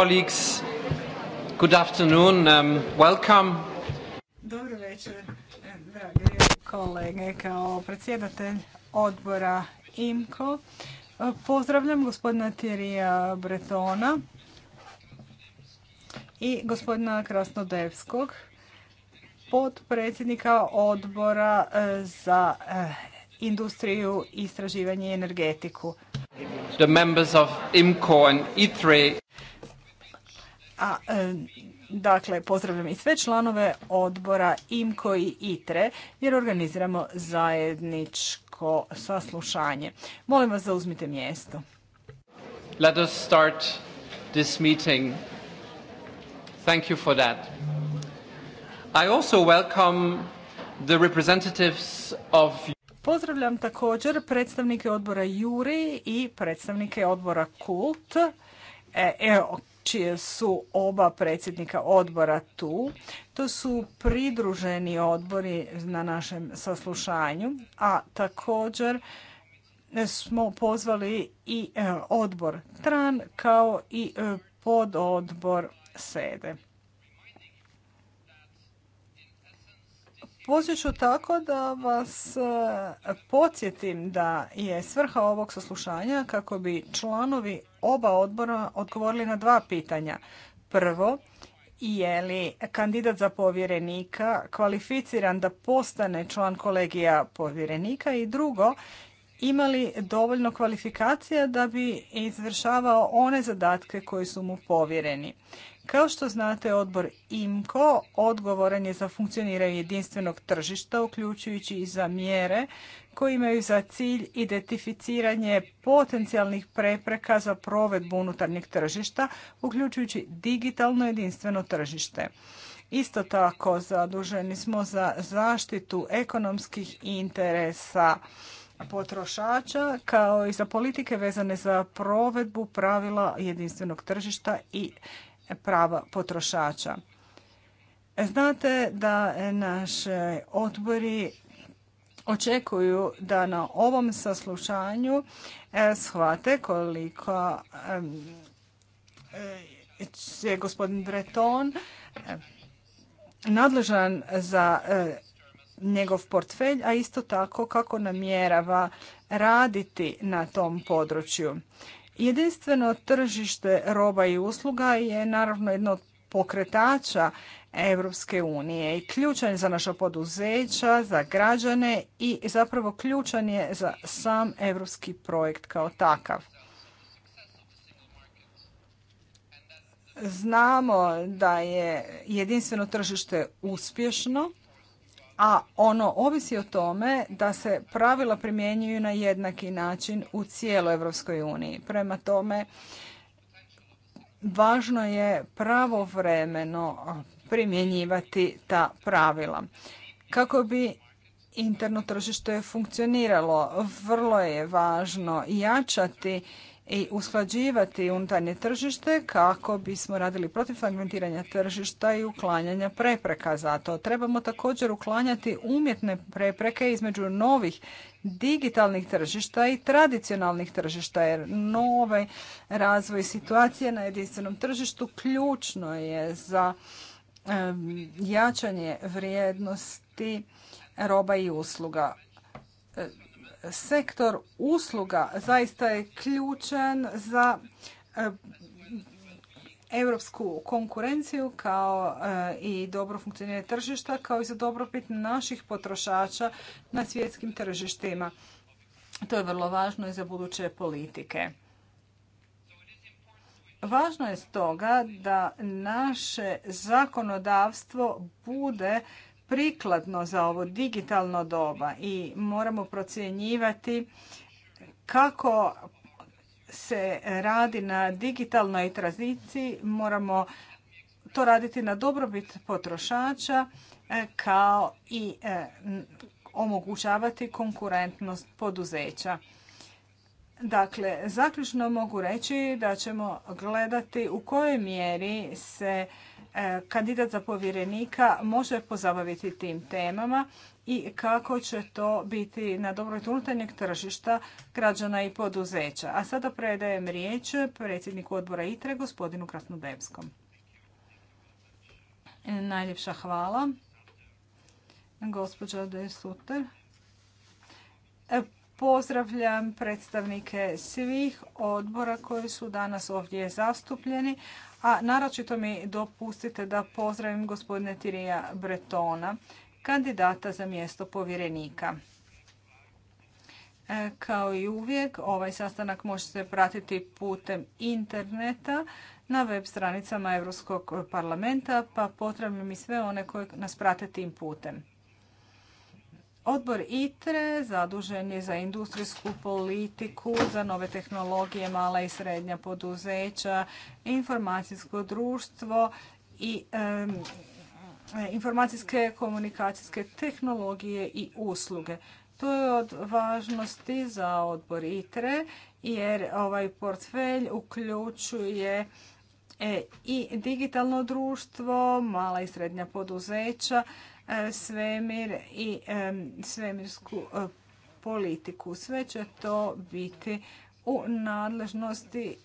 colleagues, good afternoon, um, welcome. Dobro večer, dragi kolege, kao predsjedatelj odbora IMCO. Pozdravljam gospodina Tirija Bretona i gospodina Krasnodevskog, podpredsjednika odbora e, za e, industriju, istraživanje i energetiku. The members of a, e, dakle, pozdravljam i sve članove odbora IMKO i ITRE jer organiziramo zajedničko saslušanje. Molim vas da uzmite mjesto. Let us start this meeting. Thank you for that. I also welcome the representatives of Pozdravljam također predstavnike odbora Juri i predstavnike odbora Kult. E, čije su oba predsjednika odbora tu. To su pridruženi odbori na našem saslušanju, a također smo pozvali i e, odbor TRAN kao i e, pododbor SEDE. ću tako da vas e, podsjetim da je svrha ovog saslušanja kako bi članovi oba odbora odgovorili na dva pitanja. Prvo, je li kandidat za povjerenika kvalificiran da postane član kolegija povjerenika i drugo, ima li dovoljno kvalifikacija da bi izvršavao one zadatke koji su mu povjereni. Kao što znate, odbor IMCO odgovoran je za funkcioniranje jedinstvenog tržišta, uključujući i za mjere koje imaju za cilj identificiranje potencijalnih prepreka za provedbu unutarnjeg tržišta, uključujući digitalno jedinstveno tržište. Isto tako, zaduženi smo za zaštitu ekonomskih interesa potrošača kao i za politike vezane za provedbu pravila jedinstvenog tržišta i prava potrošača. Znate da naš odbori očekuju da na ovom saslušanju e, shvate koliko e, je gospodin Breton e, nadležan za njegov portfelj, a isto tako kako namjerava raditi na tom području. Jedinstveno tržište roba i usluga je naravno jedno od pokretača Europske unije i ključan je za naša poduzeća, za građane i zapravo ključan je za sam europski projekt kao takav. Znamo da je jedinstveno tržište uspješno a ono ovisi o tome da se pravila primjenjuju na jednaki način u cijeloj Europskoj uniji. Prema tome, važno je pravovremeno primjenjivati ta pravila. Kako bi interno tržište funkcioniralo, vrlo je važno jačati i usklađivati unutarnje tržište kako bismo radili protiv fragmentiranja tržišta i uklanjanja prepreka. Zato trebamo također uklanjati umjetne prepreke između novih digitalnih tržišta i tradicionalnih tržišta jer nove razvoj situacije na jedinstvenom tržištu ključno je za jačanje vrijednosti roba i usluga sektor usluga zaista je ključan za e, europsku konkurenciju kao e, i dobro funkcioniranje tržišta kao i za dobrobit naših potrošača na svjetskim tržištima. To je vrlo važno i za buduće politike. Važno je stoga da naše zakonodavstvo bude prikladno za ovo digitalno doba i moramo procjenjivati kako se radi na digitalnoj tranziciji, moramo to raditi na dobrobit potrošača e, kao i e, omogućavati konkurentnost poduzeća. Dakle, zaključno mogu reći da ćemo gledati u kojoj mjeri se E, kandidat za povjerenika može pozabaviti tim temama i kako će to biti na dobroj unutarnjeg tržišta građana i poduzeća. A sada predajem riječ predsjedniku odbora ITRE, gospodinu Krasnodebskom. Najljepša hvala. Gospođa De Suter. E, pozdravljam predstavnike svih odbora koji su danas ovdje zastupljeni, a naročito mi dopustite da pozdravim gospodine Tirija Bretona, kandidata za mjesto povjerenika. E, kao i uvijek, ovaj sastanak možete pratiti putem interneta na web stranicama Europskog parlamenta, pa potrebno mi sve one koji nas prate tim putem. Odbor ITRE zadužen je za industrijsku politiku, za nove tehnologije, mala i srednja poduzeća, informacijsko društvo i informacijske komunikacijske tehnologije i usluge. To je od važnosti za odbor ITRE jer ovaj portfelj uključuje e, i digitalno društvo, mala i srednja poduzeća, svemir i svemirsku e, politiku. Sve će to biti u nadležnosti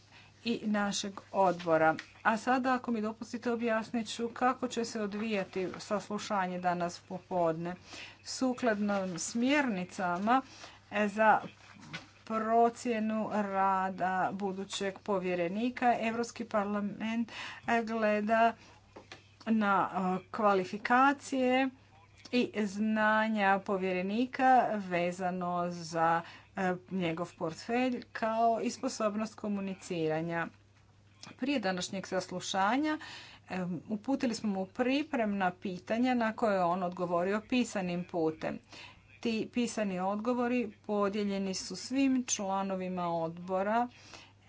i našeg odbora. A sada, ako mi dopustite, objasnit ću kako će se odvijati saslušanje danas popodne. Sukladno smjernicama e, za procjenu rada budućeg povjerenika, Europski parlament e, gleda na kvalifikacije i znanja povjerenika vezano za e, njegov portfelj kao i sposobnost komuniciranja. Prije današnjeg saslušanja e, uputili smo mu pripremna pitanja na koje on odgovorio pisanim putem. Ti pisani odgovori podijeljeni su svim članovima odbora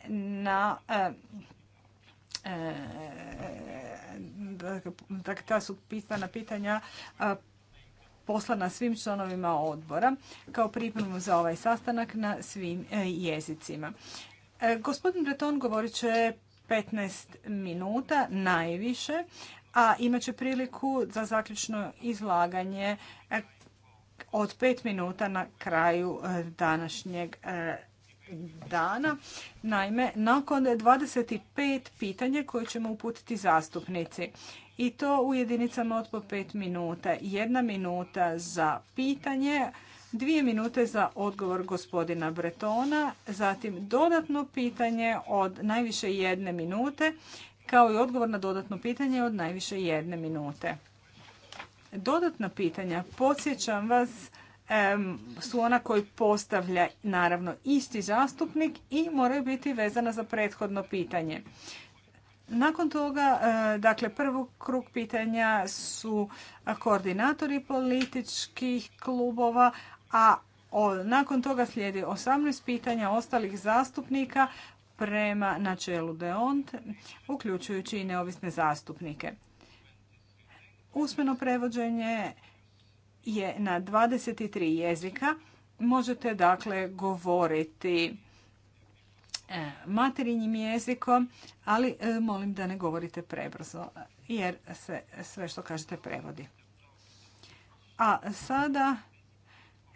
na e, Dakle, ta su pitana pitanja poslana svim članovima odbora kao pripremu za ovaj sastanak na svim e, jezicima. E, gospodin Breton govorit će 15 minuta najviše, a imat će priliku za zaključno izlaganje e, od 5 minuta na kraju današnjeg dana. Naime, nakon 25 pitanja koje ćemo uputiti zastupnici i to u jedinicama od po 5 minuta. Jedna minuta za pitanje, dvije minute za odgovor gospodina Bretona, zatim dodatno pitanje od najviše jedne minute, kao i odgovor na dodatno pitanje od najviše jedne minute. Dodatna pitanja, podsjećam vas, su ona koji postavlja naravno isti zastupnik i moraju biti vezana za prethodno pitanje. Nakon toga, e, dakle, prvo krug pitanja su koordinatori političkih klubova, a nakon toga slijedi 18 pitanja ostalih zastupnika prema načelu DEONT, uključujući i neovisne zastupnike. Usmeno prevođenje je na 23 jezika. Možete dakle govoriti e, materinjim jezikom, ali e, molim da ne govorite prebrzo jer se sve što kažete prevodi. A sada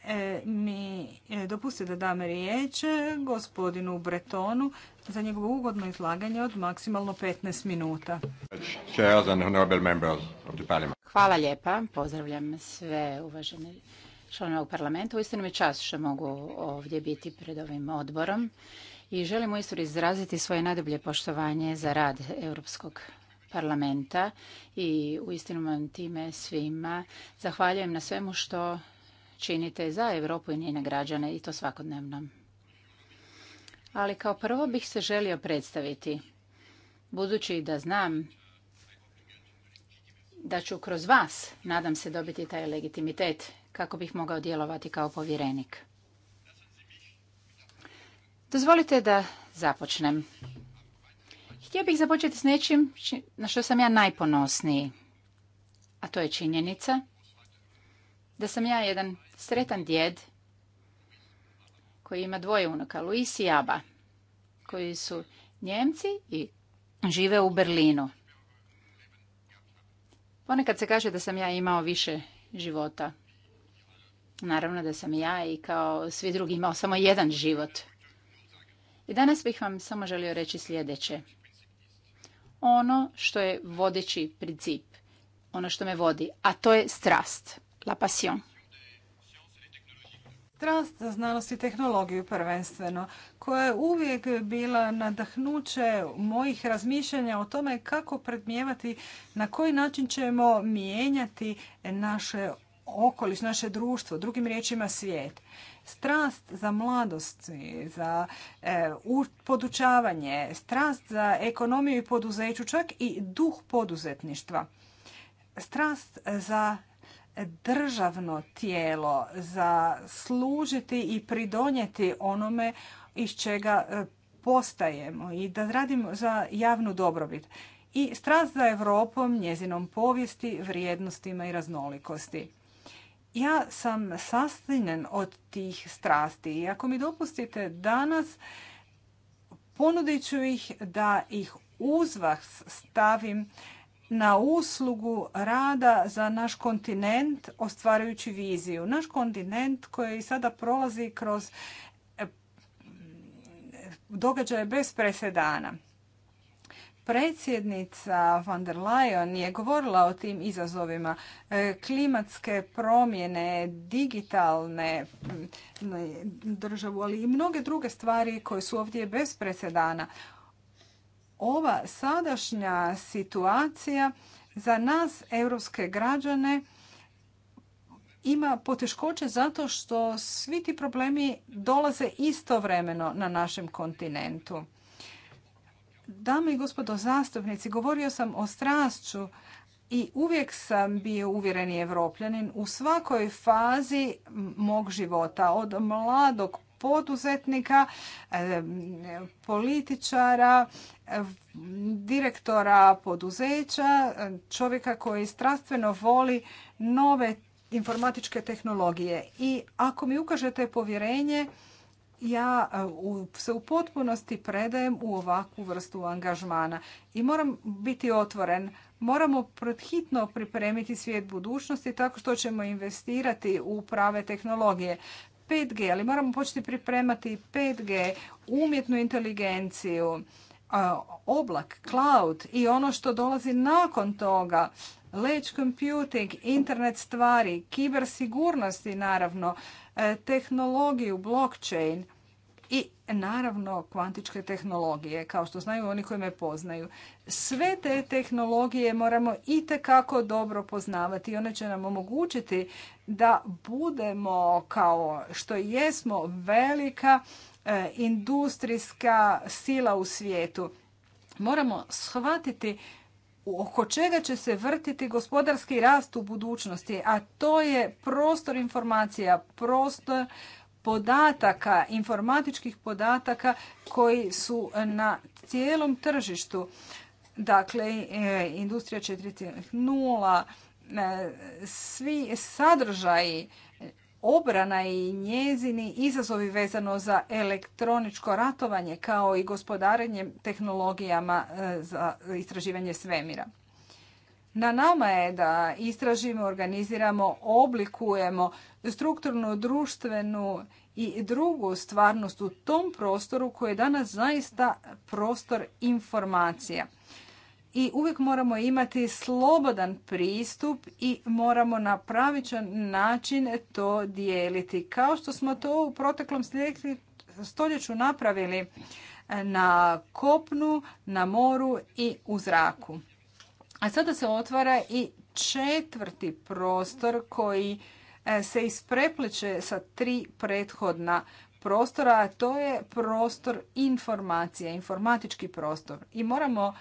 e, mi dopustite da dam riječ gospodinu Bretonu za njegovo ugodno izlaganje od maksimalno 15 minuta. Hvala lijepa. Pozdravljam sve uvažene članove u parlamenta. Uistinu mi čast što mogu ovdje biti pred ovim odborom i želim uistinu izraziti svoje najdublje poštovanje za rad Europskog parlamenta i uistinu vam time svima zahvaljujem na svemu što činite za Europu i njene građane i to svakodnevno. Ali kao prvo bih se želio predstaviti. Budući da znam da ću kroz vas, nadam se, dobiti taj legitimitet kako bih mogao djelovati kao povjerenik. Dozvolite da započnem. Htio bih započeti s nečim na što sam ja najponosniji, a to je činjenica da sam ja jedan sretan djed koji ima dvoje unuka, Luis i Aba, koji su Njemci i žive u Berlinu. Ponekad se kaže da sam ja imao više života. Naravno da sam ja i kao svi drugi imao samo jedan život. I danas bih vam samo želio reći sljedeće. Ono što je vodeći princip, ono što me vodi, a to je strast, la passion. Strast za znanost i tehnologiju prvenstveno, koja je uvijek bila nadahnuće mojih razmišljanja o tome kako predmijevati, na koji način ćemo mijenjati naše okoliš, naše društvo, drugim riječima svijet. Strast za mladost, za e, podučavanje, strast za ekonomiju i poduzeću, čak i duh poduzetništva. Strast za državno tijelo za služiti i pridonijeti onome iz čega e, postajemo i da radimo za javnu dobrobit. I strast za Europom, njezinom povijesti, vrijednostima i raznolikosti. Ja sam sastinjen od tih strasti i ako mi dopustite danas, ponudit ću ih da ih uzvah stavim na uslugu rada za naš kontinent ostvarujući viziju. Naš kontinent koji sada prolazi kroz e, događaje bez presedana. Predsjednica van der Leyen je govorila o tim izazovima e, klimatske promjene, digitalne državu, ali i mnoge druge stvari koje su ovdje bez presedana ova sadašnja situacija za nas, europske građane, ima poteškoće zato što svi ti problemi dolaze istovremeno na našem kontinentu. Dame i gospodo zastupnici, govorio sam o strašću i uvijek sam bio uvjereni evropljanin u svakoj fazi mog života, od mladog poduzetnika, političara, direktora poduzeća, čovjeka koji strastveno voli nove informatičke tehnologije. I ako mi ukažete povjerenje, ja se u potpunosti predajem u ovakvu vrstu angažmana i moram biti otvoren. Moramo prothitno pripremiti svijet budućnosti tako što ćemo investirati u prave tehnologije. 5G, ali moramo početi pripremati 5G, umjetnu inteligenciju, e, oblak, cloud i ono što dolazi nakon toga, Ledge computing, internet stvari, kibersigurnosti naravno, e, tehnologiju, blockchain i naravno kvantičke tehnologije, kao što znaju oni koji me poznaju. Sve te tehnologije moramo itekako dobro poznavati i one će nam omogućiti da budemo kao što jesmo velika e, industrijska sila u svijetu. Moramo shvatiti oko čega će se vrtiti gospodarski rast u budućnosti, a to je prostor informacija, prostor podataka, informatičkih podataka koji su na cijelom tržištu. Dakle, e, industrija 4.0, e, svi sadržaji, obrana i njezini izazovi vezano za elektroničko ratovanje kao i gospodarenje tehnologijama e, za istraživanje svemira. Na nama je da istražimo, organiziramo, oblikujemo strukturnu, društvenu i drugu stvarnost u tom prostoru koji je danas zaista prostor informacija. I uvijek moramo imati slobodan pristup i moramo na pravičan način to dijeliti. Kao što smo to u proteklom stoljeću napravili na kopnu, na moru i u zraku. A sada se otvara i četvrti prostor koji e, se isprepliče sa tri prethodna prostora, a to je prostor informacija, informatički prostor. I moramo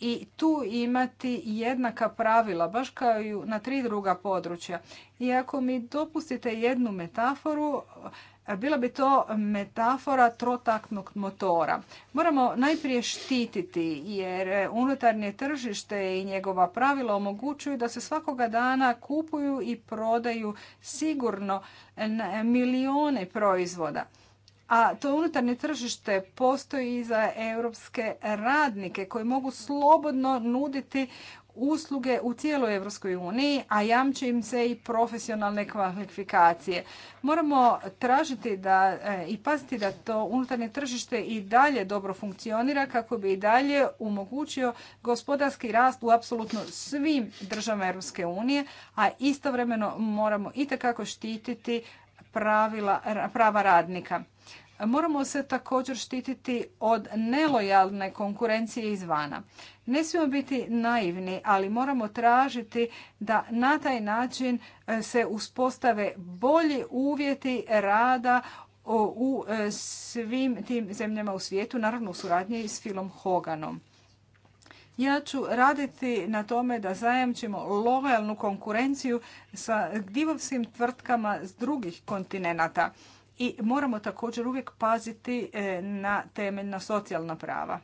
i tu imati jednaka pravila, baš kao i na tri druga područja. I ako mi dopustite jednu metaforu, bila bi to metafora trotaknog motora. Moramo najprije štititi jer unutarnje tržište i njegova pravila omogućuju da se svakoga dana kupuju i prodaju sigurno milijone proizvoda. A to unutarnje tržište postoji i za europske radnike koji mogu slobodno nuditi usluge u cijeloj Europskoj uniji, a jamče im se i profesionalne kvalifikacije. Moramo tražiti da e, i paziti da to unutarnje tržište i dalje dobro funkcionira kako bi i dalje omogućio gospodarski rast u apsolutno svim državama Europske unije, a istovremeno moramo itekako štititi pravila, prava radnika. Moramo se također štititi od nelojalne konkurencije izvana. Ne smijemo biti naivni, ali moramo tražiti da na taj način e, se uspostave bolji uvjeti rada u e, svim tim zemljama u svijetu, naravno u suradnji s Filom Hoganom. Ja ću raditi na tome da zajamčimo lojalnu konkurenciju sa divovskim tvrtkama s drugih kontinenata i moramo također uvijek paziti e, na temeljna socijalna prava.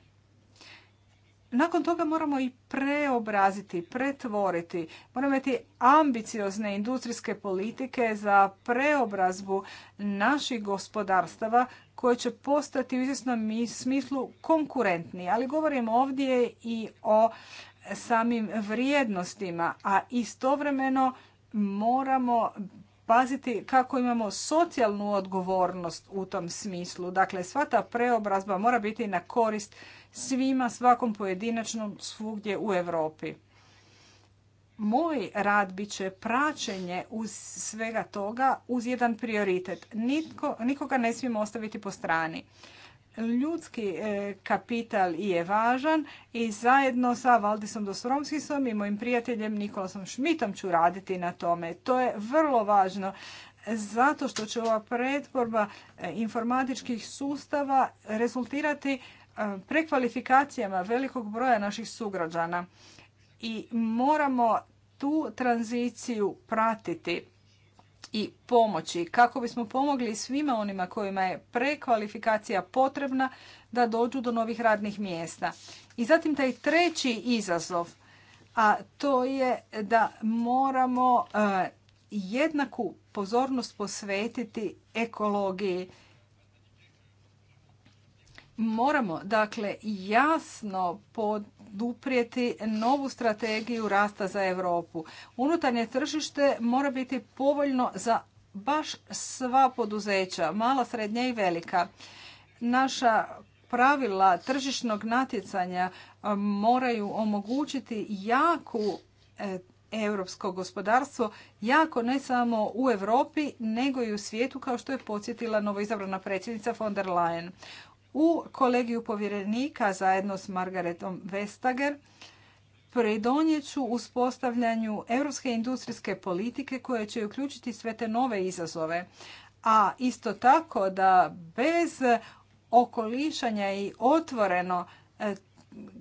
Nakon toga moramo i preobraziti, pretvoriti. Moramo imati ambiciozne industrijske politike za preobrazbu naših gospodarstava koje će postati u izvjesnom smislu konkurentni. Ali govorimo ovdje i o samim vrijednostima, a istovremeno moramo paziti kako imamo socijalnu odgovornost u tom smislu. Dakle, sva ta preobrazba mora biti na korist svima, svakom pojedinačnom svugdje u Europi. Moj rad bit će praćenje uz svega toga uz jedan prioritet. nikoga ne smijemo ostaviti po strani. Ljudski e, kapital je važan i zajedno sa Valdisom Dostromskisom i mojim prijateljem Nikolasom Šmitom ću raditi na tome. To je vrlo važno zato što će ova pretvorba e, informatičkih sustava rezultirati e, prekvalifikacijama velikog broja naših sugrađana. I moramo tu tranziciju pratiti i pomoći kako bismo pomogli svima onima kojima je prekvalifikacija potrebna da dođu do novih radnih mjesta. I zatim taj treći izazov, a to je da moramo e, jednaku pozornost posvetiti ekologiji. Moramo dakle jasno pod poduprijeti novu strategiju rasta za Europu. Unutarnje tržište mora biti povoljno za baš sva poduzeća, mala, srednja i velika. Naša pravila tržišnog natjecanja e, moraju omogućiti jaku e, europsko gospodarstvo, jako ne samo u Europi, nego i u svijetu, kao što je podsjetila novoizabrana predsjednica von der Leyen u kolegiju povjerenika zajedno s Margaretom Vestager predonjeću uspostavljanju europske industrijske politike koje će uključiti sve te nove izazove. A isto tako da bez okolišanja i otvoreno e,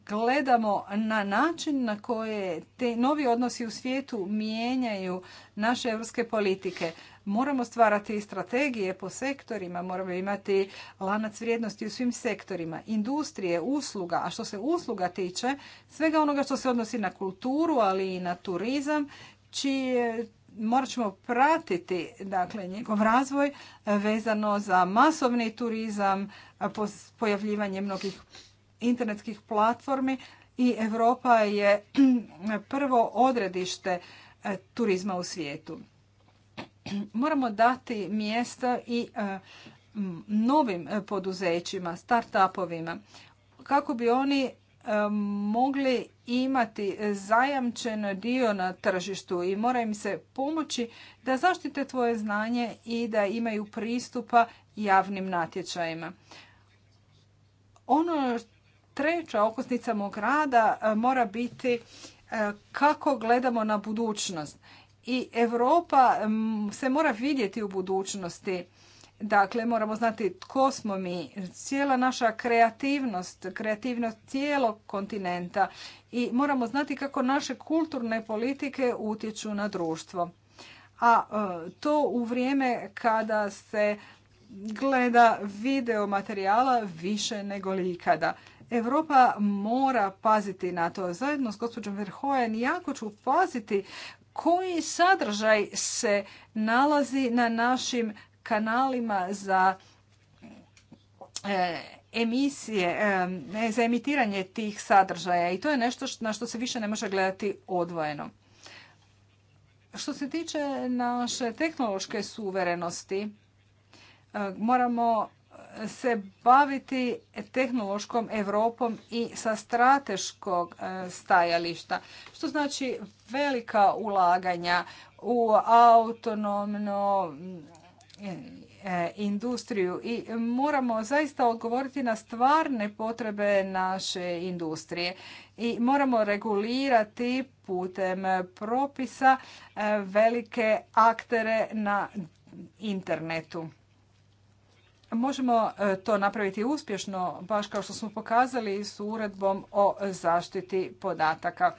gledamo na način na koje te novi odnosi u svijetu mijenjaju naše europske politike. Moramo stvarati strategije po sektorima, moramo imati lanac vrijednosti u svim sektorima, industrije, usluga, a što se usluga tiče, svega onoga što se odnosi na kulturu, ali i na turizam, čije morat ćemo pratiti dakle, njegov razvoj vezano za masovni turizam, pojavljivanje mnogih internetskih platformi i Europa je prvo odredište e, turizma u svijetu. moramo dati mjesta i e, novim e, poduzećima, start-upovima, kako bi oni e, mogli imati zajamčen dio na tržištu i mora im se pomoći da zaštite tvoje znanje i da imaju pristupa javnim natječajima. Ono treća okosnica mog rada mora biti kako gledamo na budućnost i Europa mm, se mora vidjeti u budućnosti. Dakle, moramo znati tko smo mi. Cijela naša kreativnost, kreativnost cijelog kontinenta i moramo znati kako naše kulturne politike utječu na društvo. A e, to u vrijeme kada se gleda video materijala više nego li ikada. Europa mora paziti na to. Zajedno s gospođom Verhoen jako ću paziti koji sadržaj se nalazi na našim kanalima za e, emisije, e, za emitiranje tih sadržaja i to je nešto na što se više ne može gledati odvojeno. Što se tiče naše tehnološke suverenosti, e, moramo se baviti tehnološkom Europom i sa strateškog e, stajališta. Što znači velika ulaganja u autonomnu e, industriju i moramo zaista odgovoriti na stvarne potrebe naše industrije i moramo regulirati putem propisa e, velike aktere na internetu. Možemo e, to napraviti uspješno, baš kao što smo pokazali s uredbom o zaštiti podataka.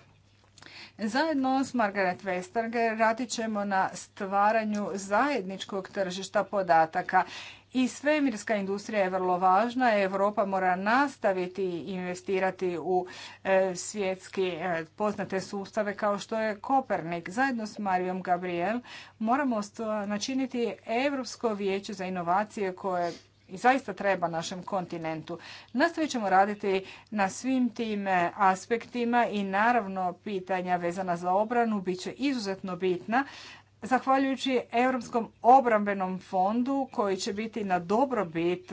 Zajedno s Margaret Westerger radit ćemo na stvaranju zajedničkog tržišta podataka i svemirska industrija je vrlo važna. Europa mora nastaviti investirati u e, svjetski e, poznate sustave kao što je Kopernik. Zajedno s Marijom Gabriel moramo načiniti Europsko vijeće za inovacije koje i zaista treba našem kontinentu. Nastavit ćemo raditi na svim tim e, aspektima i naravno pitanja vezana za obranu bit će izuzetno bitna zahvaljujući Europskom obrambenom fondu koji će biti na dobrobit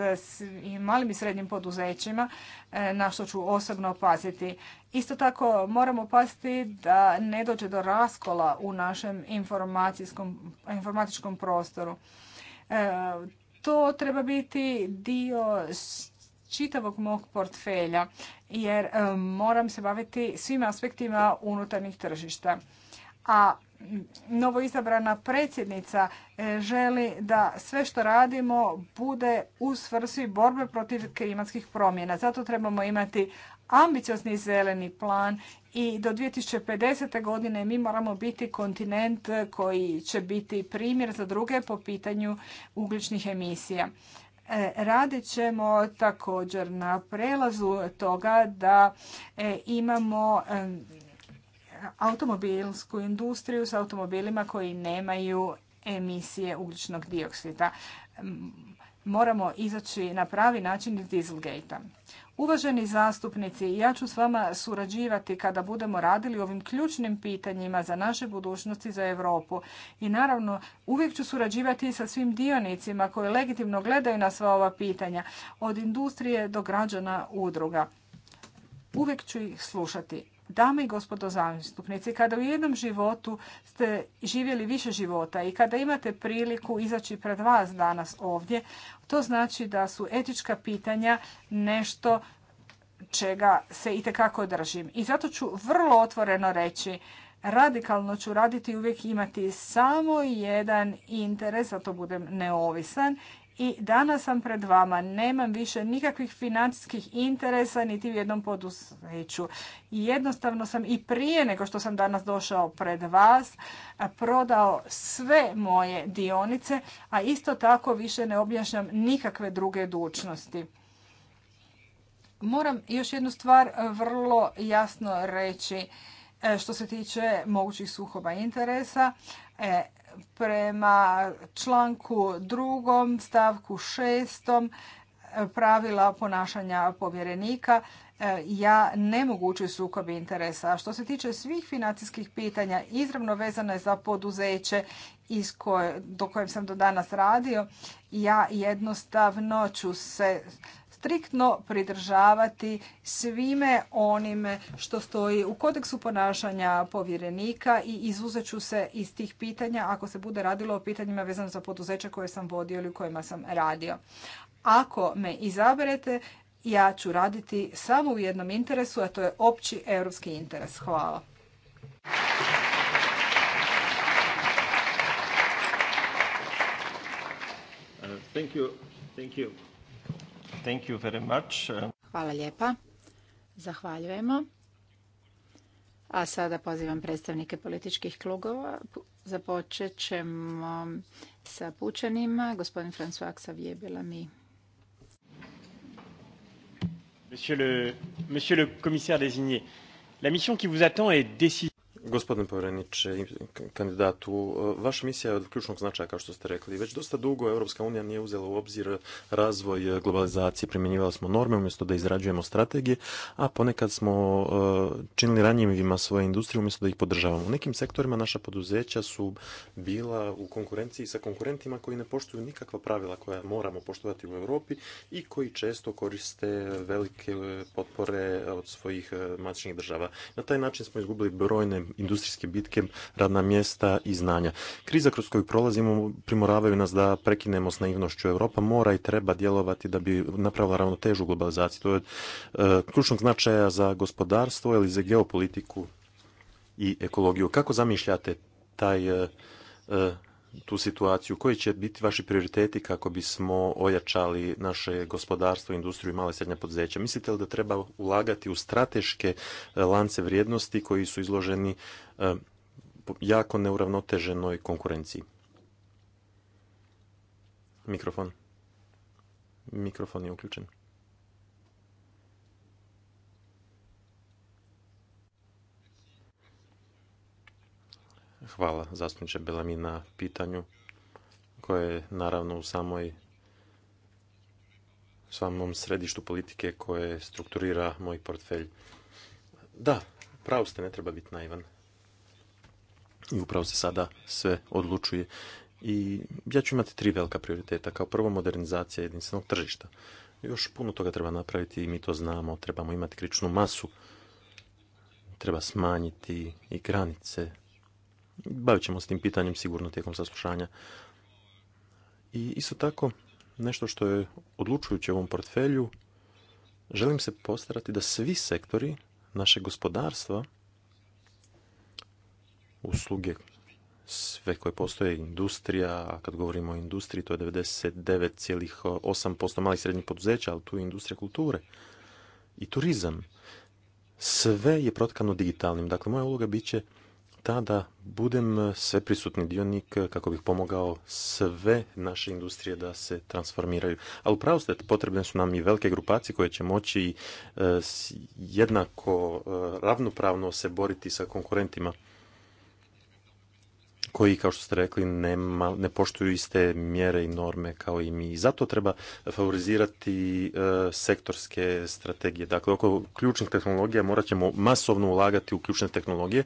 malim i srednjim poduzećima, e, na što ću osobno paziti. Isto tako moramo paziti da ne dođe do raskola u našem informatičkom prostoru. E, to treba biti dio čitavog mog portfelja jer e, moram se baviti svim aspektima unutarnjih tržišta. A izabrana predsjednica e, želi da sve što radimo bude u svrsi borbe protiv klimatskih promjena. Zato trebamo imati ambiciozni zeleni plan i do 2050. godine mi moramo biti kontinent koji će biti primjer za druge po pitanju ugljičnih emisija. E, radit ćemo također na prelazu toga da e, imamo automobilsku industriju s automobilima koji nemaju emisije ugljičnog dioksida. Moramo izaći na pravi način iz Dieselgate-a. Uvaženi zastupnici, ja ću s vama surađivati kada budemo radili ovim ključnim pitanjima za naše budućnosti za Europu. I naravno, uvijek ću surađivati sa svim dionicima koji legitimno gledaju na sva ova pitanja, od industrije do građana udruga. Uvijek ću ih slušati. Dame i gospodo zastupnici, kada u jednom životu ste živjeli više života i kada imate priliku izaći pred vas danas ovdje, to znači da su etička pitanja nešto čega se itekako držim. I zato ću vrlo otvoreno reći, radikalno ću raditi i uvijek imati samo jedan interes, da to budem neovisan i danas sam pred vama. Nemam više nikakvih financijskih interesa niti u jednom poduzeću. Jednostavno sam i prije nego što sam danas došao pred vas prodao sve moje dionice, a isto tako više ne objašnjam nikakve druge dučnosti. Moram još jednu stvar vrlo jasno reći e, što se tiče mogućih suhova interesa. E, prema članku drugom stavku šestom pravila ponašanja povjerenika e, ja ne mogu ući sukob interesa. A što se tiče svih financijskih pitanja, izravno vezane za poduzeće do kojem sam do danas radio, ja jednostavno ću se striktno pridržavati svime onime što stoji u kodeksu ponašanja povjerenika i izuzet ću se iz tih pitanja ako se bude radilo o pitanjima vezano za poduzeća koje sam vodio ili u kojima sam radio. Ako me izaberete, ja ću raditi samo u jednom interesu, a to je opći europski interes. Hvala. Uh, thank you. Thank you. Thank you very much. Hvala lijepa. Zahvaljujemo. A sada pozivam predstavnike političkih klubova. Započet ćemo sa pučanima. Gospodin François Xavier Bellamy. Monsieur le, monsieur le commissaire désigné, la mission qui vous attend est décisive. Gospodine povjereniče, kandidatu, vaša misija je od ključnog značaja, kao što ste rekli. Već dosta dugo Europska unija nije uzela u obzir razvoj globalizacije, primjenjivali smo norme umjesto da izrađujemo strategije, a ponekad smo e, činili ranjivima svoje industrije umjesto da ih podržavamo. U nekim sektorima naša poduzeća su bila u konkurenciji sa konkurentima koji ne poštuju nikakva pravila koja moramo poštovati u Europi i koji često koriste velike potpore od svojih e, matičnih država. Na taj način smo izgubili brojne industrijske bitke, radna mjesta i znanja. Kriza kroz koju prolazimo primoravaju nas da prekinemo s naivnošću. Europa mora i treba djelovati da bi napravila ravnotežu globalizaciju. To je e, ključnog značaja za gospodarstvo ili za geopolitiku i ekologiju. Kako zamišljate taj e, e, tu situaciju? Koji će biti vaši prioriteti kako bismo ojačali naše gospodarstvo, industriju i male i srednje poduzeća? Mislite li da treba ulagati u strateške e, lance vrijednosti koji su izloženi e, jako neuravnoteženoj konkurenciji? Mikrofon. Mikrofon je uključen. Hvala zastupniče Belami na pitanju koje je naravno u samoj samom središtu politike koje strukturira moj portfelj. Da, pravo ste, ne treba biti naivan. I upravo se sada sve odlučuje. I ja ću imati tri velika prioriteta. Kao prvo, modernizacija jedinstvenog tržišta. Još puno toga treba napraviti i mi to znamo. Trebamo imati kričnu masu. Treba smanjiti i granice Bavit ćemo s tim pitanjem sigurno tijekom saslušanja. I isto tako, nešto što je odlučujuće u ovom portfelju, želim se postarati da svi sektori naše gospodarstva, usluge, sve koje postoje, industrija, a kad govorimo o industriji, to je 99,8% malih srednjih poduzeća, ali tu je industrija kulture i turizam. Sve je protkano digitalnim. Dakle, moja uloga bit će tada da budem e, sveprisutni dionik e, kako bih pomogao sve naše industrije da se transformiraju. Ali u ste potrebne su nam i velike grupacije koje će moći e, jednako ravnopravno se boriti sa konkurentima koji, kao što ste rekli, ne poštuju iste mjere i norme kao i mi. I zato treba favorizirati e, sektorske strategije. Dakle, oko ključnih tehnologija morat ćemo masovno ulagati u ključne tehnologije.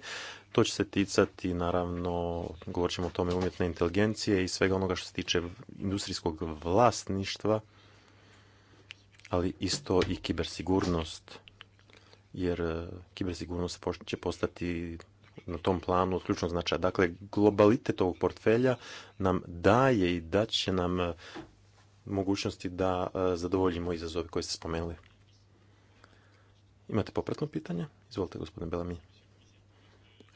To će se ticati, naravno, govorit ćemo o tome, umjetne inteligencije i svega onoga što se tiče industrijskog vlasništva, ali isto i kibersigurnost, jer e, kibersigurnost će postati na tom planu od ključnog značaja. Dakle, globalitet ovog portfelja nam daje i daće nam e, mogućnosti da e, zadovoljimo izazove koje ste spomenuli. Imate popratno pitanje? Izvolite, gospodine Belami.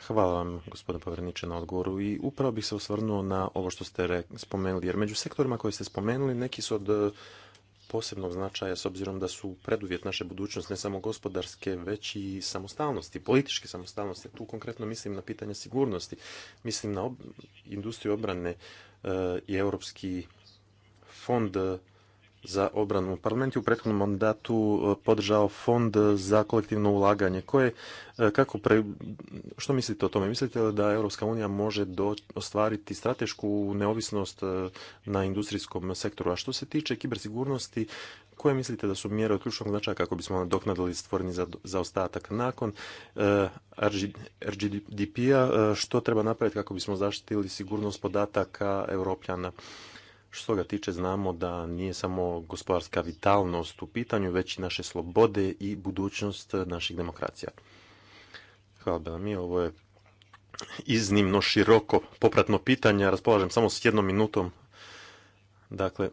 Hvala vam, gospodine povjereniče, na odgovoru i upravo bih se osvrnuo na ovo što ste spomenuli, jer među sektorima koje ste spomenuli, neki su od e, posebnog značaja s obzirom da su preduvjet naše budućnosti ne samo gospodarske, već i samostalnosti, političke samostalnosti. Tu konkretno mislim na pitanje sigurnosti, mislim na industriju obrane e, i Europski fond za obranu. Parlament je u prethodnom mandatu e, podržao fond za kolektivno ulaganje. Koje, e, kako što mislite o tome? Mislite li da Europska unija može do, ostvariti stratešku neovisnost e, na industrijskom sektoru? A što se tiče kibersigurnosti, koje mislite da su mjere od ključnog značaja kako bismo doknadili stvoreni za za nakon RGDP-a? Što treba napraviti kako bismo zaštitili sigurnost podataka europljana? Što ga tiče znamo da nije samo gospodarska vitalnost u pitanju, već i naše slobode i budućnost naših demokracija. Hvala Mi, ovo je iznimno široko popratno pitanje, raspolažem samo s jednom minutom. Dakle,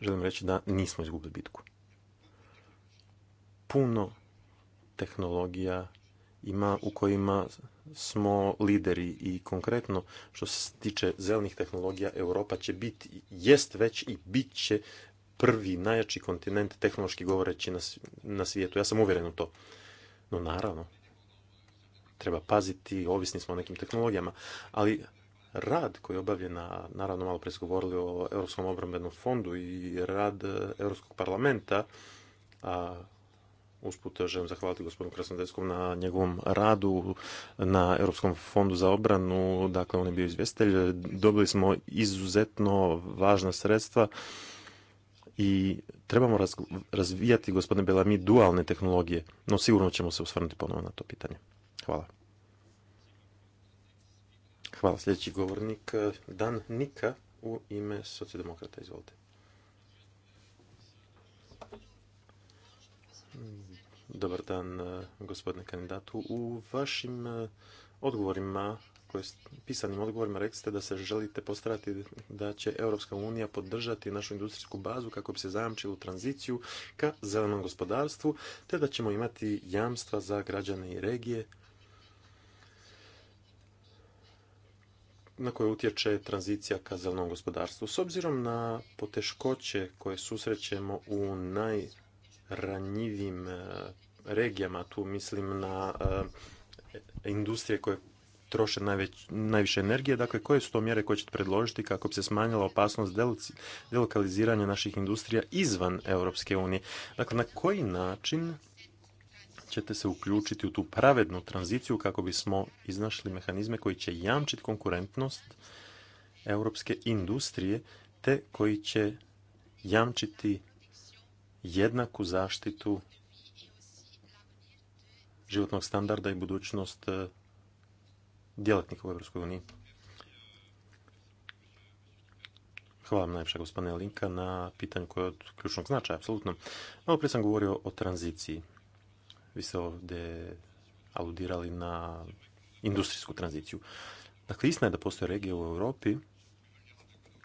želim reći da nismo izgubili bitku. Puno tehnologija ima u kojima smo lideri i konkretno što se tiče zelenih tehnologija Europa će biti, jest već i bit će prvi najjači kontinent tehnološki govoreći na svijetu. Ja sam uvjeren u to. No naravno, treba paziti, ovisni smo o nekim tehnologijama, ali rad koji je obavljen, naravno malo prije govorili o Europskom obrambenom fondu i rad Europskog parlamenta, a Usput želim zahvaliti gospodinu Krasnodevskom na njegovom radu na Europskom fondu za obranu. Dakle, on je bio izvjestitelj. Dobili smo izuzetno važna sredstva i trebamo razvijati, gospodine mi dualne tehnologije. No sigurno ćemo se osvrnuti ponovno na to pitanje. Hvala. Hvala. Sljedeći govornik Dan Nika u ime socijaldemokrata. Izvolite. Dobar dan, e, gospodine kandidatu. U vašim e, odgovorima, koje, pisanim odgovorima, rekli ste da se želite postarati da će Europska unija podržati našu industrijsku bazu kako bi se zajamčilo tranziciju ka zelenom gospodarstvu, te da ćemo imati jamstva za građane i regije na koje utječe tranzicija ka zelenom gospodarstvu. S obzirom na poteškoće koje susrećemo u naj ranjivim e, regijama, tu mislim na e, industrije koje troše najviše energije. Dakle, koje su to mjere koje ćete predložiti kako bi se smanjila opasnost delokaliziranja naših industrija izvan Europske unije? Dakle, na koji način ćete se uključiti u tu pravednu tranziciju kako bismo iznašli mehanizme koji će jamčiti konkurentnost europske industrije te koji će jamčiti jednaku zaštitu životnog standarda i budućnost e, djelatnika u EU. Hvala vam najviše gospodine Linka na pitanju koje je od ključnog značaja, apsolutno. Malo prije sam govorio o tranziciji. Vi ste ovdje aludirali na industrijsku tranziciju. Dakle, istina je da postoje regije u Europi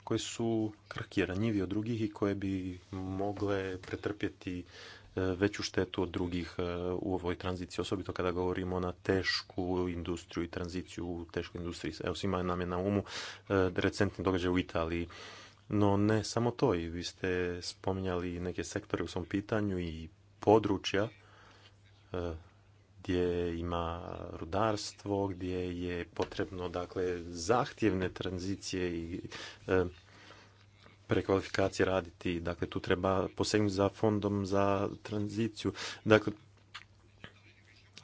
koje su krhki, od drugih i koje bi mogle pretrpjeti e, veću štetu od drugih e, u ovoj tranziciji, osobito kada govorimo na tešku industriju i tranziciju u teškoj industriji. Evo, svima nam je na umu e, recentni događaj u Italiji. No ne samo to, i vi ste spominjali neke sektore u svom pitanju i područja gdje ima rudarstvo, gdje je potrebno dakle zahtjevne tranzicije i e, prekvalifikacije raditi. Dakle, tu treba posegnuti za fondom za tranziciju. Dakle,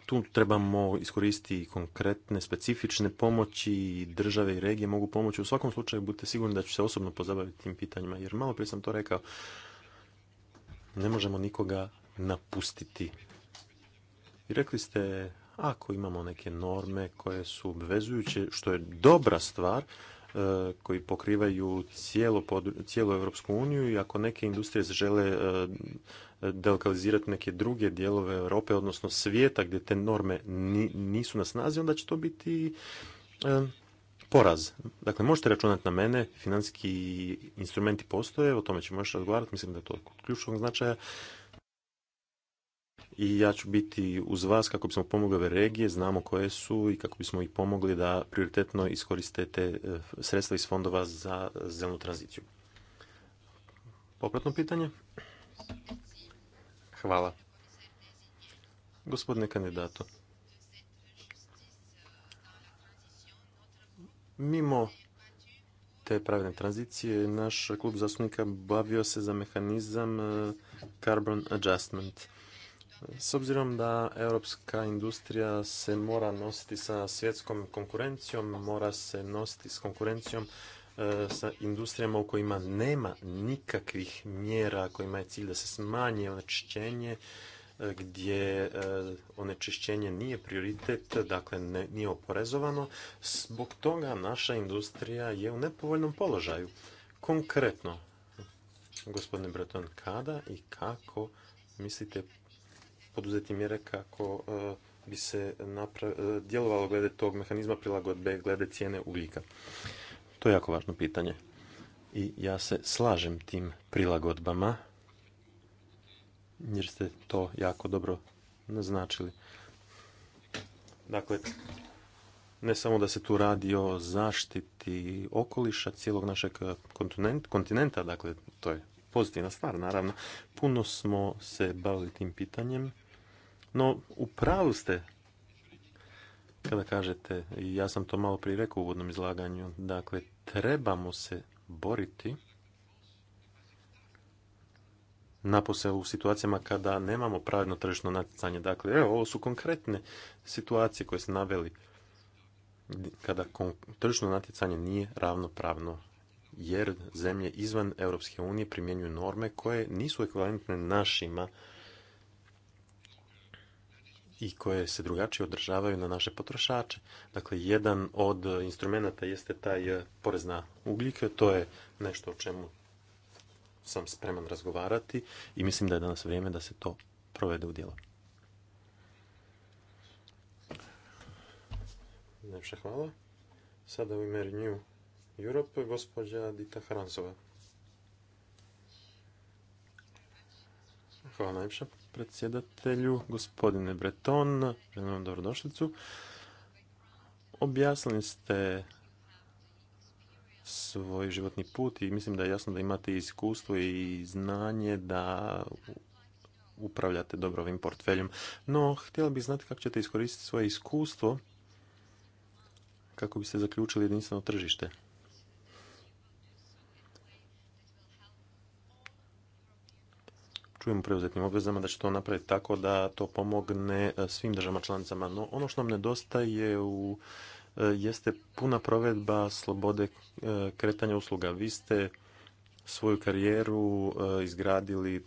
tu trebamo iskoristiti konkretne, specifične pomoći i države i regije mogu pomoći. U svakom slučaju budite sigurni da ću se osobno pozabaviti tim pitanjima, jer malo prije sam to rekao, ne možemo nikoga napustiti rekli ste, ako imamo neke norme koje su obvezujuće, što je dobra stvar, e, koji pokrivaju cijelu, cijelu Europsku uniju i ako neke industrije žele e, delokalizirati neke druge dijelove Europe, odnosno svijeta gdje te norme nisu na snazi, onda će to biti e, poraz. Dakle, možete računati na mene, financijski instrumenti postoje, o tome ćemo još razgovarati, mislim da je to ključnog značaja i ja ću biti uz vas kako bismo pomogli ove regije, znamo koje su i kako bismo ih pomogli da prioritetno iskoristete eh, sredstva iz fondova za zelenu tranziciju. Popratno pitanje? Hvala. Gospodine kandidato, mimo te pravilne tranzicije, naš klub zastupnika bavio se za mehanizam eh, Carbon Adjustment s obzirom da europska industrija se mora nositi sa svjetskom konkurencijom, mora se nositi s konkurencijom e, sa industrijama u kojima nema nikakvih mjera kojima je cilj da se smanje onečišćenje, e, gdje e, onečišćenje nije prioritet, dakle nije oporezovano. Zbog toga naša industrija je u nepovoljnom položaju. Konkretno, gospodine Breton, kada i kako mislite poduzeti mjere kako e, bi se e, djelovalo glede tog mehanizma prilagodbe glede cijene ugljika? To je jako važno pitanje. I ja se slažem tim prilagodbama, jer ste to jako dobro naznačili. Dakle, ne samo da se tu radi o zaštiti okoliša cijelog našeg kontinenta, dakle, to je pozitivna stvar, naravno. Puno smo se bavili tim pitanjem no, u pravu ste kada kažete, ja sam to malo prije rekao u uvodnom izlaganju, dakle, trebamo se boriti napose u situacijama kada nemamo pravedno tržišno natjecanje. Dakle, evo, ovo su konkretne situacije koje ste naveli kada tržišno natjecanje nije ravnopravno jer zemlje izvan Europske unije primjenjuju norme koje nisu ekvivalentne našima i koje se drugačije održavaju na naše potrošače. Dakle, jedan od instrumenta jeste taj eh, porez na ugljik. To je nešto o čemu sam spreman razgovarati i mislim da je danas vrijeme da se to provede u djelo. Najpša hvala. Sada u ime Europe, gospođa Dita Hransova. Hvala najpša predsjedatelju, gospodine Breton, želim vam dobrodošlicu. Objasnili ste svoj životni put i mislim da je jasno da imate iskustvo i znanje da upravljate dobro ovim portfeljom. No, htjela bih znati kako ćete iskoristiti svoje iskustvo kako biste zaključili jedinstveno tržište. čujem preuzetnim obvezama da će to napraviti tako da to pomogne e, svim državama članicama. No ono što nam nedostaje u e, jeste puna provedba slobode e, kretanja usluga. Vi ste svoju karijeru izgradili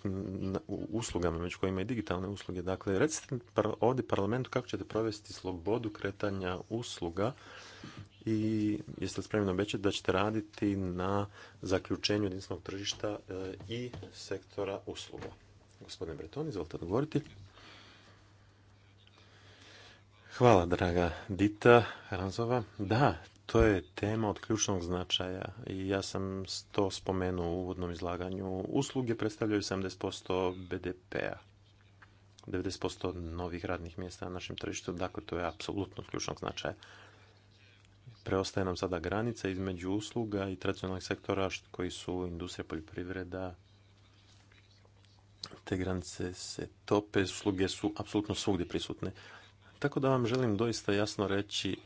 u uslugama, među kojima i digitalne usluge. Dakle, recite ovdje parlamentu kako ćete provesti slobodu kretanja usluga i jeste li spremni obećati da ćete raditi na zaključenju jedinstvenog tržišta e, i sektora usluga? Gospodine Breton, izvolite odgovoriti. Hvala, draga Dita Ranzova. Da, to je tema od ključnog značaja i ja sam to spomenuo u uvodnom izlaganju. Usluge predstavljaju 70% BDP-a. 90% novih radnih mjesta na našem tržištu, dakle to je apsolutno ključnog značaja. Preostaje nam sada granica između usluga i tradicionalnih sektora koji su industrija, poljoprivreda. Te granice se tope, usluge su apsolutno svugdje prisutne. Tako da vam želim doista jasno reći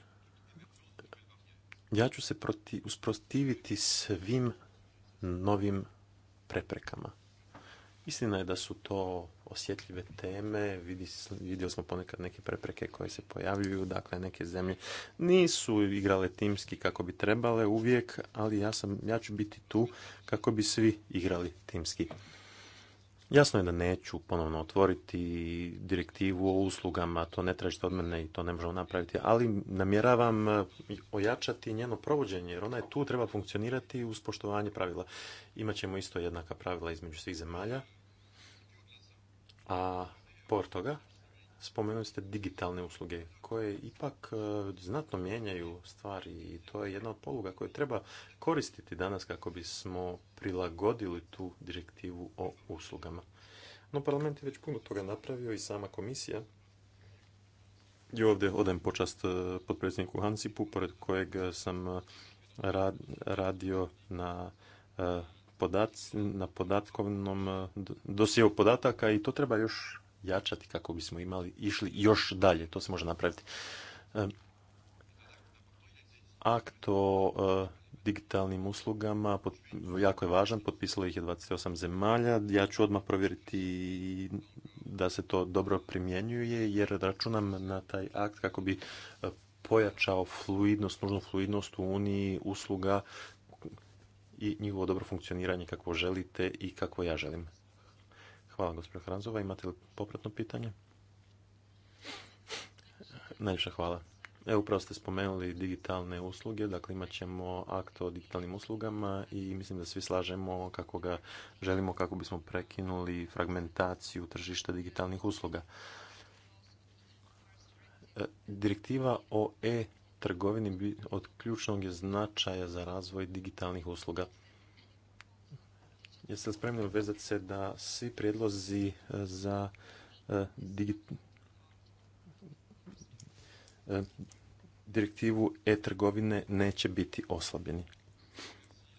ja ću se proti, usprotiviti svim novim preprekama. Istina je da su to osjetljive teme, vidio smo ponekad neke prepreke koje se pojavljuju, dakle neke zemlje nisu igrale timski kako bi trebale uvijek, ali ja, sam, ja ću biti tu kako bi svi igrali timski. Jasno je da neću ponovno otvoriti direktivu o uslugama, to ne tražite od mene i to ne možemo napraviti, ali namjeravam e, ojačati njeno provođenje, jer ona je tu, treba funkcionirati uz poštovanje pravila. Imaćemo isto jednaka pravila između svih zemalja, a por toga, spomenuli ste digitalne usluge koje ipak e, znatno mijenjaju stvari i to je jedna od poluga koje treba koristiti danas kako bismo prilagodili tu direktivu o uslugama. No parlament je već puno toga napravio i sama komisija. I ovdje odajem počast e, podpredsjedniku Hansipu, pored kojeg sam e, radio na na podatkovnom e, dosijevu podataka i to treba još jačati kako bismo imali išli još dalje. To se može napraviti. E, akt o e, digitalnim uslugama jako je važan, potpisalo ih je 28 zemalja. Ja ću odmah provjeriti da se to dobro primjenjuje jer računam na taj akt kako bi pojačao fluidnost, nužnu fluidnost u Uniji usluga i njihovo dobro funkcioniranje kako želite i kako ja želim. Hvala gospođo Hranzova. Imate li popratno pitanje? Najviše hvala. Evo, upravo ste spomenuli digitalne usluge, dakle imat ćemo akt o digitalnim uslugama i mislim da svi slažemo kako ga želimo, kako bismo prekinuli fragmentaciju tržišta digitalnih usluga. E, direktiva o e trgovini od ključnog je značaja za razvoj digitalnih usluga. Jeste li spremni obvezati se da svi prijedlozi e, za e, e, direktivu e-trgovine neće biti oslabljeni?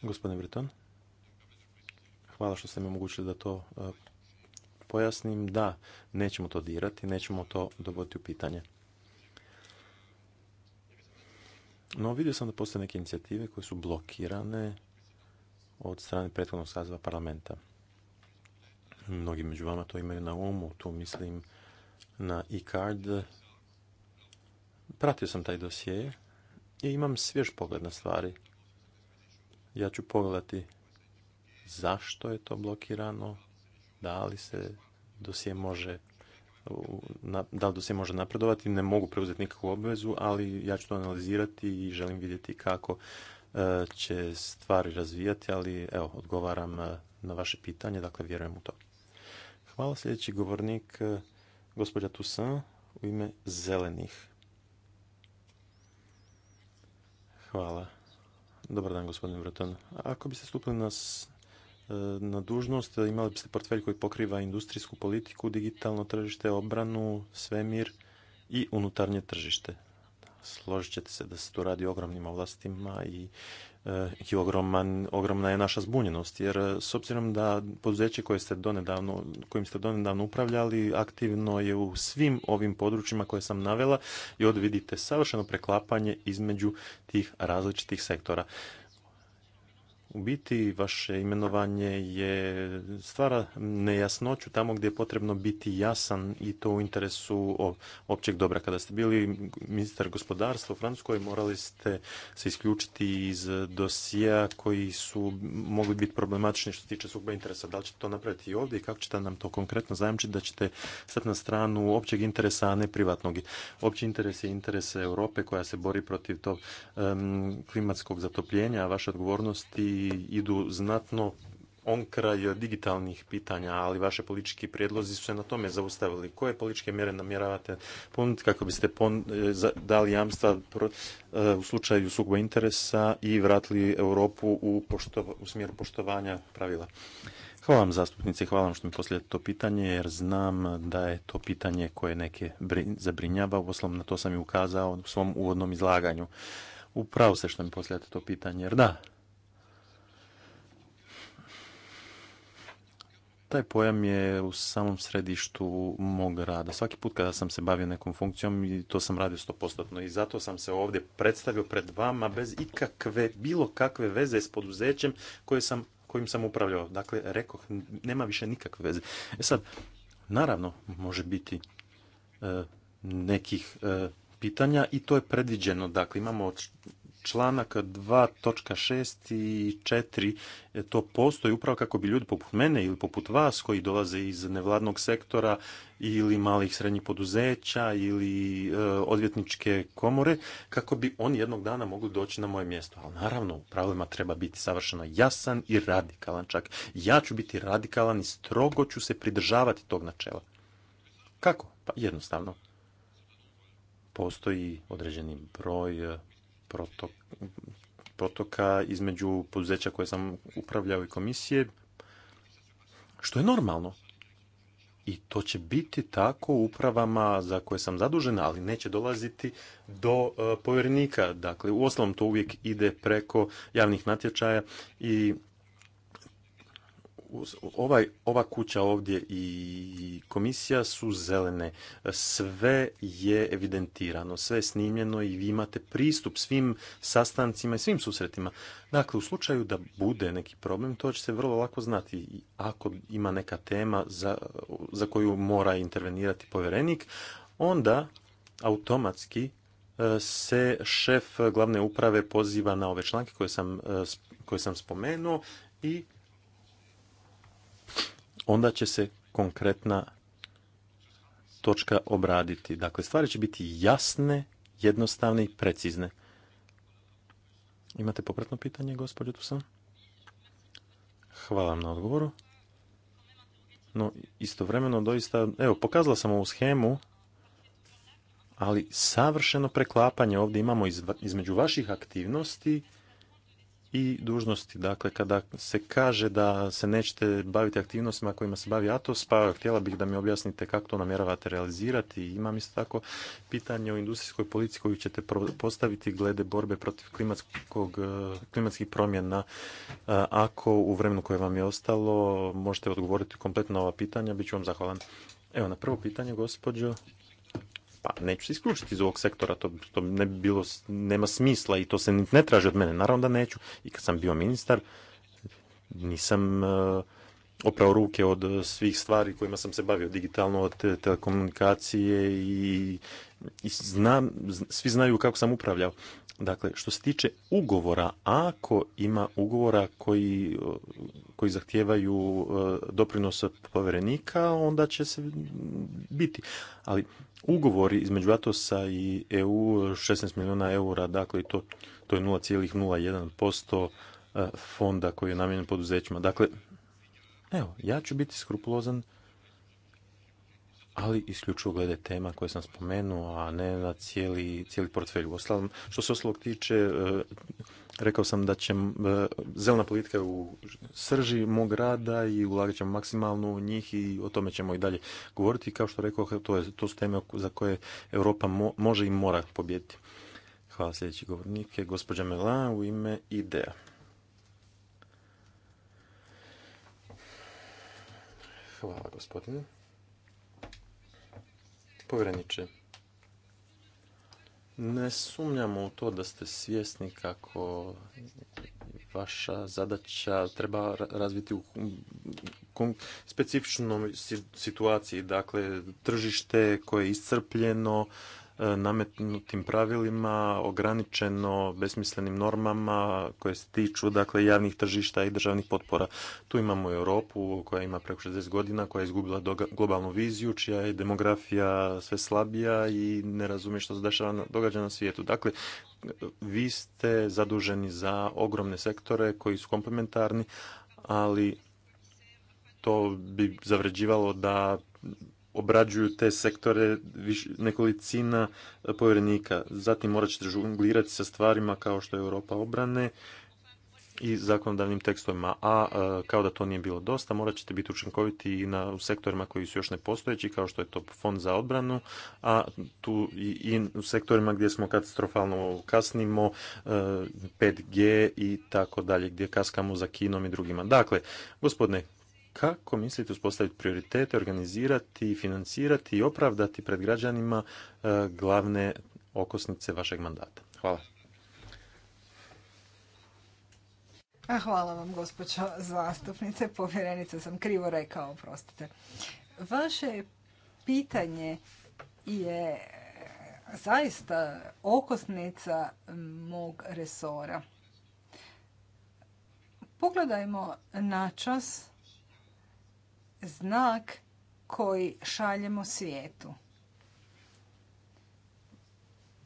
Gospodine Breton, hvala što ste mi omogućili da to pojasnim. Da, nećemo to dirati, nećemo to dovoditi u pitanje. No vidio sam da postoje neke inicijative koje su blokirane od strane prethodnog saziva parlamenta. Mnogi među vama to imaju na umu, tu mislim na e-card. Pratio sam taj dosije i imam svjež pogled na stvari. Ja ću pogledati zašto je to blokirano, da li se dosije može da li se može napredovati, ne mogu preuzeti nikakvu obvezu, ali ja ću to analizirati i želim vidjeti kako e, će stvari razvijati, ali evo, odgovaram e, na vaše pitanje, dakle vjerujem u to. Hvala sljedeći govornik, e, gospođa Toussaint, u ime Zelenih. Hvala. Dobar dan, gospodin Vreton. Ako biste stupili na E, na dužnost, imali biste portfelj koji pokriva industrijsku politiku, digitalno tržište, obranu, svemir i unutarnje tržište. Složit ćete se da se tu radi o ogromnim ovlastima i, e, i ogromna je naša zbunjenost, jer e, s obzirom da poduzeće koje ste donedavno, kojim ste donedavno upravljali aktivno je u svim ovim područjima koje sam navela i odvidite savršeno preklapanje između tih različitih sektora u biti vaše imenovanje je stvara nejasnoću tamo gdje je potrebno biti jasan i to u interesu općeg dobra. Kada ste bili ministar gospodarstva u Francuskoj morali ste se isključiti iz dosija koji su mogli biti problematični što se tiče sukoba interesa. Da li ćete to napraviti i ovdje i kako ćete nam to konkretno zajamčiti da ćete stati na stranu općeg interesa, a ne privatnog? Opći interes je interes Europe koja se bori protiv tog klimatskog zatopljenja, a vaša odgovornost idu znatno onkraj digitalnih pitanja, ali vaše politički prijedlozi su se na tome zaustavili. Koje političke mjere namjeravate ponuditi kako biste e, dali jamstva e, u slučaju sukoba interesa i vratili Europu u, smjeru poštovanja pravila? Hvala vam zastupnici, hvala vam što mi postavljate to pitanje jer znam da je to pitanje koje neke zabrinjava, uostalom na to sam i ukazao u svom uvodnom izlaganju. Upravo se što mi postavljate to pitanje jer da, taj pojam je u samom središtu mog rada. Svaki put kada sam se bavio nekom funkcijom i to sam radio stopostatno i zato sam se ovdje predstavio pred vama bez ikakve, bilo kakve veze s poduzećem koje sam, kojim sam upravljao. Dakle, rekao, nema više nikakve veze. E sad, naravno, može biti e, nekih e, pitanja i to je predviđeno. Dakle, imamo članak 2.6 i 4 e, to postoji upravo kako bi ljudi poput mene ili poput vas koji dolaze iz nevladnog sektora ili malih srednjih poduzeća ili e, odvjetničke komore kako bi oni jednog dana mogli doći na moje mjesto. Ali naravno u pravilima treba biti savršeno jasan i radikalan čak. Ja ću biti radikalan i strogo ću se pridržavati tog načela. Kako? Pa jednostavno postoji određeni broj protoka između poduzeća koje sam upravljao i komisije, što je normalno. I to će biti tako u upravama za koje sam zadužen, ali neće dolaziti do e, povjerenika. Dakle, u osnovom to uvijek ide preko javnih natječaja i ovaj, ova kuća ovdje i komisija su zelene. Sve je evidentirano, sve je snimljeno i vi imate pristup svim sastancima i svim susretima. Dakle, u slučaju da bude neki problem, to će se vrlo lako znati. Ako ima neka tema za, za koju mora intervenirati povjerenik, onda automatski e, se šef glavne uprave poziva na ove članke koje sam, e, koje sam spomenuo i onda će se konkretna točka obraditi. Dakle, stvari će biti jasne, jednostavne i precizne. Imate popratno pitanje, gospođo Tusan? Hvala vam na odgovoru. No, istovremeno, doista, evo, pokazala sam ovu schemu, ali savršeno preklapanje ovdje imamo između vaših aktivnosti i dužnosti. Dakle, kada se kaže da se nećete baviti aktivnostima kojima se bavi Atos, pa htjela bih da mi objasnite kako to namjeravate realizirati. Imam isto tako pitanje o industrijskoj politici koju ćete postaviti glede borbe protiv eh, klimatskih promjena. Eh, ako u vremenu koje vam je ostalo možete odgovoriti kompletno na ova pitanja, bit ću vam zahvalan. Evo, na prvo pitanje, gospođo, pa neću se isključiti iz ovog sektora, to, to ne bi bilo, nema smisla i to se ne traži od mene, naravno da neću. I kad sam bio ministar, nisam e, oprao ruke od eh, svih stvari kojima sam se bavio digitalno od telekomunikacije i, znam, svi znaju kako sam upravljao. Dakle, što se tiče ugovora, ako ima ugovora koji, eh, zahtijevaju eh, doprinos povjerenika, onda će se biti. Ali ugovori između Atosa i EU 16 milijuna eura, dakle to, to je 0,01% fonda koji je namijenjen poduzećima. Dakle, Evo, ja ću biti skrupulozan, ali isključivo glede tema koje sam spomenuo, a ne na cijeli, cijeli portfelj. što se ostalog tiče, e, rekao sam da će e, zelena politika u srži mog rada i ulagat ćemo maksimalno u njih i o tome ćemo i dalje govoriti. Kao što rekao, to, je, to su teme za koje Europa mo, može i mora pobijediti. Hvala sljedeći govornik je gospođa Melan u ime IDEA. Hvala, gospodine. Povjereniče, ne sumnjamo u to da ste svjesni kako vaša zadaća treba razviti u specifičnoj situaciji, dakle tržište koje je iscrpljeno, nametnutim pravilima, ograničeno besmislenim normama koje se tiču dakle, javnih tržišta i državnih potpora. Tu imamo Europu koja ima preko 60 godina, koja je izgubila globalnu viziju, čija je demografija sve slabija i ne razumije što se događa na svijetu. Dakle, vi ste zaduženi za ogromne sektore koji su komplementarni, ali to bi zavređivalo da obrađuju te sektore nekolicina e, povjerenika. Zatim morat ćete žunglirati sa stvarima kao što je Europa obrane i zakonodavnim tekstovima. A e, kao da to nije bilo dosta, morat ćete biti učinkoviti i na, u sektorima koji su još nepostojeći, kao što je to fond za odbranu, a tu i, i u sektorima gdje smo katastrofalno kasnimo, 5G e, i tako dalje, gdje kaskamo za kinom i drugima. Dakle, gospodine kako mislite uspostaviti prioritete, organizirati, financirati i opravdati pred građanima e, glavne okosnice vašeg mandata? Hvala. Hvala vam, gospođo zastupnice. Povjerenica sam krivo rekao, prostite. Vaše pitanje je e, zaista okosnica mog resora. Pogledajmo na čas znak koji šaljemo svijetu.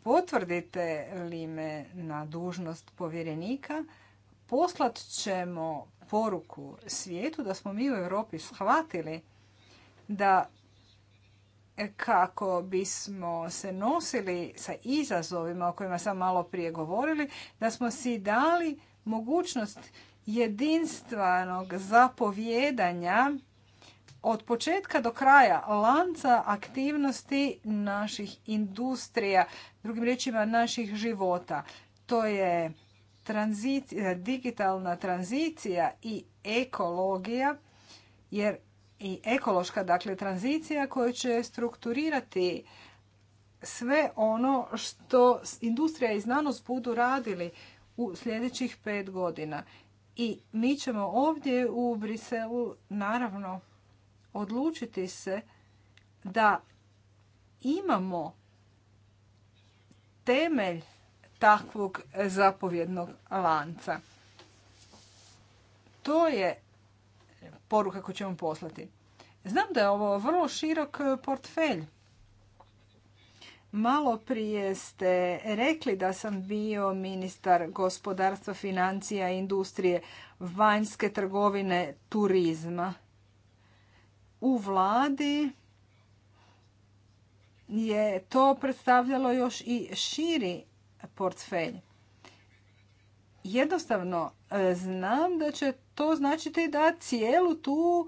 Potvrdite li me na dužnost povjerenika, poslat ćemo poruku svijetu da smo mi u Europi shvatili da kako bismo se nosili sa izazovima o kojima sam malo prije govorili, da smo si dali mogućnost jedinstvenog zapovjedanja od početka do kraja lanca aktivnosti naših industrija, drugim riječima naših života. To je eh, digitalna tranzicija i ekologija, jer i ekološka dakle tranzicija koja će strukturirati sve ono što industrija i znanost budu radili u sljedećih pet godina. I mi ćemo ovdje u Briselu naravno odlučiti se da imamo temelj takvog zapovjednog lanca. To je poruka koju ćemo poslati. Znam da je ovo vrlo širok portfelj. Malo prije ste rekli da sam bio ministar gospodarstva, financija, industrije, vanjske trgovine, turizma u vladi je to predstavljalo još i širi portfelj. Jednostavno, e, znam da će to značiti da cijelu tu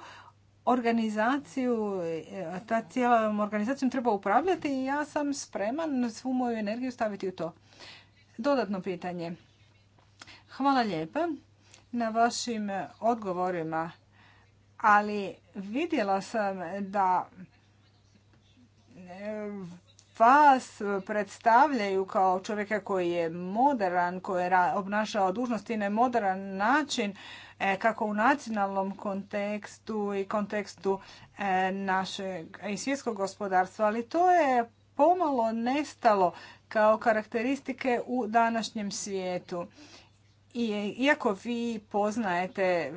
organizaciju, e, ta cijelom organizacijom treba upravljati i ja sam spreman svu moju energiju staviti u to. Dodatno pitanje. Hvala lijepa na vašim odgovorima ali vidjela sam da e, vas predstavljaju kao čovjeka koji je moderan, koji je obnašao dužnosti na moderan način, e, kako u nacionalnom kontekstu i kontekstu e, našeg i svjetskog gospodarstva, ali to je pomalo nestalo kao karakteristike u današnjem svijetu. iako vi poznajete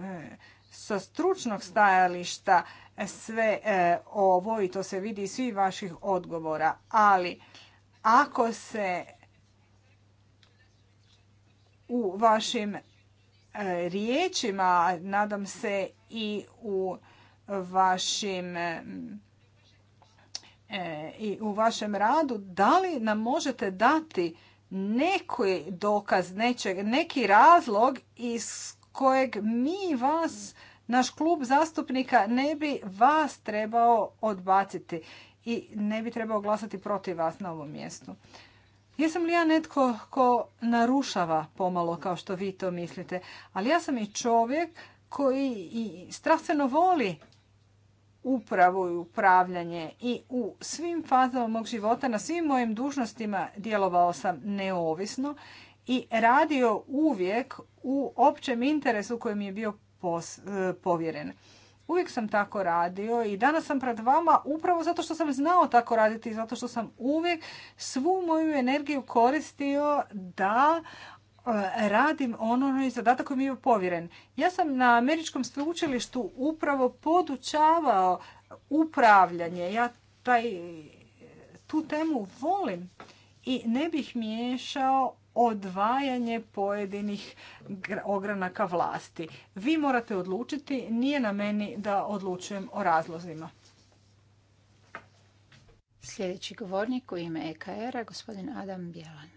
sa stručnog stajališta sve e, ovo i to se vidi iz svih vaših odgovora, ali ako se u vašim e, riječima, nadam se i u vašim e, i u vašem radu, da li nam možete dati neki dokaz, nečeg, neki razlog iz kojeg mi vas naš klub zastupnika ne bi vas trebao odbaciti i ne bi trebao glasati protiv vas na ovom mjestu. Jesam li ja netko ko narušava pomalo kao što vi to mislite, ali ja sam i čovjek koji i strastveno voli upravo i upravljanje i u svim fazama mog života, na svim mojim dužnostima djelovao sam neovisno i radio uvijek u općem interesu kojem je bio E, povjeren. Uvijek sam tako radio i danas sam pred vama upravo zato što sam znao tako raditi i zato što sam uvijek svu moju energiju koristio da e, radim ono, ono zadatak koji mi je povjeren. Ja sam na američkom sveučilištu upravo podučavao upravljanje. Ja taj, tu temu volim i ne bih miješao odvajanje pojedinih ogranaka vlasti. Vi morate odlučiti, nije na meni da odlučujem o razlozima. Sljedeći govornik u ime EKR-a, gospodin Adam Bjelan.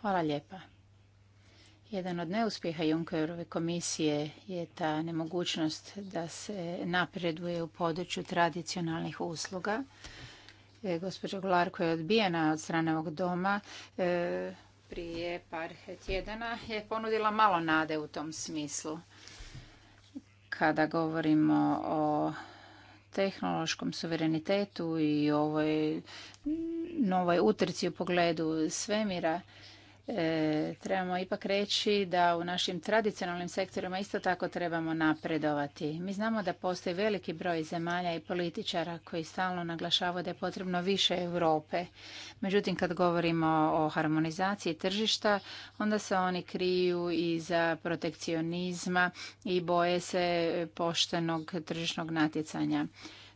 Hvala lijepa. Jedan od neuspjeha Junckerove komisije je ta nemogućnost da se napreduje u području tradicionalnih usluga E, gospođa Gular koja je odbijena od strane ovog doma e, prije par tjedana je ponudila malo nade u tom smislu. Kada govorimo o tehnološkom suverenitetu i ovoj novoj utrci u pogledu svemira, trebamo ipak reći da u našim tradicionalnim sektorima isto tako trebamo napredovati. Mi znamo da postoji veliki broj zemalja i političara koji stalno naglašavaju da je potrebno više Europe. Međutim, kad govorimo o harmonizaciji tržišta, onda se oni kriju i za protekcionizma i boje se poštenog tržišnog natjecanja.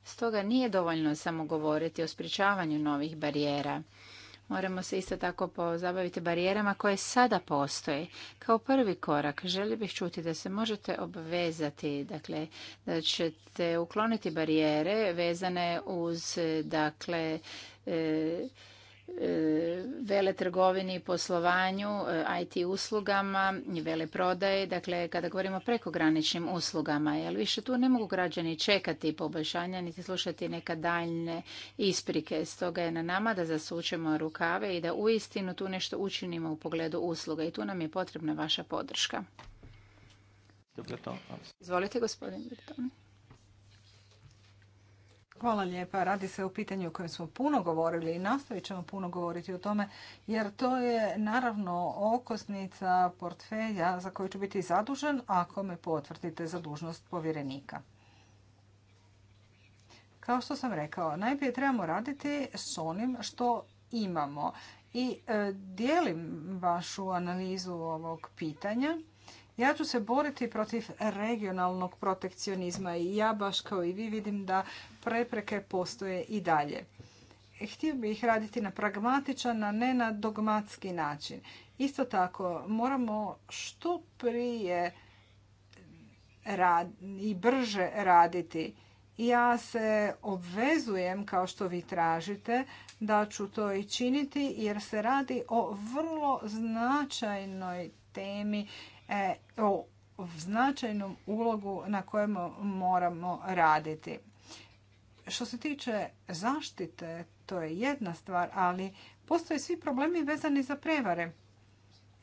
Stoga nije dovoljno samo govoriti o sprječavanju novih barijera. Moramo se isto tako pozabaviti barijerama koje sada postoje. Kao prvi korak želio bih čuti da se možete obvezati, dakle, da ćete ukloniti barijere vezane uz, dakle, e, trgovini e, veletrgovini, poslovanju, e, IT uslugama, prodaje. dakle kada govorimo o prekograničnim uslugama, jer više tu ne mogu građani čekati poboljšanja niti slušati neka daljne isprike. Stoga je na nama da zasučemo rukave i da uistinu tu nešto učinimo u pogledu usluga i tu nam je potrebna vaša podrška. Izvolite gospodin Britton. Hvala lijepa. Radi se o pitanju o kojem smo puno govorili i nastavit ćemo puno govoriti o tome, jer to je naravno okosnica portfelja za koju ću biti zadužen ako me potvrdite za dužnost povjerenika. Kao što sam rekao, najprije trebamo raditi s onim što imamo. I e, dijelim vašu analizu ovog pitanja. Ja ću se boriti protiv regionalnog protekcionizma i ja baš kao i vi vidim da prepreke postoje i dalje. Htio bih raditi na pragmatičan, a ne na dogmatski način. Isto tako, moramo što prije i brže raditi. Ja se obvezujem, kao što vi tražite, da ću to i činiti jer se radi o vrlo značajnoj temi, e, o značajnom ulogu na kojem moramo raditi. Što se tiče zaštite, to je jedna stvar, ali postoje svi problemi vezani za prevare.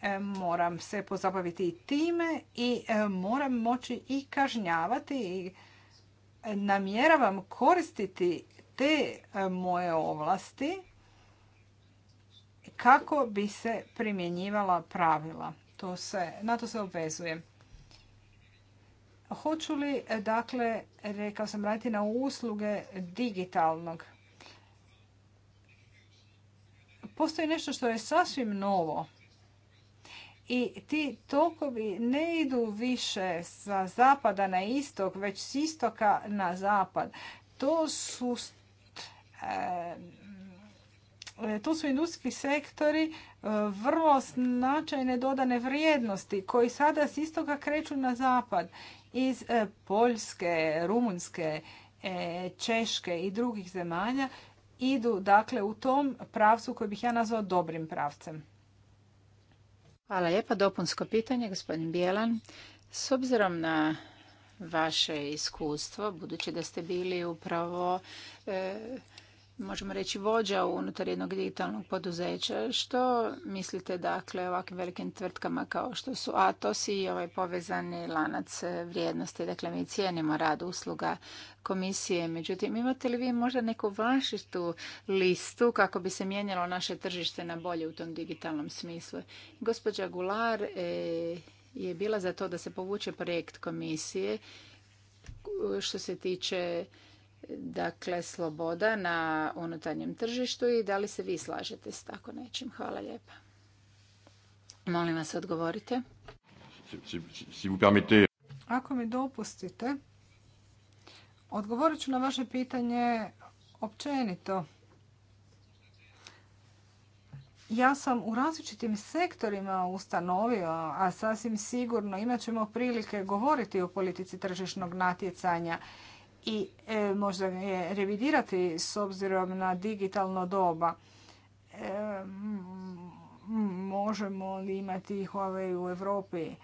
E, moram se pozabaviti i time i e, moram moći i kažnjavati i namjeravam koristiti te e, moje ovlasti kako bi se primjenjivala pravila. se, na to se obvezujem. Hoću li, e, dakle, rekao sam, raditi na usluge digitalnog? Postoji nešto što je sasvim novo. I ti tokovi ne idu više sa zapada na istok, već s istoka na zapad. To su e, to su industrijski sektori e, vrlo značajne dodane vrijednosti koji sada s istoka kreću na zapad iz e, Poljske, Rumunjske, e, Češke i drugih zemalja idu dakle u tom pravcu koji bih ja nazvao dobrim pravcem. Hvala lijepa. Dopunsko pitanje, gospodin Bijelan. S obzirom na vaše iskustvo, budući da ste bili upravo e, možemo reći vođa unutar jednog digitalnog poduzeća. Što mislite dakle ovakvim velikim tvrtkama kao što su Atos i ovaj povezani lanac vrijednosti? Dakle, mi cijenimo rad usluga komisije. Međutim, imate li vi možda neku vašitu listu kako bi se mijenjalo naše tržište na bolje u tom digitalnom smislu? Gospođa Gular e, je bila za to da se povuče projekt komisije što se tiče dakle sloboda na unutarnjem tržištu i da li se vi slažete s tako nečim? Hvala lijepa. Molim vas odgovorite. Ako mi dopustite, odgovorit ću na vaše pitanje općenito. Ja sam u različitim sektorima ustanovio, a sasvim sigurno imat ćemo prilike govoriti o politici tržišnog natjecanja i e, možda je revidirati s obzirom na digitalno doba. E, možemo li imati ih ovaj u Europi? E,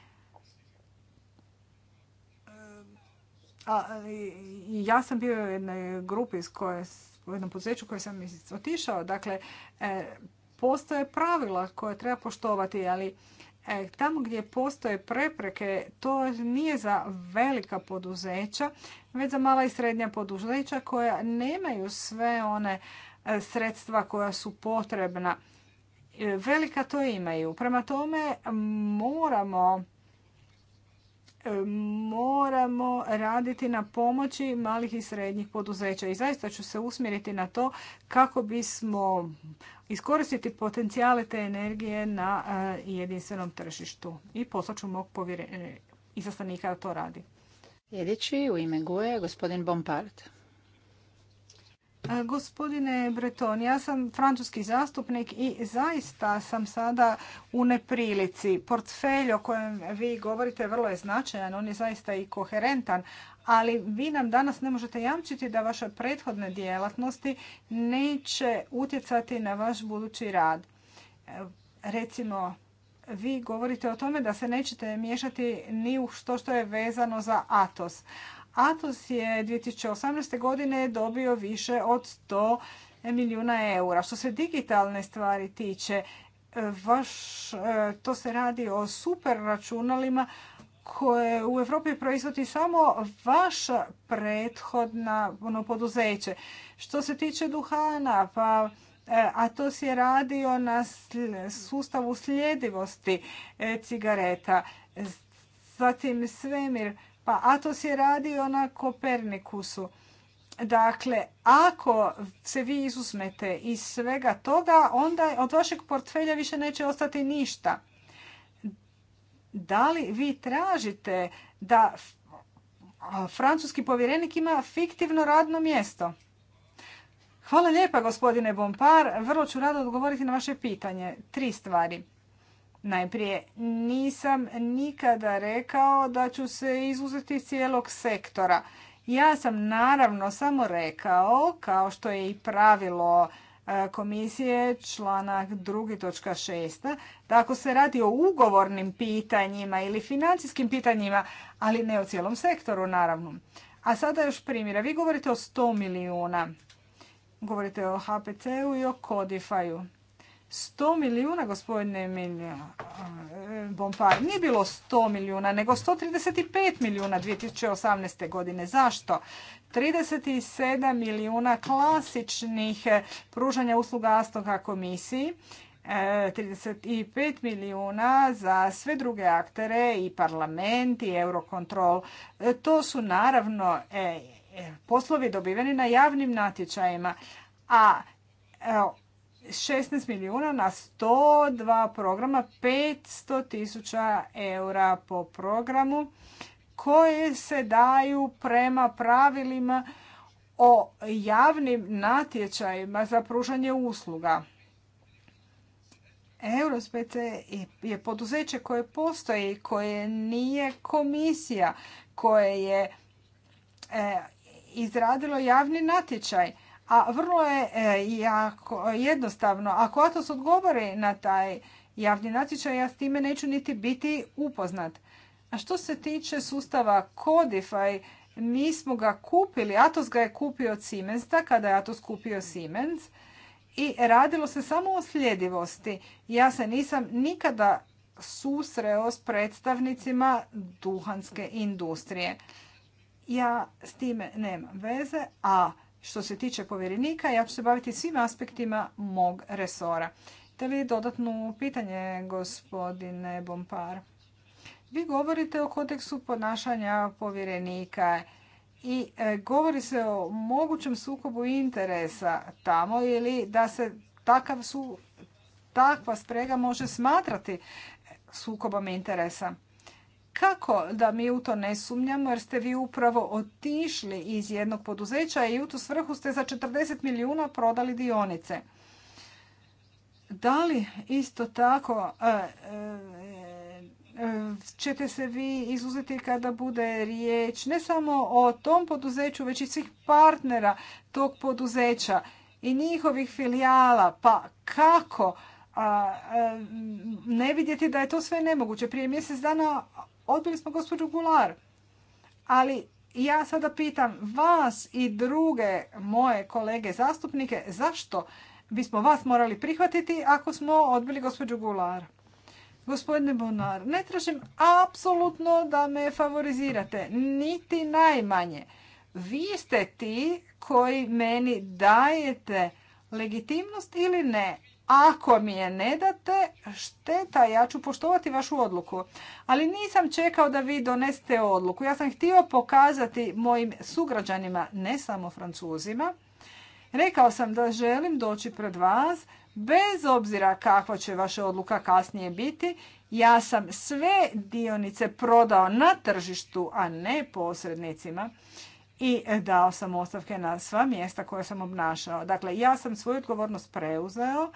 ja sam bio u jednoj grupi u jednom poduzeću koje sam otišao. Dakle, e, postoje pravila koje treba poštovati, ali E, tamo gdje postoje prepreke, to nije za velika poduzeća, već za mala i srednja poduzeća koja nemaju sve one e, sredstva koja su potrebna. E, velika to imaju. Prema tome moramo E, moramo raditi na pomoći malih i srednjih poduzeća i zaista ću se usmjeriti na to kako bismo iskoristiti potencijale te energije na e, jedinstvenom tržištu i poslaću mog povjere... E, izaslanika da to radi. Sljedeći u ime GUE gospodin Bompard. Gospodine Breton, ja sam francuski zastupnik i zaista sam sada u neprilici. Portfelj o kojem vi govorite vrlo je značajan, on je zaista i koherentan, ali vi nam danas ne možete jamčiti da vaše prethodne djelatnosti neće utjecati na vaš budući rad. Recimo, vi govorite o tome da se nećete miješati ni u što što je vezano za Atos. Atos je 2018. godine dobio više od 100 milijuna eura. Što se digitalne stvari tiče, vaš, e, to se radi o super računalima koje u Europi proizvodi samo vaša prethodna ono, poduzeće. Što se tiče duhana, pa e, to a si je radio na sustavu sljedivosti e, cigareta. Zatim svemir pa Atos je radio na Kopernikusu. Dakle, ako se vi izuzmete iz svega toga, onda od vašeg portfelja više neće ostati ništa. Da li vi tražite da francuski povjerenik ima fiktivno radno mjesto? Hvala lijepa, gospodine Bompar. Vrlo ću rado odgovoriti na vaše pitanje. Tri stvari. Najprije, nisam nikada rekao da ću se izuzeti iz cijelog sektora. Ja sam naravno samo rekao, kao što je i pravilo e, komisije članak 2.6. da ako se radi o ugovornim pitanjima ili financijskim pitanjima, ali ne o cijelom sektoru naravno. A sada još primjera. Vi govorite o 100 milijuna. Govorite o HPC-u i o Kodifaju. 100 milijuna, gospodine milijuna, eh, Bompar, nije bilo 100 milijuna, nego 135 milijuna 2018. godine. Zašto? 37 milijuna klasičnih eh, pružanja usluga Astoga komisiji, 35 eh, milijuna za sve druge aktere i parlament i eurokontrol. To su naravno poslovi dobiveni na javnim natječajima, a 16 milijuna na 102 programa, 500 tisuća eura po programu koje se daju prema pravilima o javnim natječajima za pružanje usluga. Eurospec je poduzeće koje postoji, koje nije komisija, koje je e, izradilo javni natječaj. A vrlo je e, jako jednostavno. Ako Atos odgovori na taj javni natječaj, ja s time neću niti biti upoznat. A što se tiče sustava Codify, mi smo ga kupili, Atos ga je kupio od Siemensa, kada je Atos kupio Siemens, i radilo se samo o sljedivosti. Ja se nisam nikada susreo s predstavnicima duhanske industrije. Ja s time nemam veze, a što se tiče povjerenika, ja ću se baviti svim aspektima mog resora. Te li dodatno pitanje, gospodine Bompar? Vi govorite o kodeksu ponašanja povjerenika i e, govori se o mogućem sukobu interesa tamo ili da se takav su, takva sprega može smatrati sukobom interesa. Kako da mi u to ne sumnjamo jer ste vi upravo otišli iz jednog poduzeća i u tu svrhu ste za 40 milijuna prodali dionice. Da li isto tako e, e, ćete se vi izuzeti kada bude riječ ne samo o tom poduzeću, već i svih partnera tog poduzeća i njihovih filijala. Pa kako e, ne vidjeti da je to sve nemoguće? Prije mjesec dana Odbili smo gospođu Gular. Ali ja sada pitam vas i druge moje kolege zastupnike zašto bismo vas morali prihvatiti ako smo odbili gospođu Gular. Gospodine Bonar, ne tražim apsolutno da me favorizirate, niti najmanje. Vi ste ti koji meni dajete legitimnost ili ne. Ako mi je ne date, šteta, ja ću poštovati vašu odluku. Ali nisam čekao da vi donesete odluku. Ja sam htio pokazati mojim sugrađanima, ne samo francuzima, Rekao sam da želim doći pred vas, bez obzira kakva će vaša odluka kasnije biti, ja sam sve dionice prodao na tržištu, a ne posrednicima i dao sam ostavke na sva mjesta koja sam obnašao. Dakle, ja sam svoju odgovornost preuzeo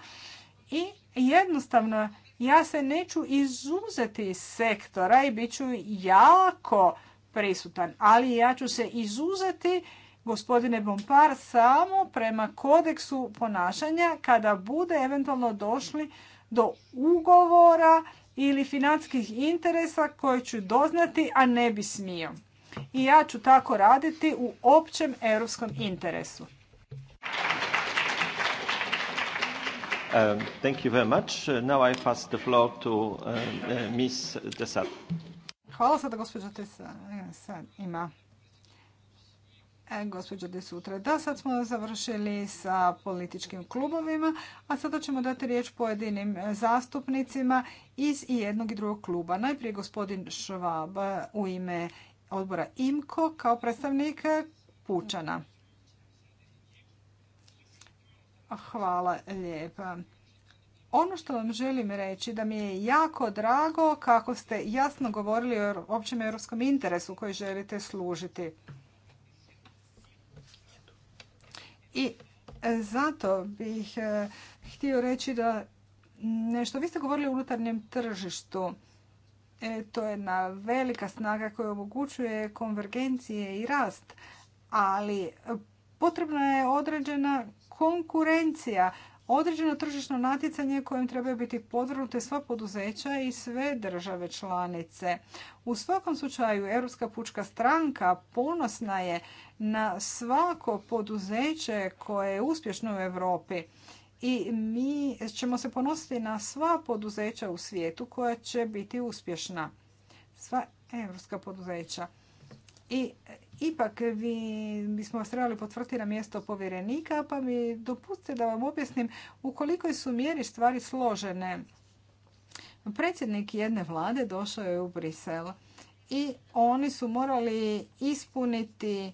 i jednostavno ja se neću izuzeti iz sektora i bit ću jako prisutan, ali ja ću se izuzeti gospodine Bompar samo prema kodeksu ponašanja kada bude eventualno došli do ugovora ili financijskih interesa koje ću doznati, a ne bi smio. I ja ću tako raditi u općem europskom interesu. Um, Hvala sada gospođa eh, ima. E, de sutra. Da, sad smo završili sa političkim klubovima, a sada ćemo dati riječ pojedinim eh, zastupnicima iz i jednog i drugog kluba. Najprije gospodin Švab eh, u ime odbora IMKO kao predstavnike Pučana. Hvala lijepa. Ono što vam želim reći da mi je jako drago kako ste jasno govorili o općem europskom interesu koji želite služiti. I zato bih eh, htio reći da nešto vi ste govorili o unutarnjem tržištu. E, to je jedna velika snaga koja omogućuje konvergencije i rast, ali potrebna je određena konkurencija, određeno tržišno natjecanje kojem trebaju biti podvrnute sva poduzeća i sve države članice. U svakom slučaju, Europska pučka stranka ponosna je na svako poduzeće koje je uspješno u Europi i mi ćemo se ponositi na sva poduzeća u svijetu koja će biti uspješna. Sva evropska poduzeća. I ipak vi bismo vas trebali potvrditi na mjesto povjerenika, pa mi dopustite da vam objasnim u kolikoj su mjeri stvari složene. Predsjednik jedne vlade došao je u Brisel i oni su morali ispuniti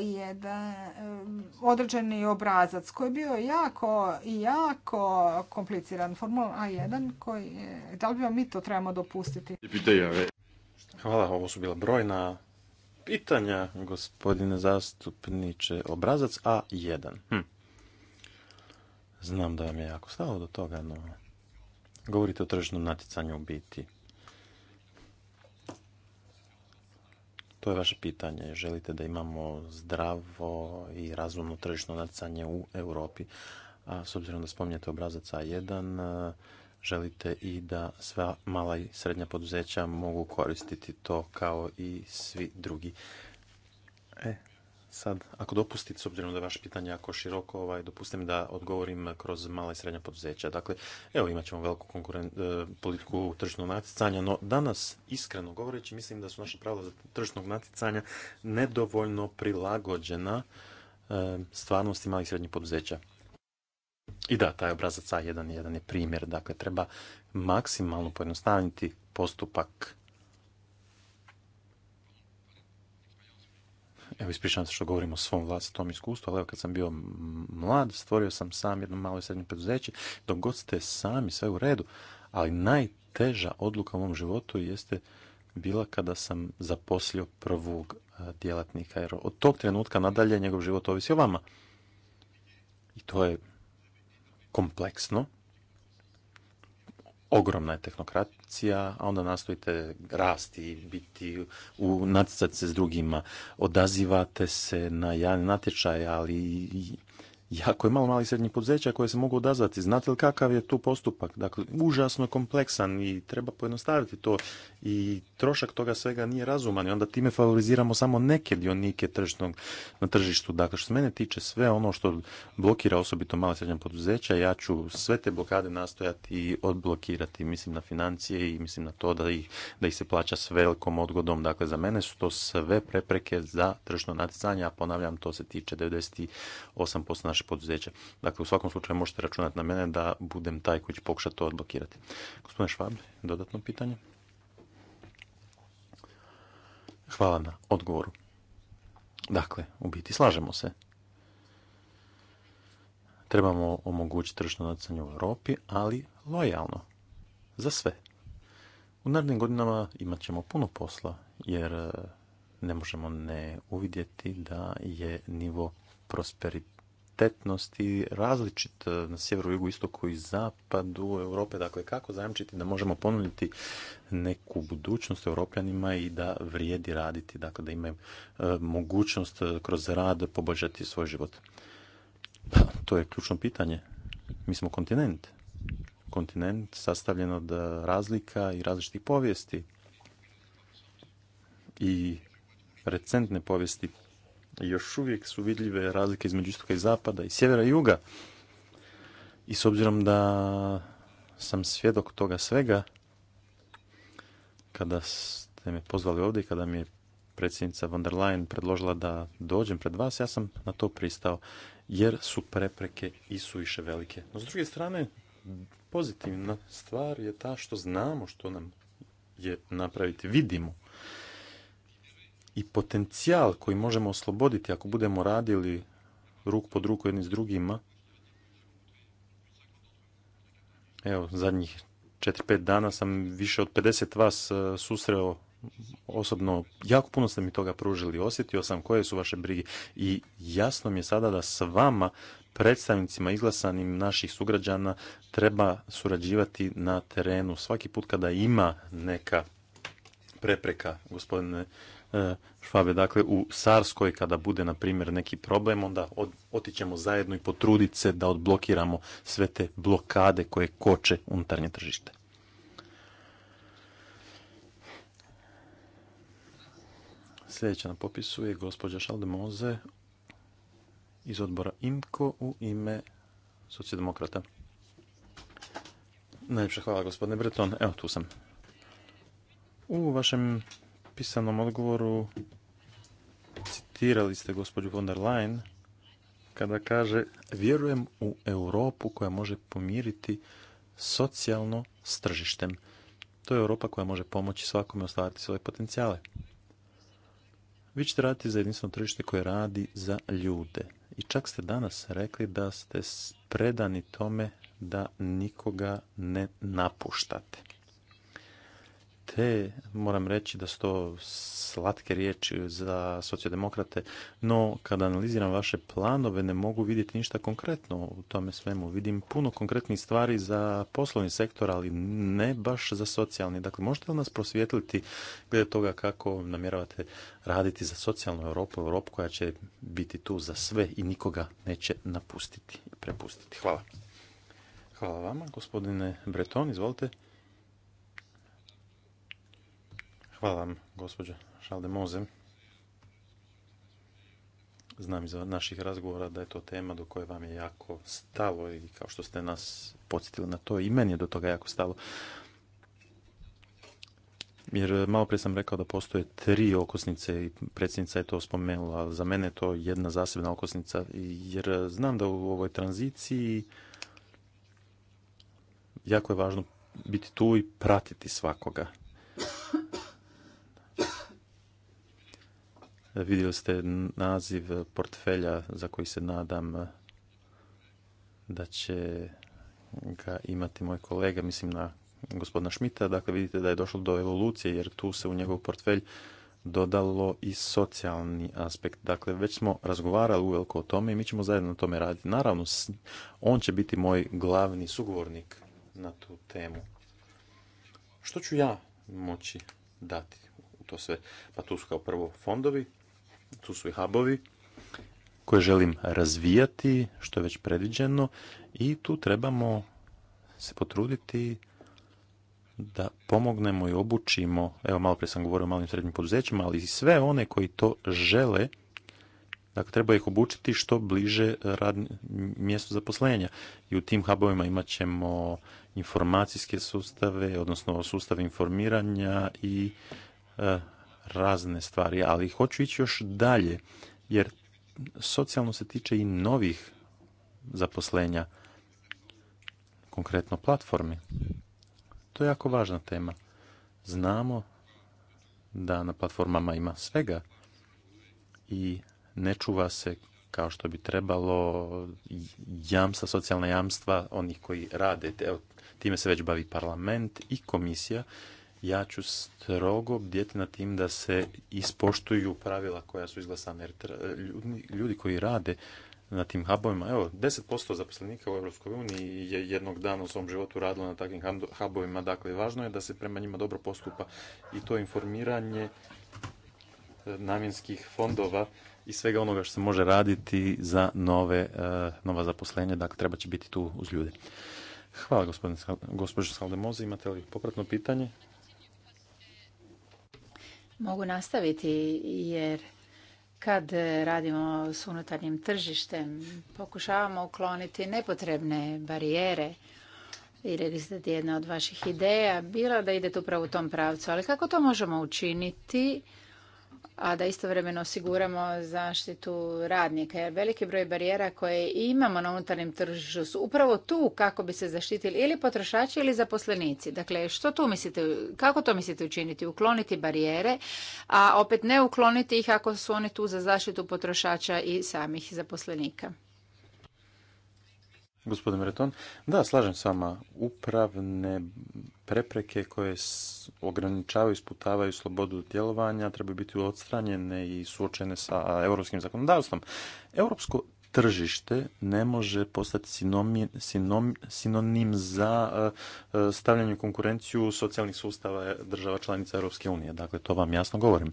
jedan određeni obrazac koji je bio jako, jako kompliciran. Formula A1 koji da li bi vam mi to trebamo dopustiti? Hvala, ovo su bila brojna pitanja, gospodine zastupniče. Obrazac A1. Hm. Znam da vam je jako stalo do toga, no govorite o tržnom natjecanju u biti. To je vaše pitanje. Želite da imamo zdravo i razumno tržišno natjecanje u Europi. A s obzirom da spominjete obrazac A1, želite i da sva mala i srednja poduzeća mogu koristiti to kao i svi drugi. E, Sad, ako dopustite, s obzirom da je vaše pitanje jako široko, ovaj, dopustim da odgovorim kroz mala i srednja poduzeća. Dakle, evo imat ćemo veliku konkuren... E, politiku tržnog natjecanja, no danas, iskreno govoreći, mislim da su naša pravila tržnog natjecanja nedovoljno prilagođena e, stvarnosti malih i srednjih poduzeća. I da, taj obrazac a jedan je primjer. Dakle, treba maksimalno pojednostaviti postupak Evo, ispričavam se što govorim o svom vlastitom iskustvu, ali evo kad sam bio mlad, stvorio sam sam jedno malo i srednje poduzeće, dok god ste sami, sve u redu, ali najteža odluka u mom životu jeste bila kada sam zaposlio prvog e, djelatnika, jer od tog trenutka nadalje njegov život ovisi o vama. I to je kompleksno, ogromna je tehnokracija, a onda nastojite rasti, biti, u, natjecati se s drugima, odazivate se na javni natječaj, ali jako je malo malih srednjih poduzeća koje se mogu odazvati. Znate li kakav je tu postupak? Dakle, užasno kompleksan i treba pojednostaviti to i trošak toga svega nije razuman i onda time favoriziramo samo neke dionike tržišnog na tržištu. Dakle, što se mene tiče sve ono što blokira osobito mala srednjih poduzeća, ja ću sve te blokade nastojati i odblokirati. Mislim na financije i mislim na to da ih, da ih se plaća s velikom odgodom. Dakle, za mene su to sve prepreke za tržno natjecanje, a ponavljam, to se tiče 98% naš vaše poduzeća. Dakle, u svakom slučaju možete računati na mene da budem taj koji će pokušati to odblokirati. Gospodine Švab, dodatno pitanje? Hvala na odgovoru. Dakle, u biti slažemo se. Trebamo omogućiti tržišno natjecanje u Europi, ali lojalno. Za sve. U narednim godinama imat ćemo puno posla, jer eh, ne možemo ne uvidjeti da je nivo prosperit, tetnosti različit e, na sjeveru, jugu, istoku i zapadu Europe. Dakle, kako zajamčiti da možemo ponuditi neku budućnost europljanima i da vrijedi raditi, dakle da imaju e, mogućnost e, kroz rad poboljšati svoj život. Pa, to je ključno pitanje. Mi smo kontinent. Kontinent sastavljen od razlika i različitih povijesti. I recentne povijesti još uvijek su vidljive razlike između istoka i zapada i sjevera i juga. I s obzirom da sam svjedok toga svega, kada ste me pozvali ovdje i kada mi je predsjednica von der Leyen predložila da dođem pred vas, ja sam na to pristao, jer su prepreke i su više velike. No, s druge strane, pozitivna stvar je ta što znamo što nam je napraviti. Vidimo i potencijal koji možemo osloboditi ako budemo radili ruk pod ruku jedni s drugima, evo, zadnjih 4-5 dana sam više od 50 vas e, susreo osobno, jako puno ste mi toga pružili, osjetio sam koje su vaše brige i jasno mi je sada da s vama, predstavnicima izglasanim naših sugrađana, treba surađivati na terenu svaki put kada ima neka prepreka, gospodine E, Švabe. Dakle, u Sarskoj kada bude, na primjer, neki problem, onda otićemo zajedno i potrudit se da odblokiramo sve te blokade koje koče unutarnje tržište. Sljedeća na popisu je gospođa Šaldemoze iz odbora IMKO u ime socijaldemokrata. Najljepše hvala gospodine Breton. Evo tu sam. U vašem pisanom odgovoru citirali ste gospođu von der Leyen kada kaže vjerujem u Europu koja može pomiriti socijalno s tržištem. To je Europa koja može pomoći svakome ostvariti svoje potencijale. Vi ćete raditi za jedinstveno tržište koje radi za ljude. I čak ste danas rekli da ste predani tome da nikoga ne napuštate te moram reći da su to slatke riječi za socijaldemokrate, no kada analiziram vaše planove ne mogu vidjeti ništa konkretno u tome svemu. Vidim puno konkretnih stvari za poslovni sektor, ali ne baš za socijalni. Dakle, možete li nas prosvjetliti glede toga kako namjeravate raditi za socijalnu Europu, Europu koja će biti tu za sve i nikoga neće napustiti i prepustiti. Hvala. Hvala vama, gospodine Breton, izvolite. Hvala vam, gospođa Moze. Znam iz naših razgovora da je to tema do koje vam je jako stalo i kao što ste nas podsjetili na to i meni je do toga jako stalo. Jer malo pre sam rekao da postoje tri okosnice i predsjednica je to spomenula, ali za mene je to jedna zasebna okosnica. Jer znam da u ovoj tranziciji jako je važno biti tu i pratiti svakoga. Vidjeli ste naziv portfelja za koji se nadam eh, da će ga imati moj kolega, mislim na gospodina Šmita. Dakle, vidite da je došlo do evolucije jer tu se u njegov portfelj dodalo i socijalni aspekt. Dakle, već smo razgovarali uveliko o tome i mi ćemo zajedno na tome raditi. Naravno, on će biti moj glavni sugovornik na tu temu. Što ću ja moći dati u to sve? Pa tu su kao prvo fondovi, tu su i hubovi koje želim razvijati, što je već predviđeno i tu trebamo se potruditi da pomognemo i obučimo, evo malo prije sam govorio o malim srednjim poduzećima, ali i sve one koji to žele, dakle treba ih obučiti što bliže mjestu zaposlenja. I u tim hubovima imat ćemo informacijske sustave, odnosno sustave informiranja i eh, razne stvari, ali hoću ići još dalje, jer socijalno se tiče i novih zaposlenja, konkretno platformi. To je jako važna tema. Znamo da na platformama ima svega i ne čuva se kao što bi trebalo jamstva, socijalna jamstva onih koji rade. Evo, time se već bavi parlament i komisija ja ću strogo bdjeti na tim da se ispoštuju pravila koja su izglasana. Jer ljudi koji rade na tim hubovima, evo, 10% zaposlenika u EU je jednog dana u svom životu radilo na takvim hubovima, dakle, važno je da se prema njima dobro postupa i to informiranje e, namjenskih fondova i svega onoga što se može raditi za nove, e, nova zaposlenja, dakle, treba će biti tu uz ljude. Hvala, gospodin, gospođo Saldemoze, imate li popratno pitanje? mogu nastaviti jer kad radimo s unutarnjim tržištem pokušavamo ukloniti nepotrebne barijere i rekli jedna od vaših ideja bila da idete upravo u tom pravcu, ali kako to možemo učiniti a da istovremeno osiguramo zaštitu radnika. Jer veliki broj barijera koje imamo na unutarnjem tržištu su upravo tu kako bi se zaštitili ili potrošači ili zaposlenici. Dakle, što tu mislite, kako to mislite učiniti? Ukloniti barijere, a opet ne ukloniti ih ako su oni tu za zaštitu potrošača i samih zaposlenika. Gospodin Breton, da, slažem s vama. Upravne prepreke koje ograničavaju, isputavaju slobodu djelovanja, trebaju biti odstranjene i suočene sa europskim zakonodavstvom. Europsko tržište ne može postati sinonim, sinonim za e, e, stavljanje konkurenciju socijalnih sustava država članica Europske unije. Dakle, to vam jasno govorim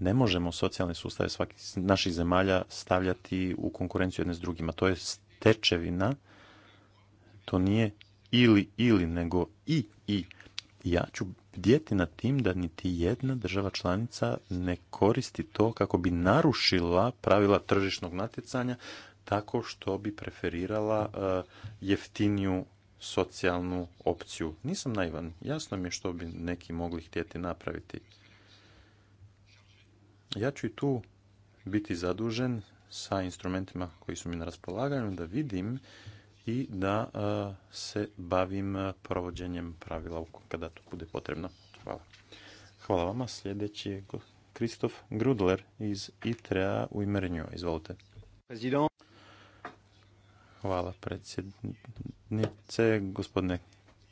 ne možemo socijalne sustave svaki, naših zemalja stavljati u konkurenciju jedne s drugima. To je stečevina, to nije ili, ili, nego i, i. Ja ću djeti na tim da niti jedna država članica ne koristi to kako bi narušila pravila tržišnog natjecanja tako što bi preferirala e, jeftiniju socijalnu opciju. Nisam naivan, jasno mi je što bi neki mogli htjeti napraviti. Ja ću i tu biti zadužen sa instrumentima koji su mi na raspolaganju da vidim i da se bavim provođenjem pravila kada to bude potrebno. Hvala. Hvala vama. Sljedeći je Kristof Grudler iz ITREA u Imerenju. Izvolite. Hvala predsjednice, gospodine